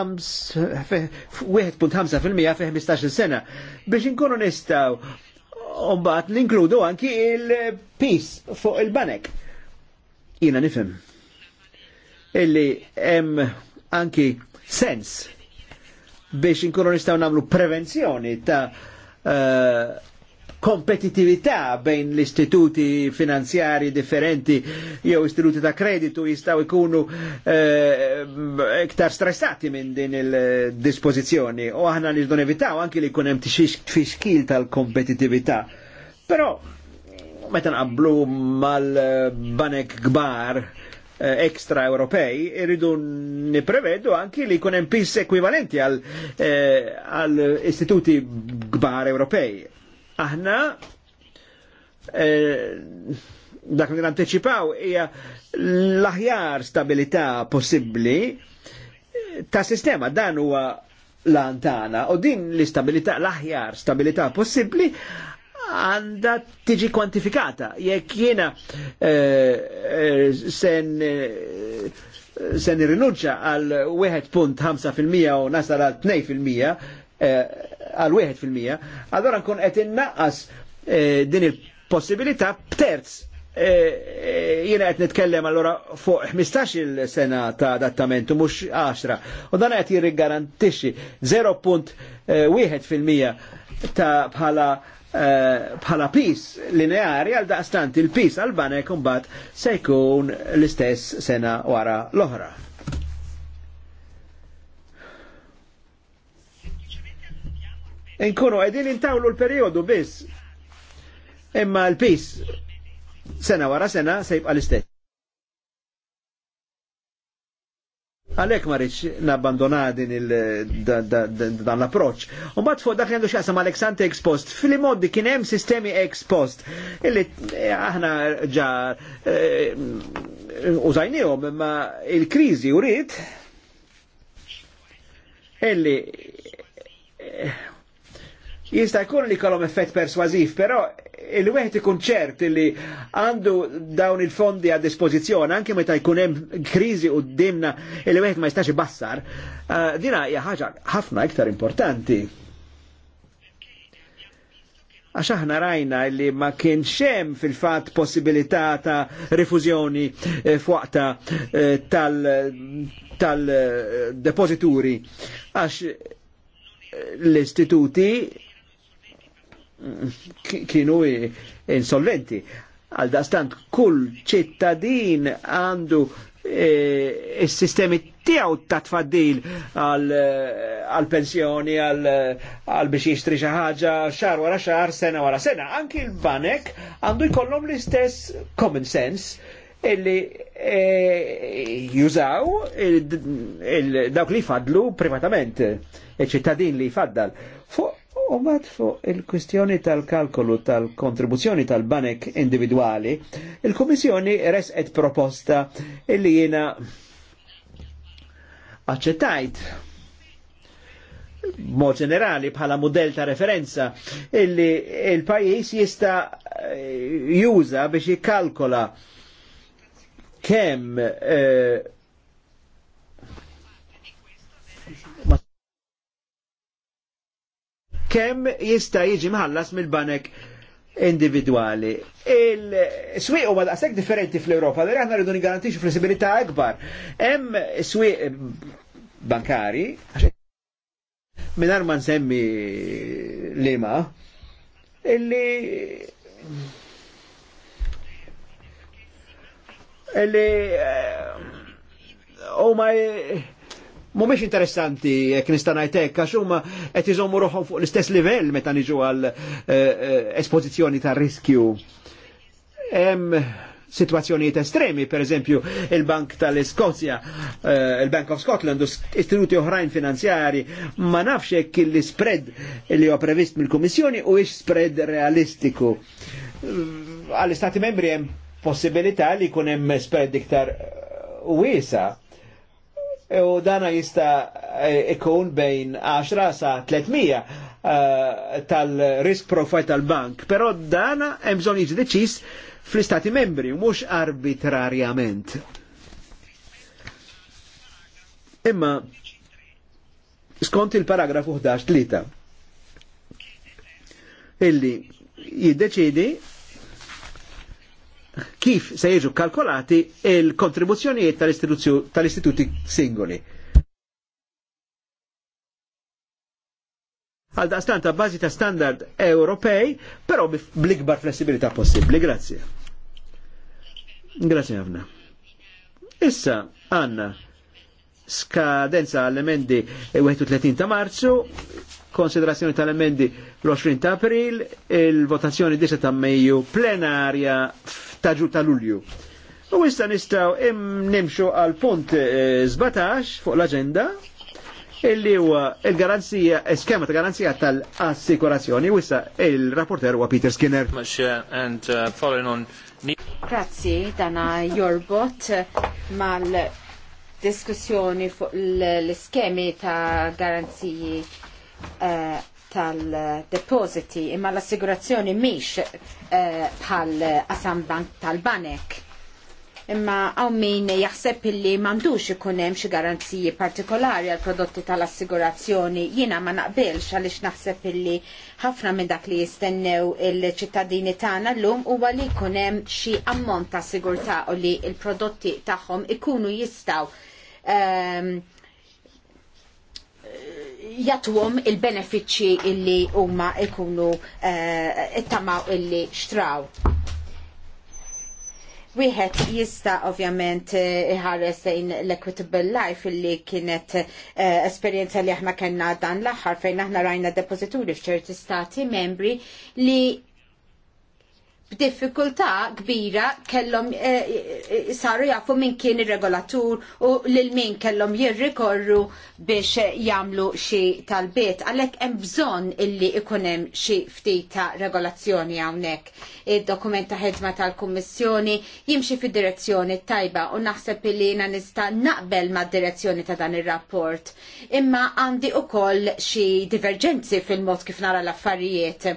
1.5 fil-mija fi 15 sena biex inkunu nistaw Umbat l-inkludu anki il-pis fuq il-banek. Jina nifem. Illi hemm anki sens biex inkunu nistaw namlu prevenzjoni ta' Eh, kompetitività bejn l-istituti finanzjari differenti jew istituti ta' kreditu jistaw ikunu eh, iktar stressati minn din il-dispozizjoni u aħna nirdu nevitaw anki li jkun hemm tfixkil tal-kompetitività. Però meta nqablu mal-banek gbar ekstra eh, Europei irridu niprevedu anki li jkun hemm pis ekwivalenti għal eh, istituti kbar europei. Aħna eh, dak li nanteċipaw hija l-aħjar stabilità possibbli ta' sistema dan huwa l-antana u din l-istabilità, l-aħjar stabilità possibbli għanda tiġi kwantifikata. Jekk jiena eh, eh, sen eh, sen irrinunċa għal 1.5% u nasal għal 2% għal 1%, allora nkun qed innaqqas din il-possibilità b'terz. Jiena qed nitkellem allora fuq 15 il-sena ta' adattamentu mhux 10. U dan qed jirrigarantixxi 0.1% ta' bħala Eh, bħala pis lineari għal daqstant il-pis għal jkun bat se jkun l-istess sena wara l-oħra. Inkunu għedin intawlu l-periodu biss, imma l-pis sena wara sena se jibqa l-istess. Għalek ma rridx nabbandona din dan l-approċ. U bat fuq dak għandu xaqsam għalek sante ex Fil-modi kien hemm sistemi ex Illi eh, aħna ġa eh, użajnijom, ma il-krizi urid, illi eh, jista' jkun li kolom effett perswaziv, però il-wieħed ikun ċert li għandu dawn il-fondi għad dispożizzjoni anke meta jkun hemm kriżi qudiemna il-wieħed ma jistax ibassar, uh, dina hija ħaġa ħafna iktar importanti. Għax aħna rajna li ma kien xem fil fat possibilità ta' rifużjoni eh, fuqta tal-depozituri eh, tal għax l-istituti kienu insolventi. Għal dastant kull ċittadin għandu e, il-sistemi e, tiegħu ta' tfaddil għal-pensjoni, għal biex jixtri xi ħaġa xar wara xar, sena wara sena. Anki l-banek għandu jkollhom l-istess common sense illi e, jużaw dawk li fadlu privatament, il-ċittadin li jfaddal. U bat fuq il-kwistjoni tal-kalkolu tal-kontribuzzjoni tal-banek individuali, il-Komissjoni resqet proposta illi jena accettajt mod ġenerali bħala modell ta' referenza illi il-pajis jista juża biex jikalkola kemm eh, kemm jista' jiġi mħallas mill-banek individuali. Il-swiq huma daqshekk differenti fl-Ewropa, li aħna rridu nigarantixxu flessibilità akbar. Hemm swieq bankari, mingħajr ma nsemmi liema, illi illi eh, huma uh, mumiex interessanti jek nistanajtek, għax huma qed iżommu ruħhom fuq l-istess livell meta niġu għal eh, eh, espożizzjoni ta' riskju. Hemm situazzjonijiet estremi, per eżempju il-Bank tal-Iskozja, eh, il-Bank of Scotland, istituti oħrajn finanzjari, ma nafx hekk il spread li huwa previst mill-Kummissjoni u ix spread realistiku. Għall-Istati membri hemm possibilità li jkun hemm spread iktar wiesa' u dana jista eh, ikun bejn 10 sa 300 eh, tal-risk profile tal-bank, pero dana hemm bżonn fl-istati membri, mux arbitrarjament. Imma skont il-paragrafu 11 3 illi jiddeċidi kif se jiġu kalkolati il-kontribuzzjonijiet tal-istituti singoli. Għal daqstan ta' bazi ta' standard Ewropej, però bl-ikbar flessibilità possibli. Grazie. Grazie għavna. Issa għanna skadenza għall-emendi 31 e, ta' marzu, konsiderazzjoni tal-emendi l-20 ta' april, il-votazzjoni 10 ta' Mejju, plenarja ta' ġu ta' Lulju. U issa nistaw nimxu għal punt 17 eh, fuq l-agenda illi huwa il-garanzija, skema ta' garanzija tal-assikurazzjoni, u issa il-rapporter huwa Peter Skinner. Uh, Grazzi, dana jorbot eh, mal-diskussjoni fuq l-iskemi ta' garanziji tal-depositi imma l-assigurazzjoni miex eh, bħal uh, bank tal-banek. Imma għaw min jaħseb illi mandux ikunem xi garanziji partikolari għal prodotti tal-assigurazzjoni jina ma naqbilx għaliex naħseb illi ħafna minn dak li jistennew il-ċittadini tagħna llum huwa li jkun hemm xi ammont ta' sigurtà u li l prodotti tagħhom ikunu jistgħu um, jatwom il-benefiċċji illi huma jkunu eh, tamaw illi xtraw. Wieħed jista' ovvjament eh, iħares lejn l-Equitable Life illi kienet eh, esperjenza li aħna kellna dan l-aħħar fejn aħna rajna depożituri f'ċerti stati membri li b'diffikultà kbira kellhom eh, eh, saru jafu min kien ir-regolatur u lil min kellhom jirrikorru biex jagħmlu xi talbiet. Għalhekk hemm bżonn illi ikun hemm xi ftit ta' regolazzjoni hawnhekk. Id-dokument ta' ħidma tal-Kummissjoni jimxi fid-direzzjoni tajba u naħseb illi jiena nista' naqbel mad-direzzjoni ta' dan ir-rapport. Imma għandi ukoll xi diverġenzi fil-mod kif nara l-affarijiet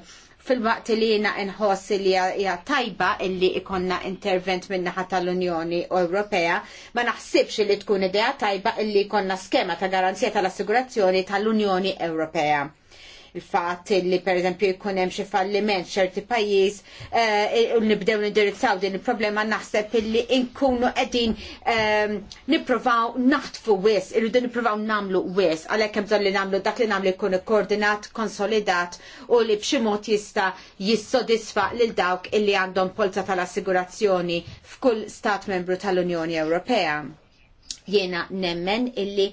fil-waqt li jina nħoss li hija tajba illi ikonna intervent min-naħa tal-Unjoni Ewropea, ma naħsibx li tkun idea tajba illi jkollna skema ta' garanzija tal-assigurazzjoni tal-Unjoni Ewropea il-fat li per eżempju jkun hemm xi falliment ċerti pajjiż eh, u nibdew nindirizzaw din il-problema naħseb illi nkunu qegħdin ehm, nippruvaw naħtfu wis, irridu nippruvaw nagħmlu wis, għalhekk hemm bżonn li nagħmlu dak li nagħmlu jkun ikkoordinat, konsolidat u li b'xi mod jista' jissodisfa lil dawk illi għandhom polza tal-assigurazzjoni f'kull stat membru tal-Unjoni Ewropea. Jiena nemmen illi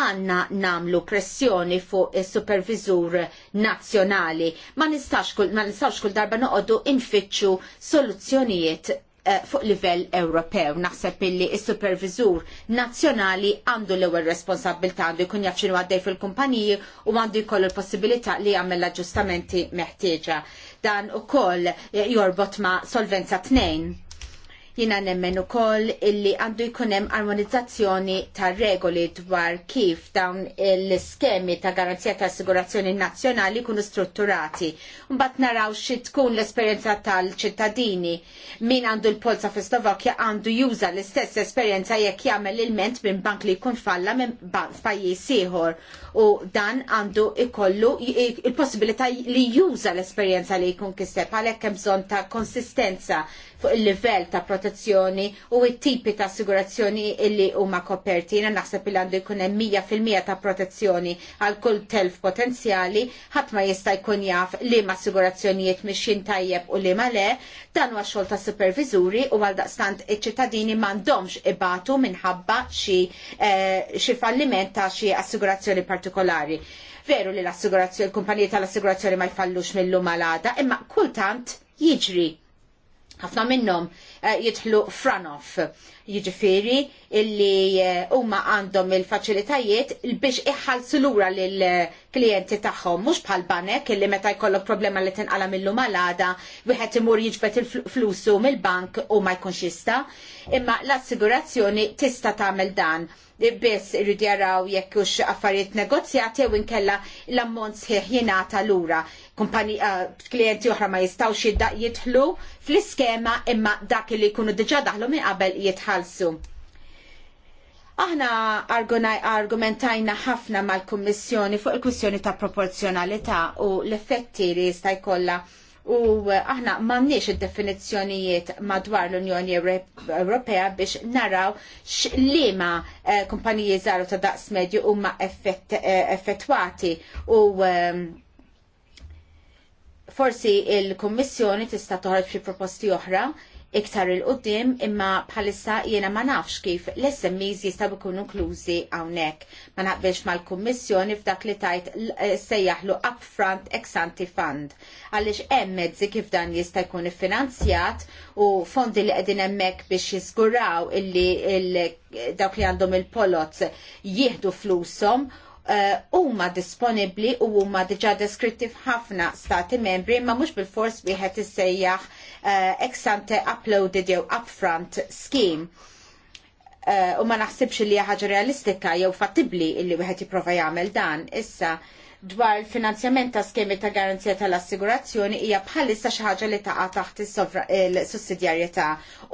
għanna namlu pressjoni fuq il-supervizur nazjonali. Ma nistax kull, ma nistax kull darba noqoddu infittxu soluzzjonijiet eh, fuq livell Ewropew. Naħseb illi il-supervizur nazzjonali għandu l ewwel responsabilta għandu jkun jaf xinu għaddej fil-kumpaniji u għandu jkollu l-possibilità li jagħmel l-aġġustamenti meħtieġa. Dan ukoll jorbot ma' solvenza tnejn Jina nemmen u koll illi għandu jkunem armonizzazzjoni ta' regoli dwar kif dawn l-skemi ta' garanzija ta' assigurazzjoni nazjonali kunu strutturati. Mbatt naraw xi tkun l-esperjenza tal-ċittadini. Min għandu l-Polza fi Slovakja għandu juża l-istess esperjenza jekk jagħmel il-ment minn bank li jkun falla minn pajjiż ieħor u dan għandu ikollu il-possibilità li juża l-esperjenza li jkun kiseb għalhekk hemm bżonn ta' konsistenza fuq il-livell ta' protezzjoni u t-tipi ta' assigurazzjoni illi huma koperti. Jiena naħseb li għandu jkun hemm mija fil-mija ta' protezzjoni għal kull telf potenzjali, ħadd ma jista' jkun jaf li ma' assigurazzjonijiet mixin tajjeb u li ma' le, dan huwa xogħol ta' superviżuri u għal daqstant iċ-ċittadini m'għandhomx ibatu minħabba xi eh, falliment ta' xi assigurazzjoni partikolari partikolari. Veru li l-assigurazzjoni, l-kumpanija tal-assigurazzjoni ma jfallux mill-lum imma kultant jiġri ħafna minnom eh, jitħlu franoff jiġifieri illi eh, huma għandhom il-faċilitajiet biex iħallsu lura lill eh, klijenti tagħhom mhux bħal banek illi meta jkollok problema li tinqala millu malada wieħed imur jiġbed il-flusu mill-bank u ma jkunx jista' imma l-assigurazzjoni tista' tagħmel dan biss irrid jaraw jekk hux affarijiet negozjati jew inkella l-ammont sħiħ jingħata lura. Kumpani eh, klijenti oħra ma jistgħux jidħlu fl-iskema imma dak li jkunu diġà daħlu minn qabel jitħallas jitħallsu. Aħna argumentajna ħafna mal-Kummissjoni fuq il-kwissjoni ta' proporzjonalità u l-effetti li jista' jkollha u aħna m'għandniex id-definizzjonijiet madwar l-Unjoni Ewropea biex naraw x'liema eh, kumpaniji żaru ta' daqs medju huma eh, effettwati u ehm, forsi il-Kummissjoni tista' toħroġ xi proposti oħra iktar il-qoddim imma bħalissa jiena ma nafx kif l-SMEs jistaw ikunu inklużi hawnhekk. Ma naqbilx mal-Kummissjoni f'dak li tajt eh, sejjaħlu upfront ex ante fund għaliex hemm mezzi kif dan jista' jkun iffinanzjat u fondi li qegħdin hemmhekk biex jizguraw illi dawk li għandhom il-polot jieħdu flushom eh, huma uh, disponibbli u huma diġà deskrittiv ħafna stati membri ma mhux bil-fors wieħed issejjaħ uh, ex ante uploaded jew upfront scheme. Uh, u ma naħsibx li hija ħaġa realistika jew fattibbli illi wieħed jipprova jagħmel dan. Issa dwar il-finanzjament ta' skemi ta' garanzija tal-assigurazzjoni hija bħalissa xi ħaġa li taqa' taħt is-sussidjarjetà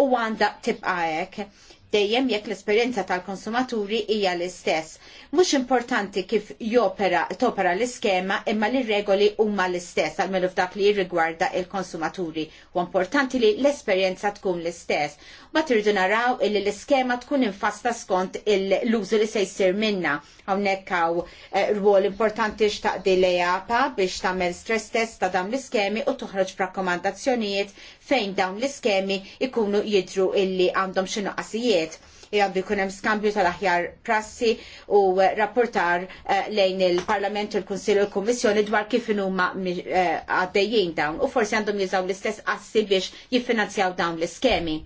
u għandha tibqa' hekk dejjem jekk l-esperjenza tal-konsumaturi hija l-istess. Mhux importanti kif jopera topera l-iskema imma li regoli huma l-istess għalmelu f'dak li jirrigwarda il-konsumaturi. U importanti li l-esperjenza tkun l-istess. Ma tirdu naraw li l-iskema tkun infasta skont l-użu li se jsir minna Hawnhekk hawn eh, rwol importanti x'taqdi l-EAPA biex tagħmel stress test ta' dawn l-iskemi u toħroġ b'rakkomandazzjonijiet fejn dawn l-iskemi ikunu jidhru illi għandhom xi nuqqasijiet għandu jkun hemm skambju tal-aħjar prassi u rapportar eh, lejn il-Parlament, il-Kunsill u l-Kummissjoni dwar kif huma eh, għaddejjin dawn u forsi għandhom jużaw l-istess assi biex jiffinanzjaw dawn l-iskemi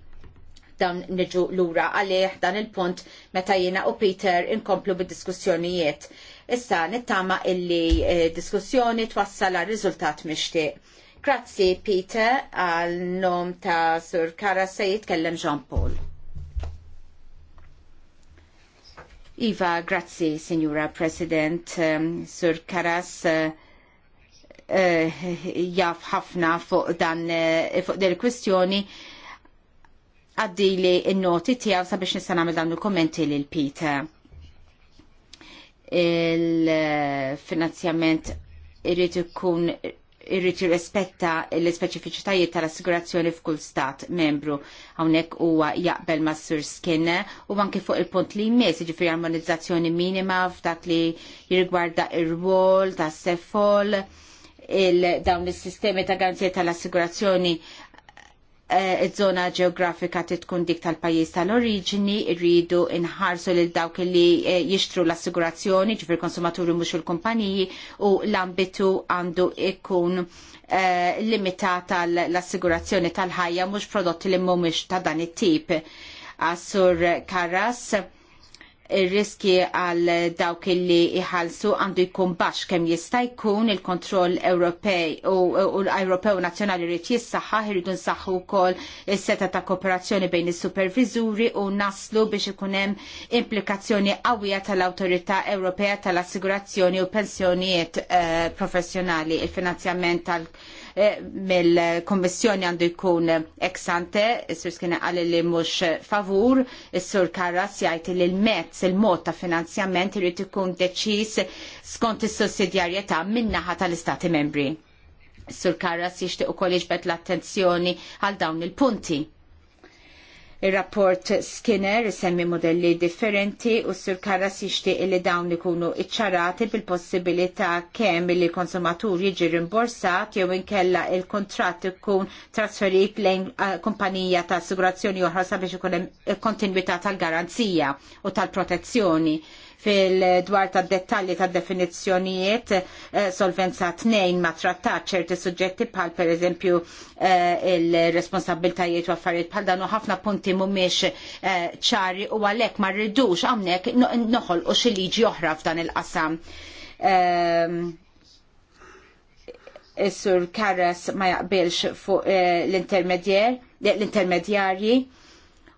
dan niġu lura għalih dan il-punt meta jiena u Peter inkomplu bid-diskussjonijiet. Issa nittama illi eh, diskussjoni twassal għal riżultat mixtieq. Grazzi Peter għal nom ta' Sur Kara se jitkellem Jean Paul. Iva, grazzi, Signora President. Um, Sur Karas uh, uh, jaf ħafna fuq dan uh, fuq del kwistjoni għaddili il-noti tijaw sabiex nista' nagħmel dawn il-kommenti l Peter. Il-finanzjament irrit ikun irrit jirrispetta l-ispeċifiċitajiet tal-assigurazzjoni f'kull stat membru. Hawnhekk huwa jaqbel ma' Sir Skinner u anki fuq il-punt li jmiss jiġifieri armonizzazzjoni minima f'dak li jirgwarda ir-rwol tas-sefol il dawn is-sistemi ta' garanzija tal-assigurazzjoni Eh, iż-żona ġeografika titkun dik tal-pajjiż tal-oriġini, rridu inħarsu lil dawk li eh, jixtru l-assigurazzjoni, ġifir konsumaturi mhux il-kumpaniji u l-ambitu għandu ikun eh, limitata l assigurazzjoni tal-ħajja mhux prodotti li mhumiex ta' dan it-tip. Assur Karras, ir-riski għal dawk illi iħalsu għandu jkun baxx kemm jista' jkun il-kontroll Ewropej u l-Ewropew nazzjonali rrit jissaħħaħ irridu nsaħħu wkoll is-seta ta' kooperazzjoni bejn is-superviżuri u naslu biex ikun hemm implikazzjoni qawwija tal-Awtorità Ewropea tal-Assigurazzjoni u Pensjonijiet eh, Professjonali il-finanzjament tal- -professjonali, Eh, mill-Kommissjoni għandu jkun ex ante, sur skina għalli li mux favur, s sur Karras jgħid li l-mezz, il-mod ta' finanzjament irid ikun deċis skont is-sussidjarjetà minnaħa tal-Istati membri. s sur Karras jixtieq u jiġbed l-attenzjoni għal dawn il-punti Il-rapport Skinner semmi modelli differenti u s-sur Karas jixtieq li dawn ikunu iċċarati bil-possibilità kemm li konsumatur jiġi rimborsat jew inkella il kuntratt ikun trasferit lejn kumpanija ta' assigurazzjoni oħra sabiex ikun hemm kontinwità tal-garanzija u tal-protezzjoni. tal garanzija u tal protezzjoni fil-dwar ta' dettalji ta' definizzjonijiet eh, solvenza 2 ma' trattat ċerti suġġetti bħal per eżempju eh, il-responsabiltajiet u affarijiet bħal dan u ħafna punti mumiex eh, ċari u għalek ma' rridux għamnek noħol u xiliġi oħra f'dan il-qasam. Ehm, is-sur Karas ma jaqbilx fuq l-intermedjer, l-intermedjarji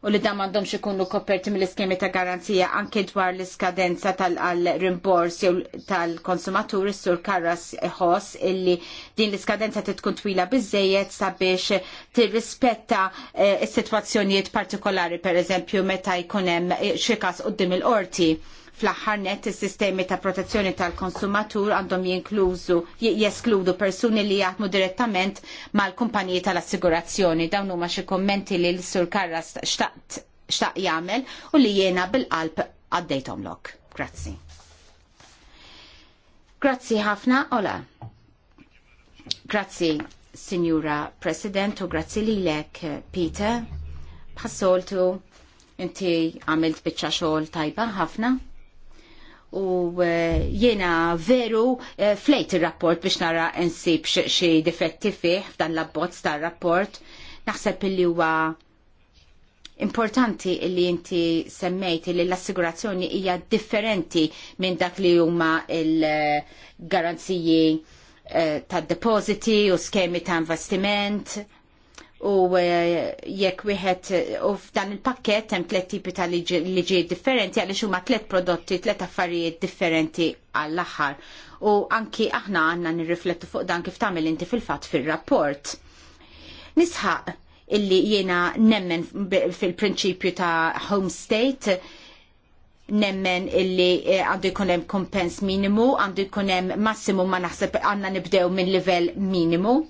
u li dan m'għandhomx ikunu koperti mill-iskemi ta' garanzija anke dwar l-iskadenza tal-rimbors jew tal-konsumaturi sur karras ħoss illi din l-iskadenza titkun twila biżejjed sabiex tirrispetta eh, s-sitwazzjonijiet partikolari pereżempju meta jkun hemm xi każ quddiem il-qorti Fl-aħħar net is-sistemi ta' protezzjoni tal-konsumatur għandhom jinkluzu jeskludu persuni li jaħdmu direttament mal-kumpaniji tal-assigurazzjoni. Dawn huma xi kommenti li l-Sur Karras xtaqt xtaq jagħmel u li jiena bil-qalb lok. Grazzi. Grazzi ħafna, Ola. Grazzi, Signora President, u grazzi lilek, Peter. Bħassoltu, inti għamilt bieċa xogħol tajba ħafna u eh, jiena veru eh, flejt il-rapport biex nara nsib xie difetti fih f'dan l-abbozz tar rapport naħseb li huwa importanti li inti semmejti li l-assigurazzjoni hija differenti minn dak li huma il-garanziji eh, tad depositi u skemi ta' investiment u eh, jekk wieħed u f'dan il-pakket hemm tliet tipi ta' liġijiet differenti għaliex huma tliet prodotti, tliet affarijiet differenti għall-aħħar. U anki aħna għandna nirriflettu fuq dan kif tagħmel inti fil-fatt fir-rapport. Nisħaq illi jiena nemmen fil-prinċipju ta' home state nemmen illi eh, għandu jkun hemm kompens minimu, għandu jkun hemm massimu ma naħseb għandna nibdew minn livell minimu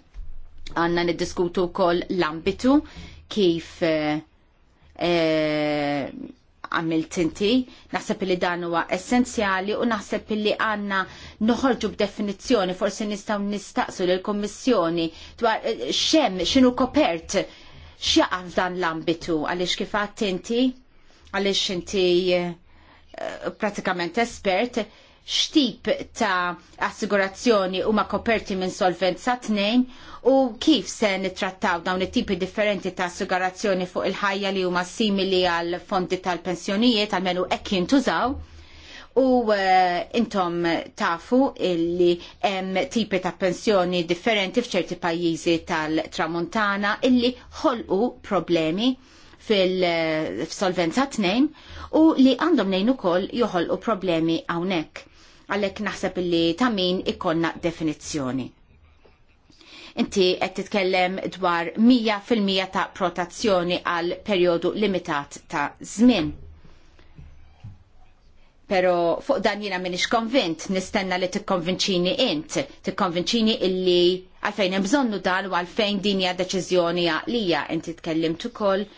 Għanna niddiskutu kol l-ambitu kif eh, eh, għamilt inti, naħseb li dan huwa essenzjali u naħseb li għanna noħorġu b'definizzjoni, forsi nistaw nistaqsu l-Kommissjoni dwar eh, xem, xinu kopert, x'jaqaf dan l-ambitu, għaliex kif għat inti, għaliex inti pratikament espert, xtip ta' assigurazzjoni huma koperti minn solvenza tnejn u kif se nittrattaw dawn it-tipi differenti ta' assigurazzjoni fuq il-ħajja li huma simili għal fondi tal-pensjonijiet għalmenu hekk jintużaw. U uh, intom tafu illi hemm tipi ta' pensjoni differenti f'ċerti pajjiżi tal-Tramontana illi ħolqu problemi fil-solvenza eh, tnejn u li għandhom nejn ukoll joħolqu problemi hawnhekk għalhekk naħseb illi ta' min ikollna definizzjoni. Inti qed titkellem dwar 100% ta' protazzjoni għal perjodu limitat ta' żmien. Pero fuq dan jina minix konvint, nistenna li tikkonvinċini int, tikkonvinċini illi għalfejn hemm bżonnu dan u għalfejn din hija deċiżjoni għaqlija inti tkellimt ukoll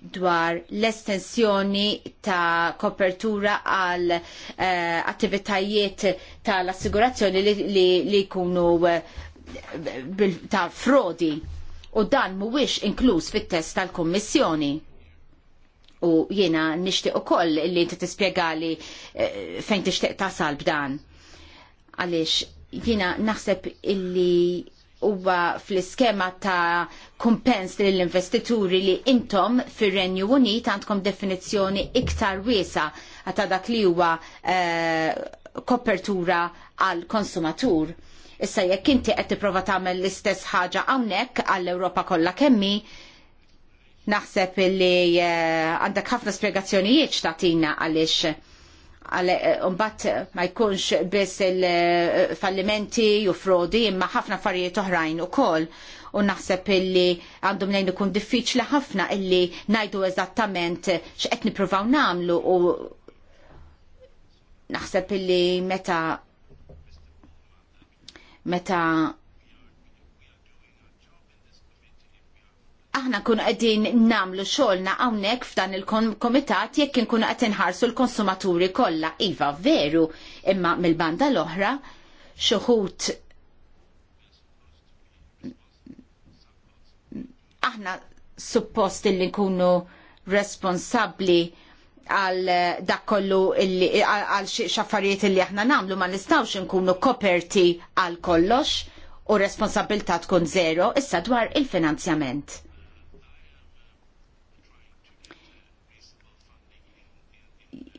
dwar l-estensjoni ta' kopertura għal uh, attivitajiet tal-assigurazzjoni li, li, li kunu uh, ta' frodi u dan mhuwiex inkluż fit-test tal-Kummissjoni. U jiena nixtieq ukoll li inti tispjegali uh, fejn tixtieq tasal b'dan. Għaliex jiena naħseb illi huwa fl-iskema ta' kumpens lill-investituri li intom fir-Renju Unit għandkom definizzjoni iktar wiesa ta' dak li huwa eh, kopertura għal konsumatur. Issa jekk inti qed tipprova tagħmel l-istess ħaġa hawnhekk għall-Ewropa kollha kemmi, naħseb li eh, għandek ħafna spjegazzjonijiet x'tatina għaliex Eh, umbat ma jkunx biss il-fallimenti u frodi imma ħafna affarijiet oħrajn ukoll u naħseb illi għandhom lejn ikun diffiċli ħafna illi najdu eżattament x'qed nippruvaw nagħmlu u naħseb illi meta meta aħna kun qegħdin namlu xogħolna hawnhekk f'dan il-komitat jekk inkunu qed inħarsu l-konsumaturi kollha. Iva veru, imma mill-banda l-oħra xuħut aħna suppost li nkunu responsabbli għal dak kollu għal xi xaffarijiet li aħna namlu ma nistawx nkunu koperti għal kollox u responsabilta tkun zero issa dwar il-finanzjament.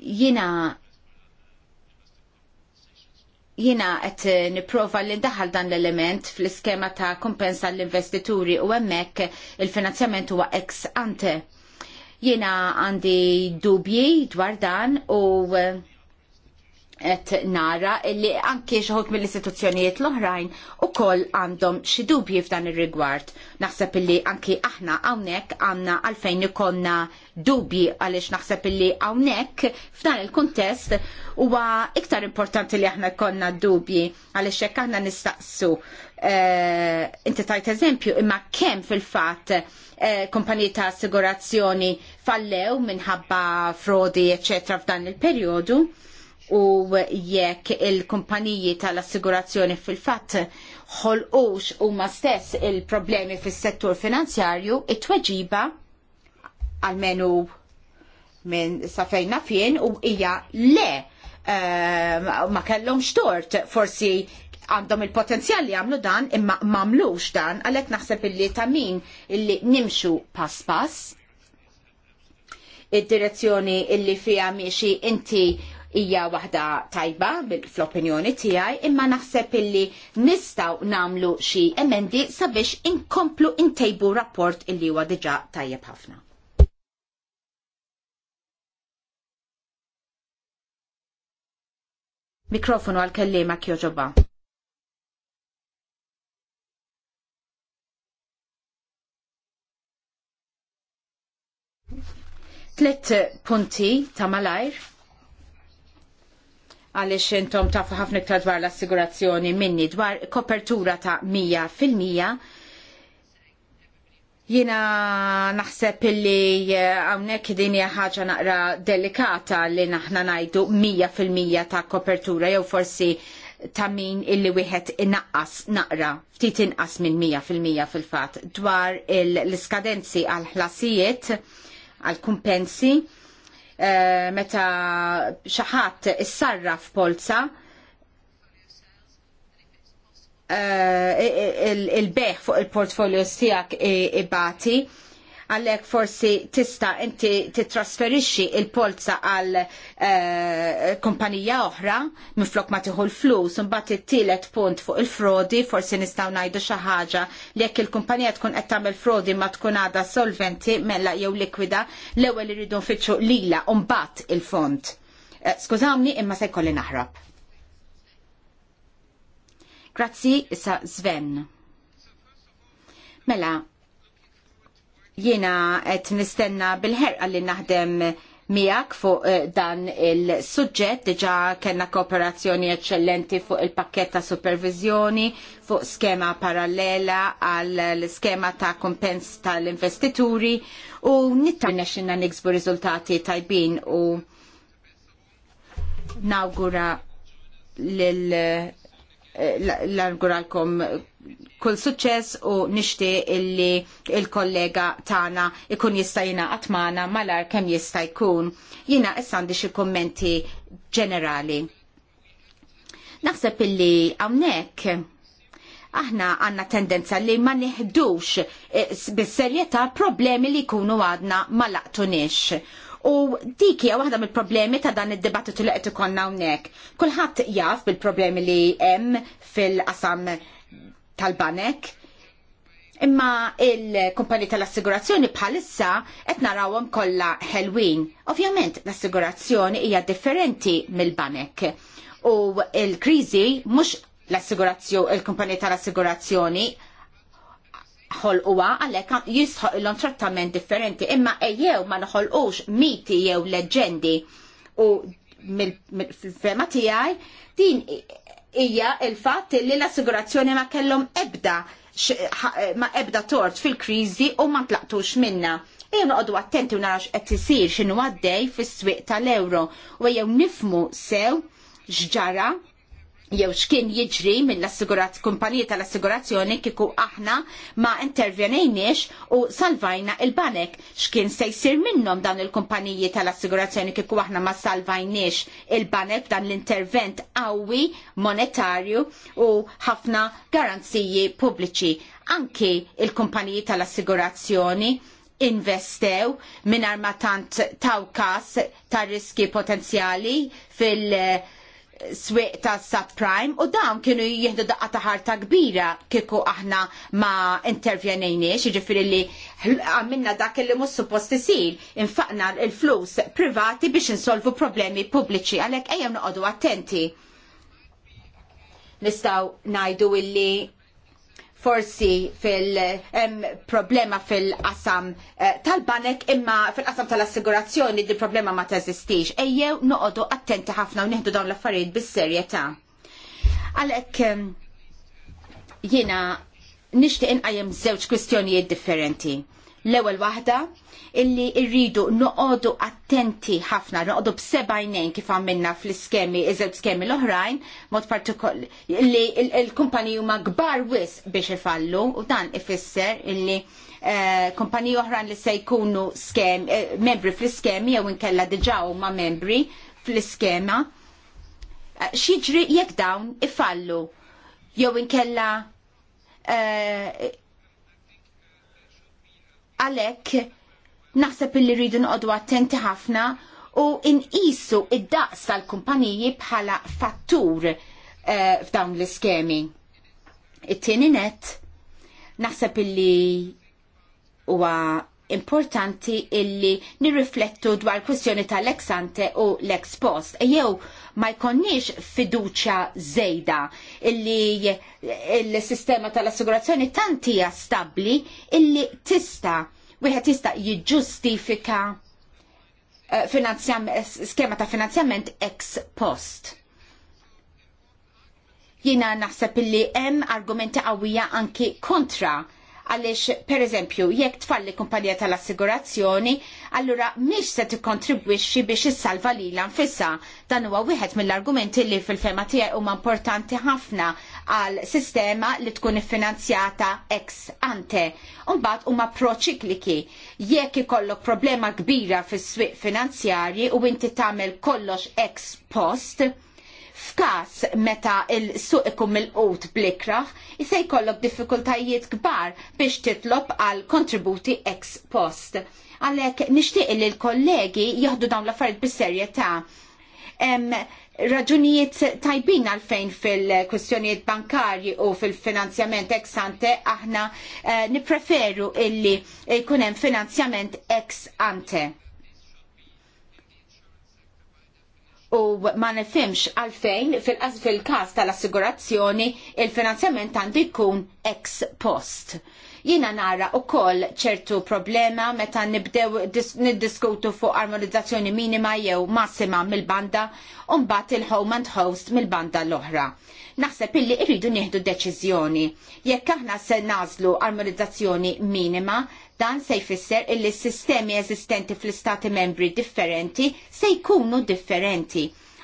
jina jina qed niprofa li daħal dan l-element fl-iskema ta' kompensa l-investituri u hemmhekk il-finanzjament huwa ex ante. Jina għandi dubji dwar dan u et nara li anki xoħut mill-istituzzjonijiet l-oħrajn u koll għandhom xi dubji f'dan ir-rigward. Naħseb illi anki aħna hawnhekk għandna għalfejn ikonna dubji għaliex naħseb illi hawnhekk f'dan il-kuntest huwa iktar importanti li aħna jkollna dubji għaliex hekk aħna nistaqsu. Eh, inti tajt eżempju imma kemm fil-fatt eh, kumpaniji ta' assigurazzjoni fallew minħabba frodi eċċetra f'dan il-perjodu u jekk il-kumpaniji tal-assigurazzjoni fil-fatt ħolqux huma stess il-problemi fis-settur finanzjarju, it-tweġiba għalmenu minn safejna fien u hija le uh, ma kellhom xtort forsi għandhom il-potenzjal li għamlu dan imma mamlux dan għalhekk naħseb illi ta' min illi nimxu pass pass id-direzzjoni illi fija miexi inti hija waħda tajba fl-opinjoni tiegħi, imma naħseb illi nistgħu nagħmlu xi emendi sabiex inkomplu intejbu rapport illi huwa diġà tajjeb ħafna. Mikrofonu għal-kellima kjoġoba. Tlet punti ta' malajr għaliex intom tafu ħafna iktar dwar l-assigurazzjoni minni dwar kopertura ta' 100% jina naħseb illi eh, għawnek din hija ħaġa naqra delikata li naħna najdu 100% ta' kopertura jew forsi ta' min illi wieħed inaqqas naqra ftit inqas minn 100% fil-fatt dwar l-iskadenzi għal ħlasijiet għal kumpensi Eh, meta xaħat issarra f'polza eh, il-beħ fuq il-portfolios tijak ibati għalhekk forsi tista' inti titrasferixxi il-polza għal eh, kumpanija oħra minflok ma tieħu l-flus imbagħad it-tielet punt fuq il-frodi forsi nistgħu ngħidu xi ħaġa li jekk il-kumpanija tkun qed tagħmel frodi ma tkun għadha solventi mela jew likwida l-ewwel iridu nfittxu lilha u mbagħad il-fond. Eh, skużawni imma se jkolli naħrab. Grazzi, issa Sven. Mela, Jiena qed nistenna bil-ħerqa li naħdem miegħek fuq eh, dan il-suġġett diġà kellna kooperazzjoni eċċellenti fuq il pakketta ta' supervizjoni fuq skema parallela għal skema ta' kompens tal-investituri u nittamna xinna niksbu riżultati tajbin u nawgura l eh, l kull suċċess u nixtieq illi il-kollega tagħna ikun jista' jingħaqad magħna malar kemm jista' jkun. Jiena issa għandi xi kummenti ġenerali. Naħseb illi hawnhekk aħna għanna tendenza li ma neħdux eh, bis-serjetà problemi li jkunu għadna ma laqtunix. U dik hija waħda mill-problemi ta' dan id-dibattitu li qed ikollna hawnhekk. Kulħadd jaf bil-problemi li hemm fil-qasam tal-banek imma il-kumpani tal-assigurazzjoni bħalissa qed narawhom kollha ħelwin. Ovvjament l-assigurazzjoni hija differenti mill-banek u l-kriżi mhux l-assigurazzjoni il-kumpani tal-assigurazzjoni ħolquwa għalhekk jisħoq l trattament differenti imma ejjew ma ux miti jew leġendi u mill-fema din hija il-fatt li l-assigurazzjoni ma kellhom ebda eh, ma ebda tort fil-kriżi u ma tlaqtux minna. Ejja noqogħdu attenti u narax qed isir x'inhu għaddej fis-swieq tal-ewro u jew nifmu sew x'ġara jew x'kien jiġri mill-assigurat kumpaniji tal-assigurazzjoni kieku aħna ma intervjenejniex u salvajna il-banek. X'kien se jsir minnhom dawn il-kumpaniji tal-assigurazzjoni kieku aħna ma salvajniex il-banek dan l-intervent qawwi monetarju u ħafna garanziji pubbliċi. Anki il-kumpaniji tal-assigurazzjoni investew minn armatant tawkas ta' riski potenzjali fil- uh, swieq ta' subprime u dawn kienu jieħdu daqqa ta' ħarta kbira kieku aħna ma intervjenejniex, jiġifieri li għamilna dak li mhux suppost isir, infaqna il flus privati biex insolvu problemi pubbliċi għalhekk ejjem noqogħdu attenti. Nistgħu ngħidu illi forsi fil-problema fil-qasam eh, tal-banek imma fil-qasam tal-assigurazzjoni di problema ma teżistix. Ejjew noqodu attenti ħafna u nieħdu dawn l-affarijiet bis-serjetà. Għalhekk jiena nixtieq inqajjem żewġ kwistjonijiet differenti. L-ewwel waħda illi rridu noqogħdu attenti ħafna, noqogħdu b'sebajnejn kif għamilna fl-iskemi, żewġ skemi l-oħrajn, mod partikol, li l-kumpaniji huma kbar wis biex ifallu u dan ifisser illi eh, kumpaniji oħrajn li se jkunu skem, eh, membri fl-iskemi jew inkella diġà huma membri fl-iskema. Eh, x'jiġri jekk dawn ifallu jew inkella Għalhekk naħseb illi rridu noqogħdu attenti ħafna u inqisu id-daqs tal-kumpaniji bħala fattur eh, f'dawn l-iskemi. It-tieni net naħseb illi huwa importanti illi nirriflettu dwar ta' tal-eksante u l-ekspost. Jew ma jkonniex fiduċa zejda illi il-sistema tal-assigurazzjoni tantija stabli illi tista wieħed jista' jiġġustifika eh, skema ta' finanzjament ex post. Jina naħseb illi hemm argumenti qawwija anki kontra għaliex pereżempju jekk tfalli kumpanija tal-assigurazzjoni, allura mhix se tikkontribwixxi biex issalva l-anfissa. Dan huwa wieħed mill-argumenti li fil-fema tiegħi huma importanti ħafna għal sistema li tkun iffinanzjata ex ante. Umbagħad huma proċikliki. Jekk ikollok problema kbira fis-swieq finanzjarji u inti tagħmel kollox ex post, f'każ meta il-suq ikun mill-qut blikraf, se jkollok diffikultajiet kbar biex titlob għal kontributi ex post. Għalhekk nixtieq li l-kollegi jaħdu dawn l-affarijiet bis-serjetà raġunijiet tajbin għalfejn fil kwistjonijiet bankarji u fil-finanzjament ex ante aħna eh, nipreferu illi jkun hemm finanzjament ex ante. u ma nifimx għalfejn fil-kas fil qas fil tal il-finanzjament għandu jkun ex post. Jina nara u koll ċertu problema meta nibdew niddiskutu fuq armonizzazzjoni minima jew massima mill-banda un bat il-home and host mill-banda l-oħra naħseb illi irridu nieħdu deċiżjoni. Jekk aħna se nażlu armonizzazzjoni minima, Dan se jfisser illi s-sistemi eżistenti fl-istati membri differenti se jkunu differenti.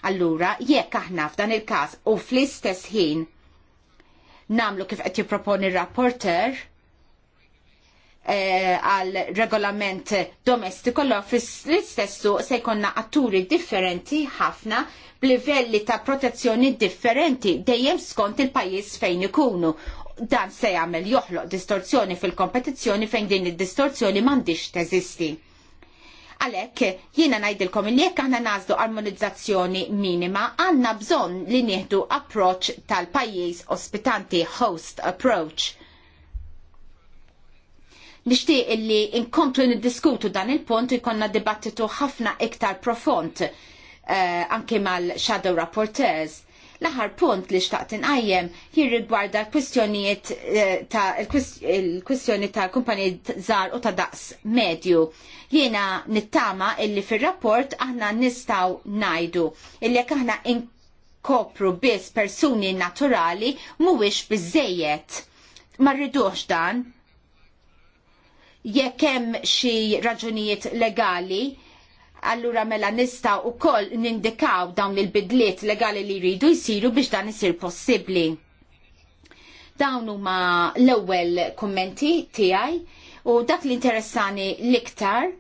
Allura, jekk aħna f'dan il-każ u fl-istess ħin namlu kif qed jipproponi rapporter eh, għal eh, regolament domestiku l fl-istessu se jkonna atturi differenti ħafna b'livelli ta' protezzjoni differenti dejjem skont il-pajjiż fejn ikunu dan se jagħmel joħloq distorzjoni fil-kompetizzjoni fejn din id-distorzjoni m'għandix teżisti. Għalhekk jiena ngħidilkom li jekk aħna nażdu armonizzazzjoni minima għandna bżonn li nieħdu approċċ tal-pajjiż ospitanti host approach. Nixtieq illi inkomplu niddiskutu dan il-punt jkollna dibattitu ħafna iktar profond uh, anke mal-shadow rapporteurs L-aħar punt li xtaqt inqajjem jirrigwarda l-kwistjonijiet eh, ta' l-kwistjoni ta' kumpani żgħar u ta' daqs medju. Jiena nittama illi fir-rapport aħna nistaw najdu illi jekk aħna inkopru biss persuni naturali mhuwiex biżejjed. Ma rridux dan, jekk hemm xi raġunijiet legali allura mela nista u koll nindikaw dawn il-bidliet legali li jridu jisiru biex dan isir possibli. Dawn huma l-ewwel kummenti tiegħi u dak li interessani l-iktar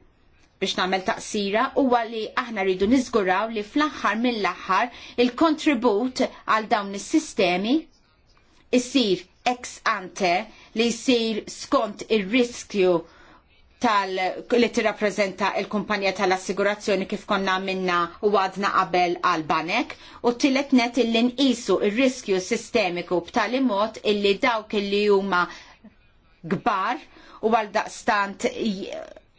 biex nagħmel taqsira huwa li aħna rridu niżguraw li fl-aħħar mill-aħħar il-kontribut għal dawn is-sistemi isir ex ante li jsir skont ir-riskju tal li tirrappreżenta l kumpanija tal-assigurazzjoni kif konna minna u għadna qabel għal banek u tillet net illi nqisu il-riskju sistemiku b'tali mod illi dawk illi huma gbar u għal daqstant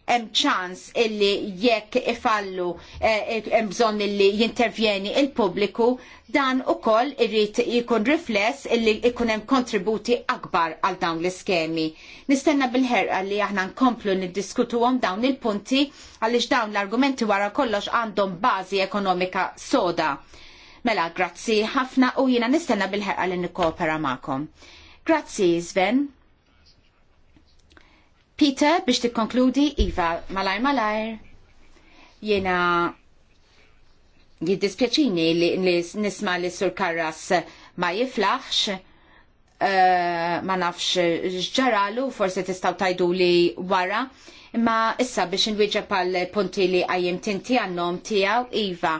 hemm ċans illi jekk ifallu eh, hemm bżonn illi jintervjeni il-pubbliku dan ukoll irrid jkun rifless illi jkun hemm kontributi akbar għal dawn l-iskemi. Nistenna bil-ħerqa li aħna nkomplu niddiskutuhom dawn il-punti għaliex dawn l-argumenti wara kollox għandhom bażi ekonomika soda. Mela, grazzi ħafna u jiena nistenna bil-ħerqa li nikkopera magħkom. Grazzi, Sven. Peter, biex tikkonkludi, Iva, malajr malajr, jena jiddispjaċini li, li nisma li sur Karras ma jiflaħx, Uh, ma nafx ġaralu, forse tistaw tajdu li wara. Ma issa biex nwieġa pal punti li għajjem tinti għannom tijaw, Iva,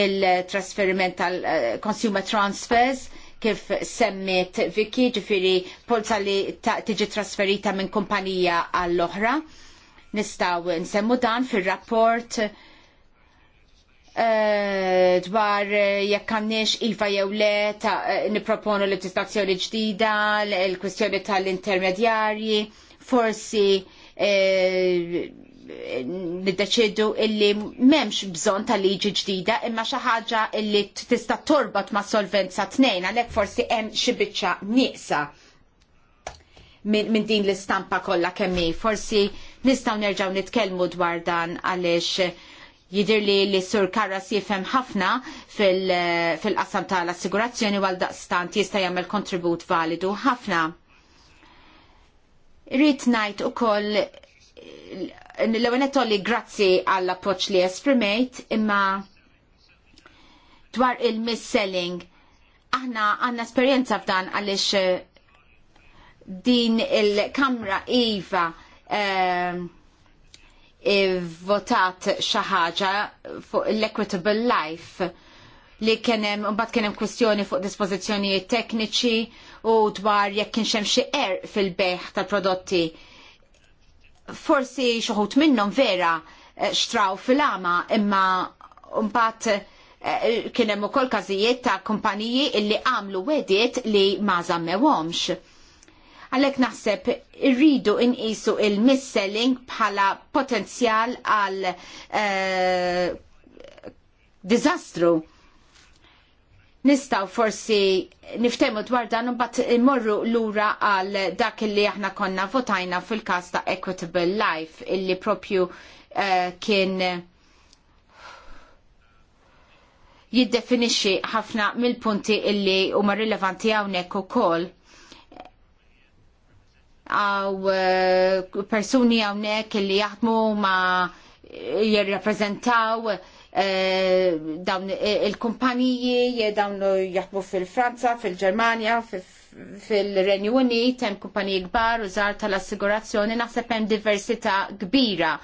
il-trasferiment tal-consumer eh, transfers, kif semmet Viki ġifiri polza li tiġi trasferita minn kumpanija għall-oħra. Nistaw nsemmu dan fil-rapport eh, dwar jekk għandniex iva jew le ta' eh, niproponu leġislazzjoni ġdida, l-kwistjoni tal-intermedjarji, forsi eh, niddeċedu illi memx bżon ta' liġi ġdida imma xi ħaġa illi tista' torbot ma' solvenza tnejn għalhekk forsi hemm xi biċċa nieqsa minn din l-istampa kollha kemm Forsi nistgħu nerġgħu nitkellmu dwar dan għaliex jidir li li sur Karras jifhem ħafna fil-qasam tal-assigurazzjoni għal daqstant jista' jagħmel kontribut validu ħafna. Irrid ngħid ukoll l-ewenet li grazzi għall-appoċ li esprimejt imma dwar il-mis-selling. Aħna għanna esperienza f'dan għalix eh, din il-kamra Iva eh, votat xaħġa fuq l-Equitable Life li kienem, mbagħad kienem kustjoni fuq dispożizzjonijiet tekniċi u dwar jekk kienx hemm xi er fil-beħ tal-prodotti forsi xoħut minnhom vera eh, xtraw fil-ama imma mbagħad eh, kien hemm ukoll każijiet ta' kumpaniji illi għamlu wediet li ma żammewhomx. Għalhekk naħseb irridu inqisu il-misselling bħala potenzjal għal uh, eh, dizastru nistaw forsi niftemu dwar dan mbagħad immorru lura għal dak li aħna konna votajna fil-każ ta' Equitable Life illi propju uh, kien jiddefinixxi ħafna mill-punti illi huma rilevanti hawnhekk ukoll għaw eh, persuni hawnhekk illi jaħdmu ma jirrappreżentaw Eh, dawn eh, il-kumpaniji dawn jaħbu fil-Franza, fil-Germania, fil-Renju Unit, hemm kumpaniji kbar u żgħar tal-assigurazzjoni naħseb hemm diversità kbira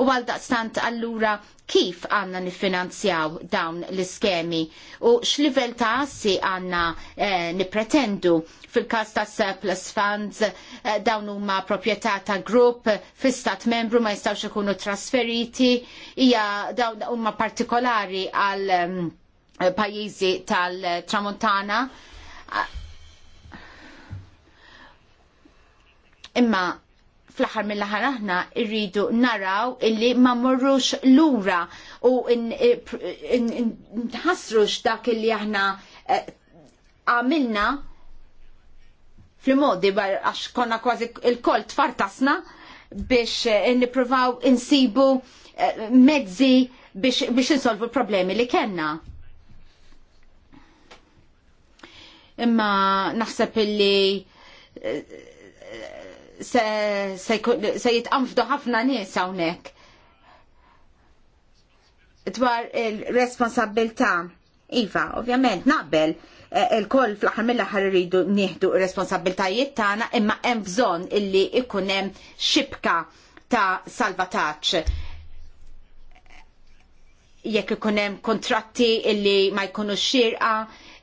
u għal daqstant allura kif għanna nifinanzjaw dawn l-iskemi u x'livell ta' assi għanna eh, nipretendu fil-kas ta' surplus funds eh, dawn huma proprjetà ta' grupp fi stat membru ma jistawx ikunu trasferiti ija dawn huma partikolari għal um, pajjiżi tal-Tramontana ah. imma fl-aħħar mill-aħħar aħna rridu naraw illi ma morrux lura u nħassrux dak illi aħna eh, għamilna fl-modi għax konna kważi il-kol tfartasna biex eh, niprovaw insibu eh, mezzi biex, biex insolvu l-problemi li kena. Imma naħseb illi se, jitqamfdu ħafna nies hawnhekk dwar il-responsabilità. Iva, ovvjament, naqbel eh, il-koll fl-aħħar mill-aħħar iridu nieħdu responsabiltajiet tagħna imma hemm bżonn illi ikun hemm xibka ta' salvataġġ jekk ikun hemm kontratti illi ma jkunux xirqa,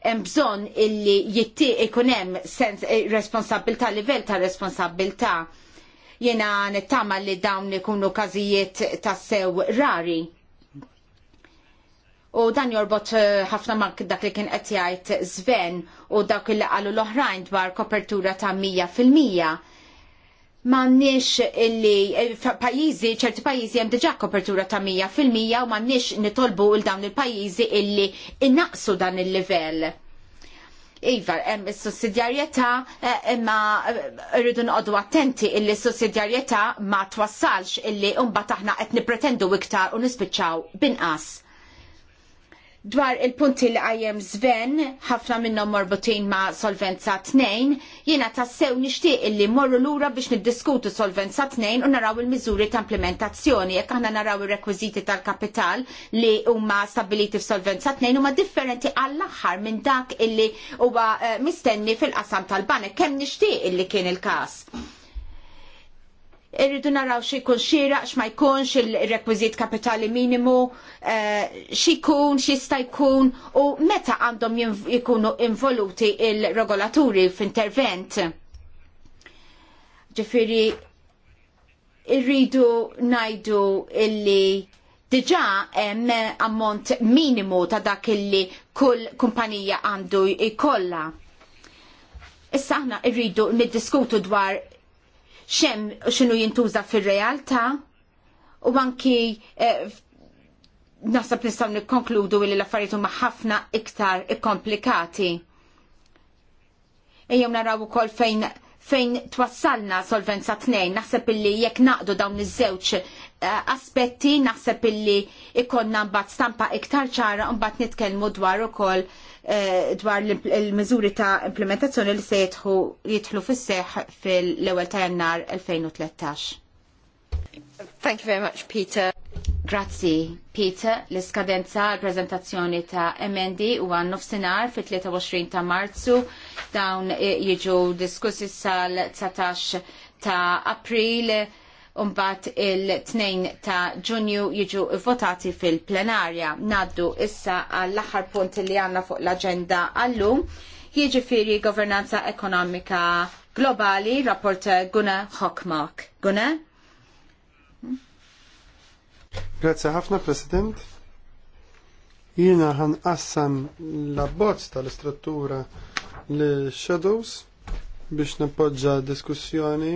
hemm bżonn illi jittieq ikun hemm sens eh, responsabilità, livell ta' responsabilità. Jiena nittama li dawn ikunu każijiet ta' sew rari. U dan jorbot eh, ħafna uh, ma' dak li kien qed jgħid Sven u dak li qalu l-oħrajn dwar kopertura ta' 100 fil-mija m'għandniex illi eh, pajjiżi ċerti pajjiżi hemm diġà kopertura ta' mija fil-mija u m'għandniex nitolbu il dawn il-pajjiżi illi innaqsu dan il-livell. Iva, hemm is-sussidjarjetà eh, imma eh, rridu noqogħdu attenti illi s-sussidjarjetà ma twassalx illi mbagħad aħna qed nippretendu iktar u nispiċċaw binqas dwar il-punti li għajem zven, ħafna minnom morbutin ma' Solvenza 2, jiena tassew nishtiq illi morru lura biex niddiskutu Solvenza 2 u naraw il-mizuri ta' implementazzjoni, jekk aħna naraw il-rekwiziti tal-kapital li huma stabiliti f'Solvenza 2 huma differenti għall-aħħar minn dak illi huwa eh, mistenni fil-qasam tal-banek, kemm nixtieq illi kien il-każ irridu naraw xi jkun xieraq x'ma jkunx il-rekwiżit kapitali minimu, eh, xi jista' jkun u meta għandhom jkunu involuti il-regolaturi f'intervent. Ġifieri irridu ngħidu illi Diġa hemm ammont minimu ta' dak illi kull kumpanija għandu jkollha. Issa aħna rridu niddiskutu dwar xem xinu jintuża fil-realta u anki eh, nasab nistaw nikkonkludu li l-affarijiet huma ħafna iktar ikkomplikati. Ejjew naraw ukoll fejn fejn twassalna solvenza tnejn, naħseb illi jekk naqdu dawn iż-żewġ eh, aspetti, naħseb illi ikonna mbagħad stampa iktar ċara u mbagħad nitkellmu dwar ukoll Eh, dwar l-mizuri ta' implementazzjoni li se jitħlu fis-seħ fil-ewwel ta' jannar 2013. Thank you very much, Peter. Grazzi, Peter. L-iskadenza l-prezentazzjoni ta' emendi u għan nofsinar fit-23 ta' marzu dawn eh, jiġu diskussi sal-19 ta' april Umbat il-2 ta' ġunju jiġu votati fil-plenarja. Naddu issa għall-aħħar punt li għanna fuq l-agenda għallum, firri jiġifieri governanza ekonomika globali, rapport Guna Hockmark. Guna? Grazie ħafna, President. Jiena ħan assam la bozz tal-istruttura l-Shadows biex nappoġġa diskussjoni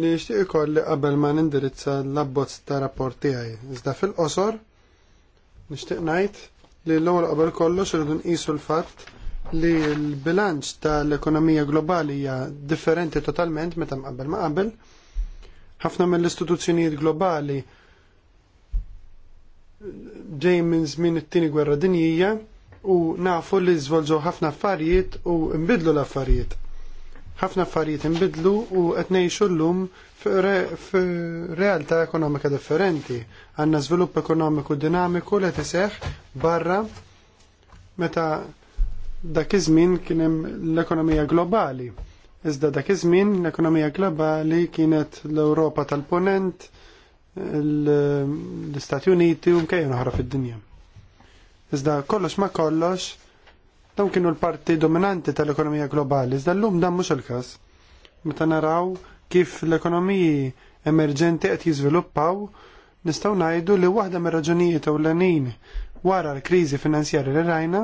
li nixtieq ikolli qabel ma nindirizza l-abbozz ta' rapport tiegħi. Iżda fil-qosor nixtieq ngħid li l-ewwel qabel kollox irridu nqisu l-fatt li l-bilanċ tal-ekonomija globali hija differenti totalment meta mqabbel ma qabel. Ħafna mill-istituzzjonijiet globali ġej minn żmien it-tieni gwerra dinjija u nafu li żvolġu ħafna affarijiet u nbidlu l-affarijiet ħafna affarijiet inbidlu u qed ngħixu llum f'realtà ekonomika differenti. Għandna żvilupp ekonomiku dinamiku li tiseħ barra meta dak iż-żmien kien hemm l-ekonomija globali. Iżda dak iż-żmien l-ekonomija globali kienet l-Ewropa tal-Ponent, l-Istati Uniti u mkejjin oħra fid-dinja. Iżda kollox ma kollox Dawn kienu l-parti dominanti tal-ekonomija globali, iżda llum dan mhux il-każ. Meta naraw kif l-ekonomiji emerġenti qed jiżviluppaw, nistgħu ngħidu li waħda mir-raġunijiet ewlenin wara l-kriżi finanzjarja li rajna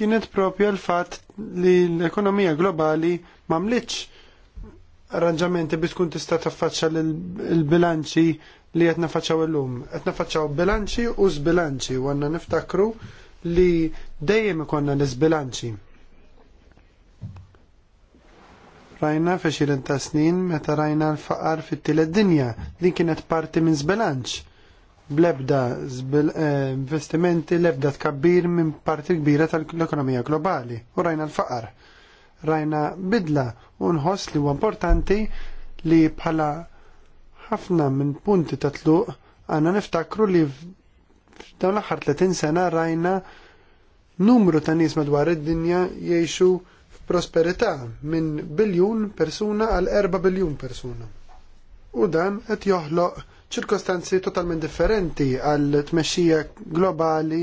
kienet propja l-fatt li l-ekonomija globali mamlitx arranġamenti biex tkun tista' taffaċċa l-bilanċi li qed nafaċċaw illum. Qed nafaċċaw bilanċi u żbilanċi u għandna niftakru li dejjem ikonna nisbilanċi. Rajna fexil ta' snin meta rajna l-faqar fit-tielet dinja li kienet parti minn zbilanċ. Blebda eh, investimenti, lebda tkabbir minn parti kbira tal-ekonomija globali. U rajna l-faqar. Rajna bidla u nħoss li huwa importanti li bħala ħafna minn punti ta' tluq għanna niftakru li Dawn l-aħħar 30 sena rajna numru ta' nies madwar id-dinja jgħixu f'prosperità minn biljun persuna għal 4 biljun persuna. U dan qed joħloq ċirkostanzi totalment differenti għal tmexxija globali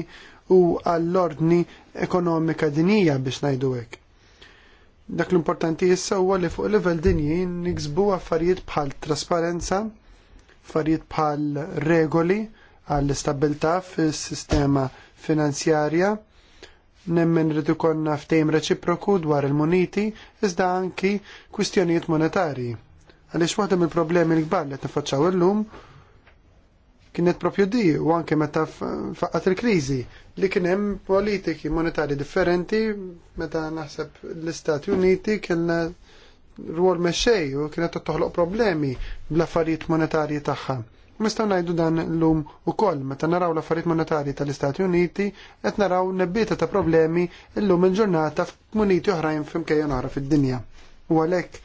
u għall-ordni ekonomika dinija biex ngħidu hekk. Dak l-importanti issa huwa li fuq livell dinji niksbu affarijiet bħal trasparenza, affarijiet bħal regoli, għall-istabilta fis-sistema finanzjarja nemmen rridu konna ftejm reċiproku dwar il-muniti, iżda anki kwistjonijiet monetarji. Għaliex waħda mill-problemi l-kbar li tnifaċċaw illum kienet propju di u anke meta faqqat il-kriżi li kien hemm politiki monetarji differenti meta naħseb l-Istati Uniti kien rwol mexxej u kienet toħloq problemi bl-affarijiet monetarji tagħha. Mistaw najdu dan l-lum u koll, meta naraw l-affarijiet monetarji tal-Istati Uniti, qed naraw nebbieta ta' problemi l-lum il-ġurnata f'muniti oħrajn f'imkejjen oħra fid-dinja. U għalhekk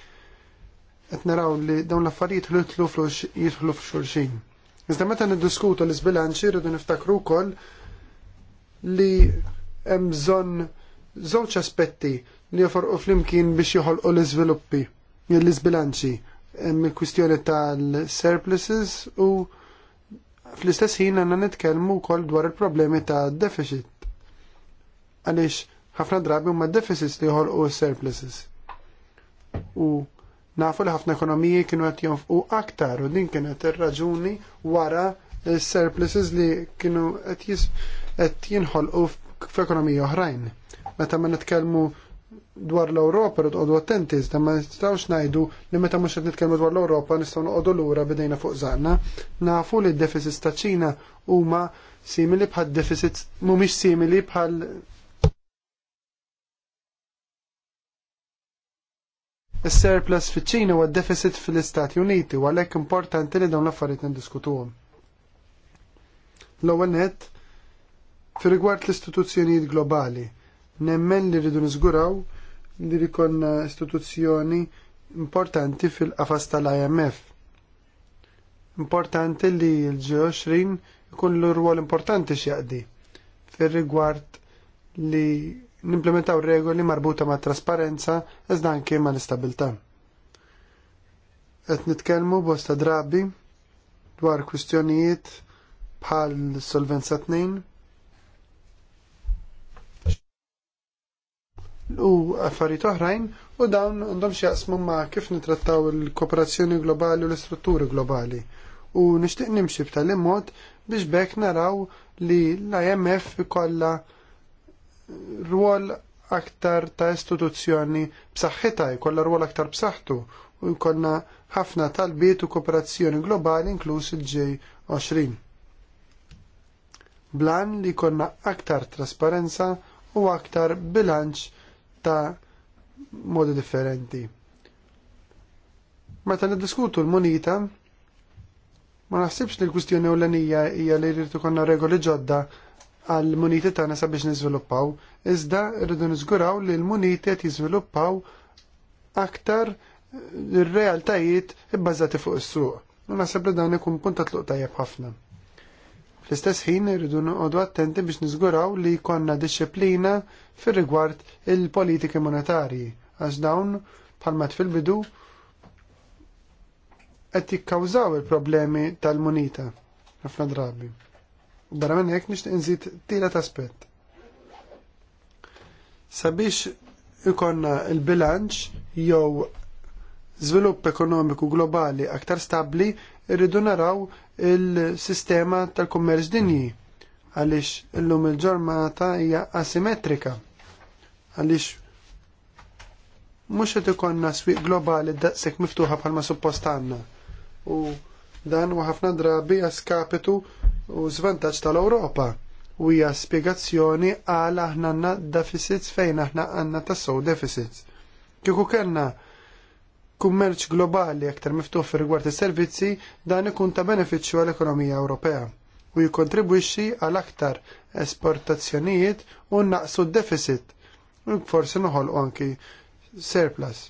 qed naraw li dawn l-affarijiet jitlu flux jidħlu f'xulxin. Iżda meta niddiskutu l-isbilanċi rridu niftakru wkoll li hemm bżonn żewġ aspetti li joforqu flimkien biex joħolqu l-iżviluppi, l-iżbilanċi hemm il-kwistjoni tal-surpluses u fl-istess ħin għandna nitkellmu wkoll dwar il-problemi ta' deficit. Għaliex ħafna drabi huma deficits li jħolqu surpluses. U nafu li ħafna ekonomiji kienu qed jonfqu aktar u din kienet ir-raġuni wara surpluses li kienu qed jinħolqu f'ekonomiji oħrajn. Meta ma nitkellmu dwar l-Europa qogħdu attenti, iżda ma nistgħux ngħidu li meta mhux qed nitkellmu dwar l-Europa nistgħu noqogħdu lura bidejna fuq żanna. Nafu li d-deficits ta' Ċina huma simili bħal deficits mhumiex simili bħal Is-surplus fiċ-Ċina huwa deficit fil-Istati Uniti u għalhekk importanti li dawn l-affarijiet niddiskutuhom. L-ewwel nett fi rigward l-istituzzjonijiet globali Nemmen li rridu niżguraw li rikon istituzzjoni importanti fil-qafas tal-IMF. Importanti li l-20 ikun l rwol importanti x'jaqdi fir-rigward li nimplementaw regoli marbuta ma' trasparenza iżda anke ma' l istabilta Qed nitkellmu bosta drabi dwar kwistjonijiet bħal solvenza 2 u affarijiet oħrajn u dawn għandhom x'jaqsmu ma' kif nitrattaw il-kooperazzjoni globali u l-istrutturi globali. U nixtieq nimxi b'tali mod biex bekk naraw li l-IMF ikollha rwol aktar ta' istituzzjoni b'saħħitha, jkollha rwol aktar b'saħħtu u jkollna ħafna talbiet u kooperazzjoni globali inkluż il-J20. Blan li jkollna aktar trasparenza u aktar bilanċ ta' modi differenti. Meta niddiskutu l-monita, ma naħsibx li l-kwistjoni ewlenija hija li jrid konna regoli ġodda għal muniti tagħna sabiex niżviluppaw, iżda rridu niżguraw li l-muniti qed jiżviluppaw aktar ir-realtajiet ibbażati fuq is-suq. Ma naħseb li dan ikun punta tluq tajjeb ħafna. Fl-istess ħin irridu noqogħdu attenti biex niżguraw li jkollna disċiplina fir-rigward il-politiki monetarji għax dawn bħalma fil-bidu qed jikkawżaw il-problemi tal-munita ħafna drabi. Barra minn hekk nixtieq inżid tielet aspett. Sabiex ikonna l bilanċ jew żvilupp ekonomiku globali aktar stabbli, irridu naraw il-sistema tal kummerċ dinji għaliex illum il-ġormata hija asimetrika għaliex mhux qed ikollna swieq globali daqshekk miftuħa bħalma suppost għandna u dan u ħafna drabi għaskapitu u żvantaġġ tal-Ewropa u hija spjegazzjoni għal aħna deficits fejn aħna għandna tassew deficits. Kieku kellna kummerċ globali aktar miftuħ fir rigward is-servizzi dan ikun ta' benefiċċju għall-ekonomija Ewropea u jikkontribwixxi għal aktar esportazzjonijiet u naqsu d-deficit u forsi noħolqu anki surplus.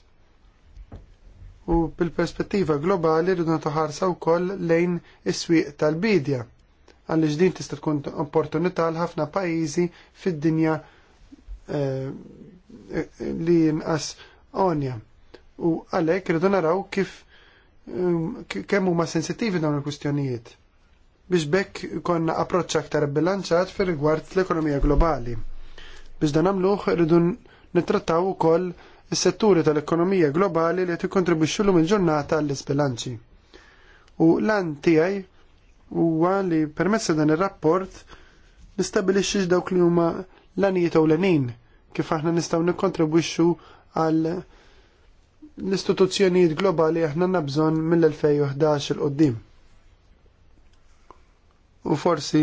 U bil-perspettiva globali rridu nagħtu ħarsa wkoll lejn is-swieq tal-bidja għaliex din tista' tkun opportunità għal ħafna pajjiżi fid-dinja eh, li jinqas onja u għalhekk irridu naraw kif um, kemm huma sensittivi dawn il-kwistjonijiet biex bekk konna approċċ aktar bilanċat fir rigward l-ekonomija globali. Biex dan nagħmluh irridu nittrattaw ukoll is-setturi tal-ekonomija globali li qed ikkontribwixxu lum il-ġurnata għall isbilanċi U l-an tiegħi huwa li permezz dan ir-rapport nistabilixxi dawk li huma l-anijiet ewlenin kif aħna nistgħu nikkontribwixxu għal l-istituzzjonijiet globali aħna nabżon mill-2011 il-qoddim. U forsi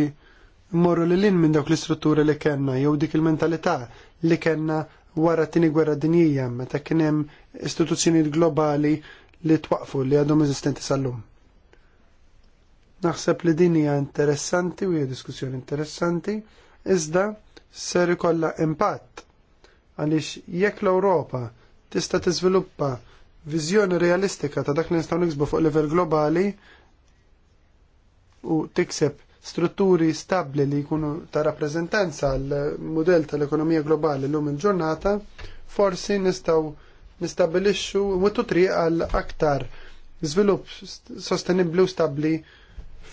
morru li lin minn dawk l-istrutturi li kellna jew dik il-mentalità li kellna wara t-tini gwerra dinjija meta kien hemm istituzzjonijiet globali li twaqfu li għadhom eżistenti sal-lum. Naħseb li din hija interessanti u hija diskussjoni interessanti, iżda ser ikollha impatt għaliex jekk l-Ewropa tista' tiżviluppa viżjoni realistika ta' dak li nistgħu niksbu fuq livell globali u tikseb strutturi stabbli li jkunu ta' rappreżentanza għal mudell tal-ekonomija globali llum il-ġurnata, forsi nistgħu nistabilixxu wittu triq għal aktar żvilupp sostenibbli u stabbli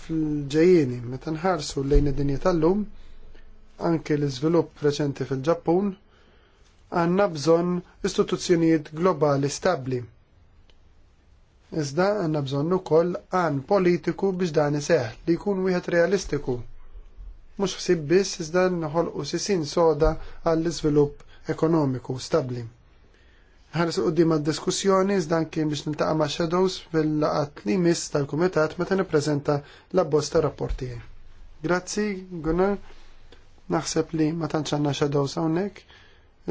fil-ġejjeni, meta nħarsu lejn id-dinja tal-lum, anke l-iżvilupp reċenti fil-Ġappun, għandna bżonn istituzzjonijiet globali stabbli. Iżda għandna bżonn ukoll għan politiku biex dan iseħħ li jkun wieħed realistiku. Mhux ħsib biss iżda u sisin soda għall-iżvilupp ekonomiku stabbli. Ħares qudiem dima diskussjoni iżda anke biex niltaqa' ma' shadows fil-laqat li mis tal-kumitat meta nippreżenta l-abbosta rapporti Grazzi, Gunnar. Naħseb li ma tantx għandna shadows hawnhekk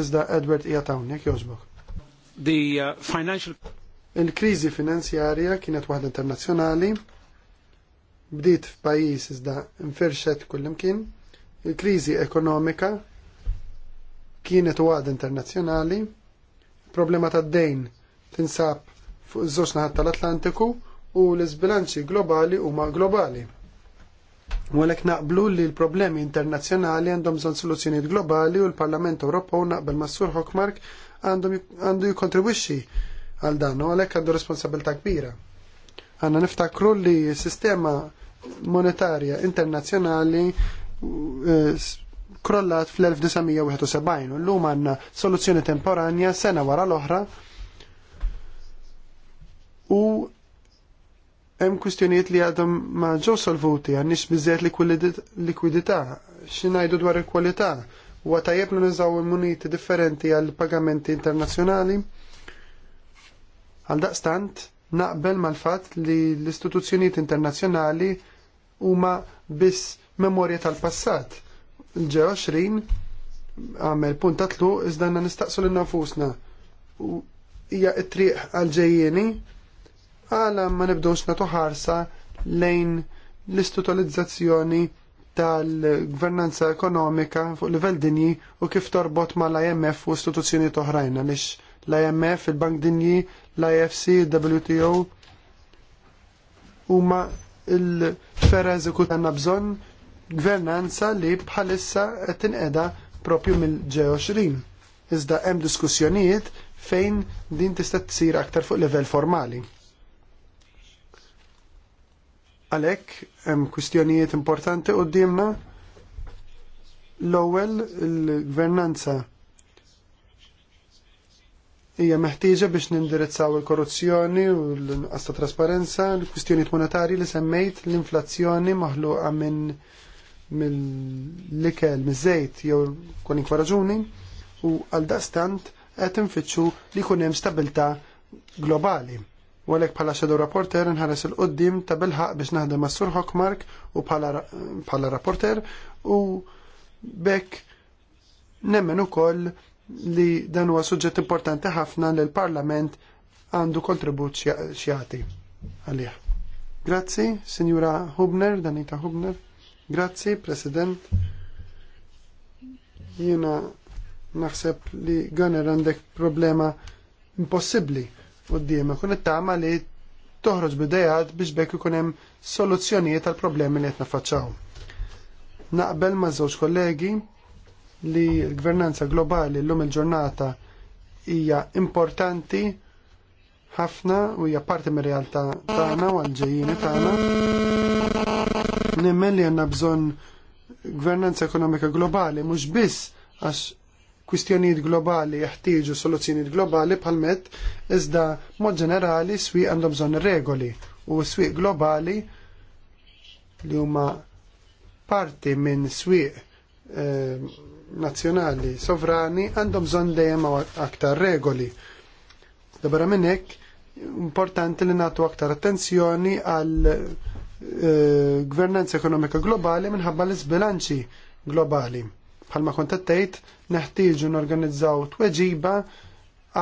Iżda Edward hija hawnhekk jogħġbok. The uh, financial Il-kriżi finanzjarja kienet waħda internazzjonali, bdiet f'pajjiż iżda infirxet kullimkien, il-kriżi ekonomika kienet waħda internazzjonali, problema tad-dejn tinsab fuq iż-żewġ naħat tal-Atlantiku u l izbilanċi globali huma globali. U naqblu li l-problemi internazzjonali għandhom bżon soluzzjonijiet globali u l-Parlament Ewropew naqbel mas-Sur għandu jikontribwixxi għal dan u għalek għandu responsabilità kbira. Għanna niftakru li s-sistema monetarja internazzjonali eh, krollat fl-1971 u l-lum għanna soluzzjoni temporanja sena wara l-oħra u hemm kwistjonijiet li għadhom ma ġew solvuti għandix biżżejjed likwidità, x'ingħidu dwar il-kwalità, huwa tajjeb li nużaw il-muniti differenti għal pagamenti internazzjonali. Għal daqstant, naqbel mal-fatt li l-istituzzjonijiet internazzjonali huma biss memorja tal-passat. ġew 20 għamel punta tlu iżda nistaqsu l-nafusna. Hija t-triq għal-ġejjeni għala ma nibdux natu ħarsa lejn l-istutalizzazzjoni tal-gvernanza ekonomika fuq livell dinji u kif torbot ma l-IMF u istituzzjoni toħrajn għaliex l-IMF, il-Bank Dinji, l-IFC, WTO huma il-fera eżekut għanna bżonn gvernanza li bħalissa qed edha propju mill-G20. Iżda hemm diskussjonijiet fejn din tista' tsir aktar fuq livell formali. Għalhekk hemm kwistjonijiet importanti dimma l-ewwel il-gvernanza hija meħtieġa biex nindirizzaw il-korruzzjoni u l-inqas ta' trasparenza, l-kwistjonijiet monetarji li semmejt, l-inflazzjoni maħluqa minn mill-ikel, miż-żejt jew kwalinkwa raġuni u għal daqstant qed infittxu li jkun hemm stabilità globali u għalek bħala xedu Rapporter nħares il-qoddim ta' bilħaq biex naħdem ma' Sur Hockmark u bħala Rapporter u bekk nemmen ukoll li dan huwa suġġett importanti ħafna li l-Parlament għandu kontribut xjati għalih. Grazzi, Signora Hubner, Danita Hubner. Grazzi, President. Jena naħseb li Gunner għandek problema impossibli qudiemek u nittama li toħroġ bidejat biex bekk ikun hemm soluzzjonijiet għal problemi li qed nafaċċaw. Naqbel ma' żewġ kollegi li l-gvernanza globali llum il-ġurnata hija importanti ħafna u hija parti mir realtà tagħna u għall-ġejjieni tagħna. Nemmen li għandna bżonn gvernanza ekonomika globali mhux biss għax kwistjonijiet globali jeħtieġu soluzzjonijiet globali bħalmet iżda mod ġenerali swieq għandhom bżonn regoli u swieq globali li huma parti minn swieq eh, nazzjonali sovrani għandhom bżonn dejjem aktar regoli. Dabra minn hekk importanti li nagħtu aktar attenzjoni għal eh, gvernanza ekonomika globali minħabba l-isbilanċi globali. Bħalma kontattejt, neħtieġu norganizzaw tweġiba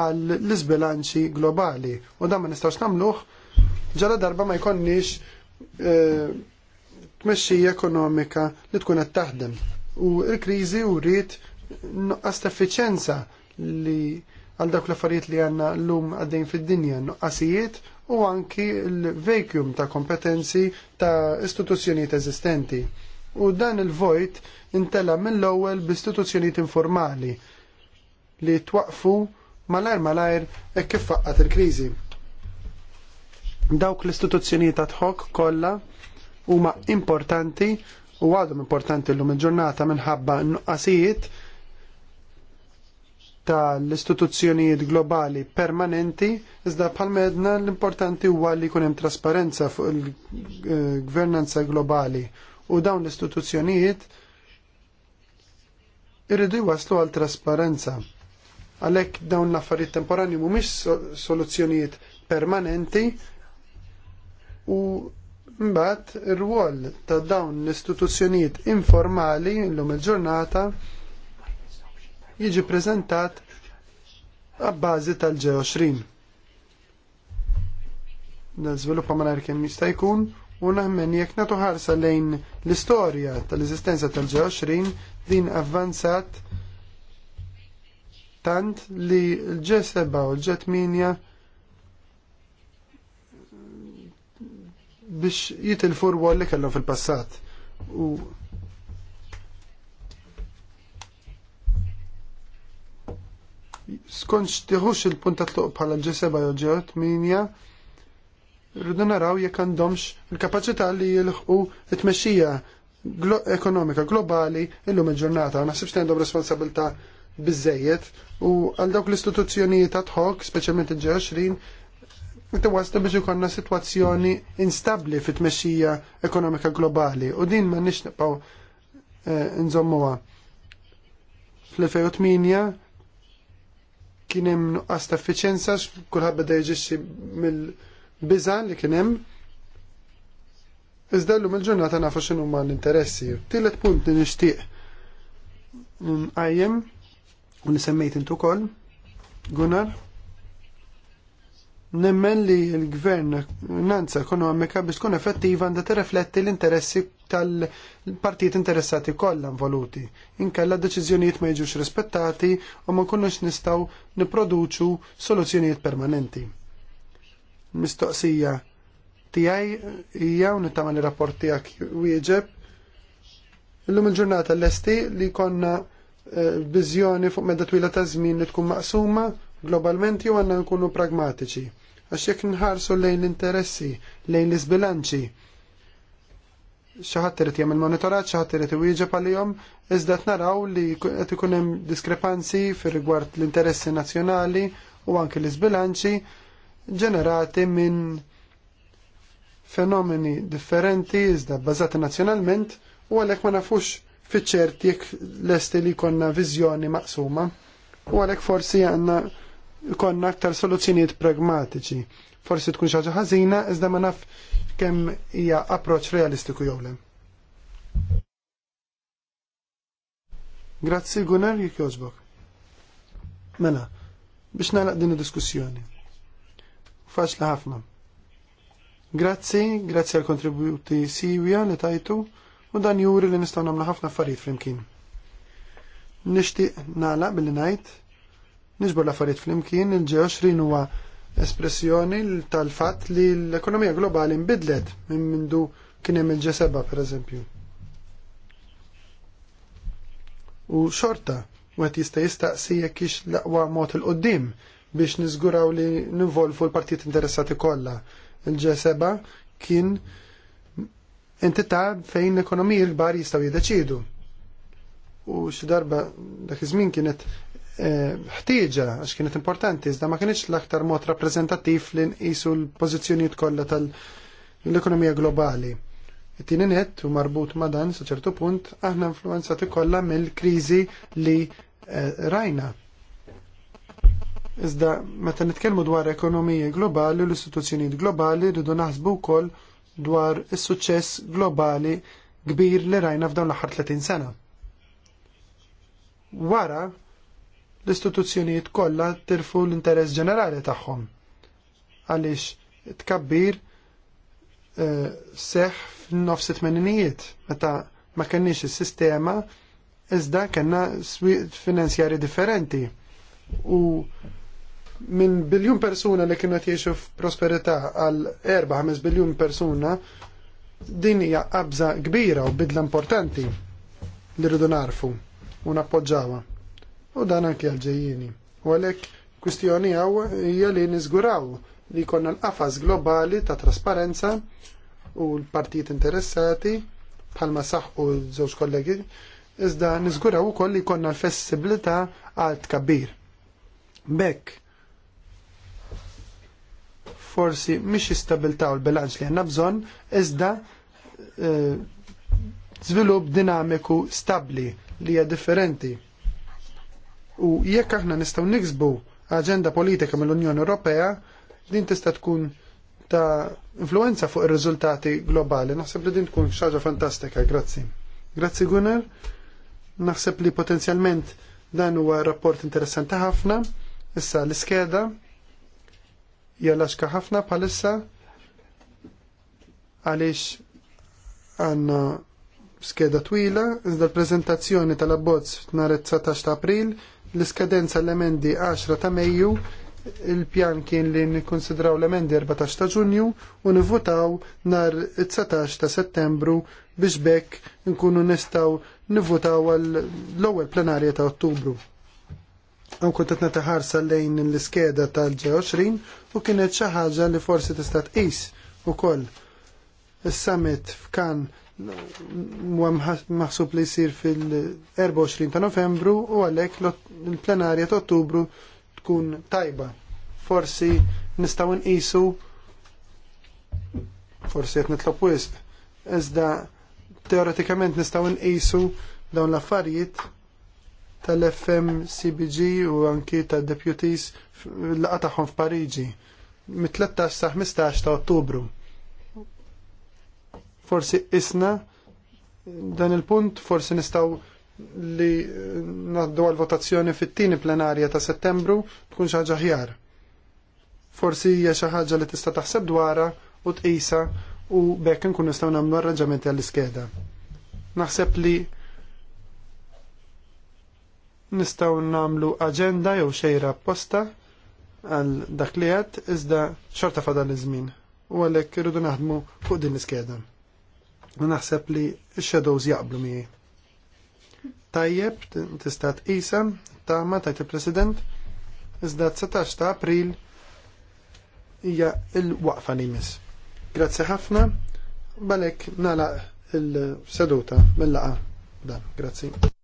għal l-izbilanċi globali. U dan ma nistawx namluħ ġala darba ma jkonniex e, tmexxija ekonomika li tkun qed taħdem. U l-kriżi uriet nuqqas effiċenza li għal dawk l-affarijiet li għanna l-lum għaddejn fid-dinja, nuqqasijiet u anki l-vacuum ta' kompetenzi ta' istituzzjonijiet eżistenti u dan il-vojt intella' mill-ewwel b'istituzzjonijiet informali li twaqfu malajr malajr e kif faqqat il-kriżi. Dawk l-istituzzjonijiet ad hoc kollha huma importanti u għadhom importanti llum il-ġurnata minħabba nuqqasijiet ta' l-istituzzjonijiet globali permanenti, iżda bħal-medna l-importanti huwa li jkun hemm trasparenza fuq il-gvernanza eh, globali u dawn l-istituzzjonijiet irridu jwaslu għal trasparenza. Għalhekk dawn l-affarijiet temporanji mhumiex soluzzjonijiet permanenti u mbagħad ir-rwol ta' dawn l-istituzzjonijiet informali llum il-ġurnata jiġi preżentat għabbażi tal-G20. Nizviluppa manar kemm jista' jkun u naħmen jekk nagħtu ħarsa lejn l-istorja tal-eżistenza tal-20 din avvanzat tant li l-ġeseba u l-ġetminja biex jitilfu rwol li kellhom fil-passat. U skont tiħux il-punta tluq bħala ġeseba jew ġewt minja rridu naraw jekk għandhomx il-kapaċità li jilħqu t-tmexxija glo ekonomika globali illum il-ġurnata. Naħsibx li għandhom responsabilità biżejjed u għal dawk l-istituzzjonijiet ad hoc, speċjalment il-20, Inti waslu biex ikonna sitwazzjoni instabli fit-tmexxija ekonomika globali u din ma nix nibqgħu eh, nżommuha. Fl-2008 kien hemm nuqqas ta' effiċjenza x'kulħadd beda jiġixxi mill- biza li kien hemm Iżda llum il-ġurnata nafu x'inhu ma l-interessi. Tielet punt li nixtieq għajjem u nisemmejt intu ukoll Gunnar. Nemmen li l-gvern nanza ekonomika biex tkun effettiva għandha tirrifletti l-interessi tal-partijiet interessati kollha involuti. Inkella deċiżjonijiet ma jiġux rispettati u ma nkunux nistgħu nipproduċu soluzzjonijiet permanenti mistoqsija tiegħi hija u nittama li rapport tiegħek wieġeb. Illum il-ġurnata l-esti li konna eh, viżjoni fuq medda twila ta' żmien li tkun maqsuma globalment jew għandna nkunu pragmatiċi. Għax jekk nħarsu lejn l-interessi, lejn l-isbilanċi, xaħat ħadd irid jagħmel monitorat xaħat irid iwieġeb għalihom, iżda naraw li qed ikun hemm diskrepanzi fir rigward l-interessi nazzjonali u anke l-isbilanċi ġenerati minn fenomeni differenti iżda bbażati nazzjonalment u għalhekk ma nafux fiċċert jekk lesti li konna viżjoni maqsuma u għalhekk forsi għandna konna aktar soluzzjonijiet pragmatiċi. Forsi tkun xi ħażina iżda ma naf kemm hija approċċ realistiku jew le. Grazzi Gunnar jekk jogħġbok. Mela, biex nagħlaq din id-diskussjoni faċli ħafna. Grazzi, grazzi għal kontributi siwja li tajtu u dan juri li nistaw namlu ħafna affarijiet flimkien. Nishtiq nala billi najt, nġbor l-affarijiet flimkien, il-20 huwa espressjoni tal-fat li l-ekonomija globali mbidlet minn mindu kien hemm il g per pereżempju. U xorta, u għet jista jistaqsi jekk l laqwa mod il-qoddim biex niżguraw li nivolfu l-partijiet interessati kollha. Il-G7 kien entità fejn l-ekonomiji l-kbar jistgħu jiddeċidu. U xi darba dak iż-żmien kienet eh, ħtieġa għax kienet importanti, iżda ma kienx l-aktar mod rappreżentattiv li nqisu l-pożizzjonijiet kollha tal-ekonomija globali. It-tieni net u marbut ma' dan sa ċertu punt aħna influenzati kollha mill-kriżi li eh, rajna Iżda meta nitkellmu dwar ekonomiji globali u l-istituzzjonijiet globali rridu naħsbu wkoll dwar is-suċċess globali kbir li rajna f'dawn l-aħħar 30 sena. Wara l-istituzzjonijiet kollha tirfu l-interess ġenerali tagħhom għaliex tkabbir eh, seħ f'nofs it-tmeninijiet meta ma kenniex is-sistema iżda kellna swieq finanzjari differenti u minn biljun persuna li kienu jiexu f'prosperità għal 4-5 biljun persuna din hija qabża kbira u bidla importanti li rridu narfu u nappoġġawha. U dan anke għal-ġejjieni. U għalhekk kwistjoni għaw hija li niżguraw li jkollna l-qafas globali ta' trasparenza u l-partijiet interessati bħalma u żewġ kollegi iżda niżguraw ukoll li jkollna l fessibilità għal tkabbir. Bekk forsi mhix istabilta u l-bilanċ li għandna bżonn, iżda e, żvilupp dinamiku stabbli li hija differenti. U jekk aħna nistgħu niksbu aġenda politika mill-Unjoni Ewropea, din tista' tkun ta' influenza fuq ir-riżultati globali. Naħseb li din tkun xaġa fantastika, grazzi. Grazzi Gunnar, naħseb li potenzjalment dan huwa rapport interessanti ħafna. Issa l-iskeda hija ħafna bħalissa għaliex għandna skeda twila, iżda l-prezentazzjoni tal-abbozz nhar 19 ta' April, l-iskadenza l-emendi 10 ta' Mejju, il-pjan kien li nikkonsidraw l-emendi 14 ta' Ġunju u nivvotaw nhar 19 ta' Settembru biex bekk nkunu nistgħu nivvotaw għall ewwel plenarja ta' Ottubru. Anku tetna taħarsa lejn l-iskeda tal-G20 u kienet xi ħaġa li forsi tista' tqis ukoll. Is-summit f'kan maħsub li jsir fil-24 ta' Novembru u għalhekk l-plenarja ta' Ottubru tkun tajba. Forsi nistgħu nqisu forsi qed nitlob wisq. Iżda teoretikament nistgħu nqisu dawn l-affarijiet tal-FMCBG u anki tal-deputies fil-laqgħa tagħhom f'Pariġi mit-13 sa 15 ta' Ottubru. Forsi isna dan il-punt forsi nistaw li eh, naddu għal-votazzjoni fit-tieni plenarja ta' settembru tkun xaġa ħjar. Forsi hija xi ħaġa li tista' taħseb dwarha u tqisa u bekk nkun nistgħu nagħmlu arranġamenti għall-iskeda. Naħseb li Nistgħu nagħmlu aġenda jew xejra apposta għal dak li għed iżda xorta fada iż-żmien u għalhekk irridu naħdmu fuq din l-iskeda. Naħseb li x-shadows jaqblu miegħi. Tajjeb, tista' tqisha tama tajt il-President, iżda 19 ta' April hija l-waqfa li jmiss. Grazzi ħafna, balek nalaq il-seduta mill-laqa dan. Grazzi.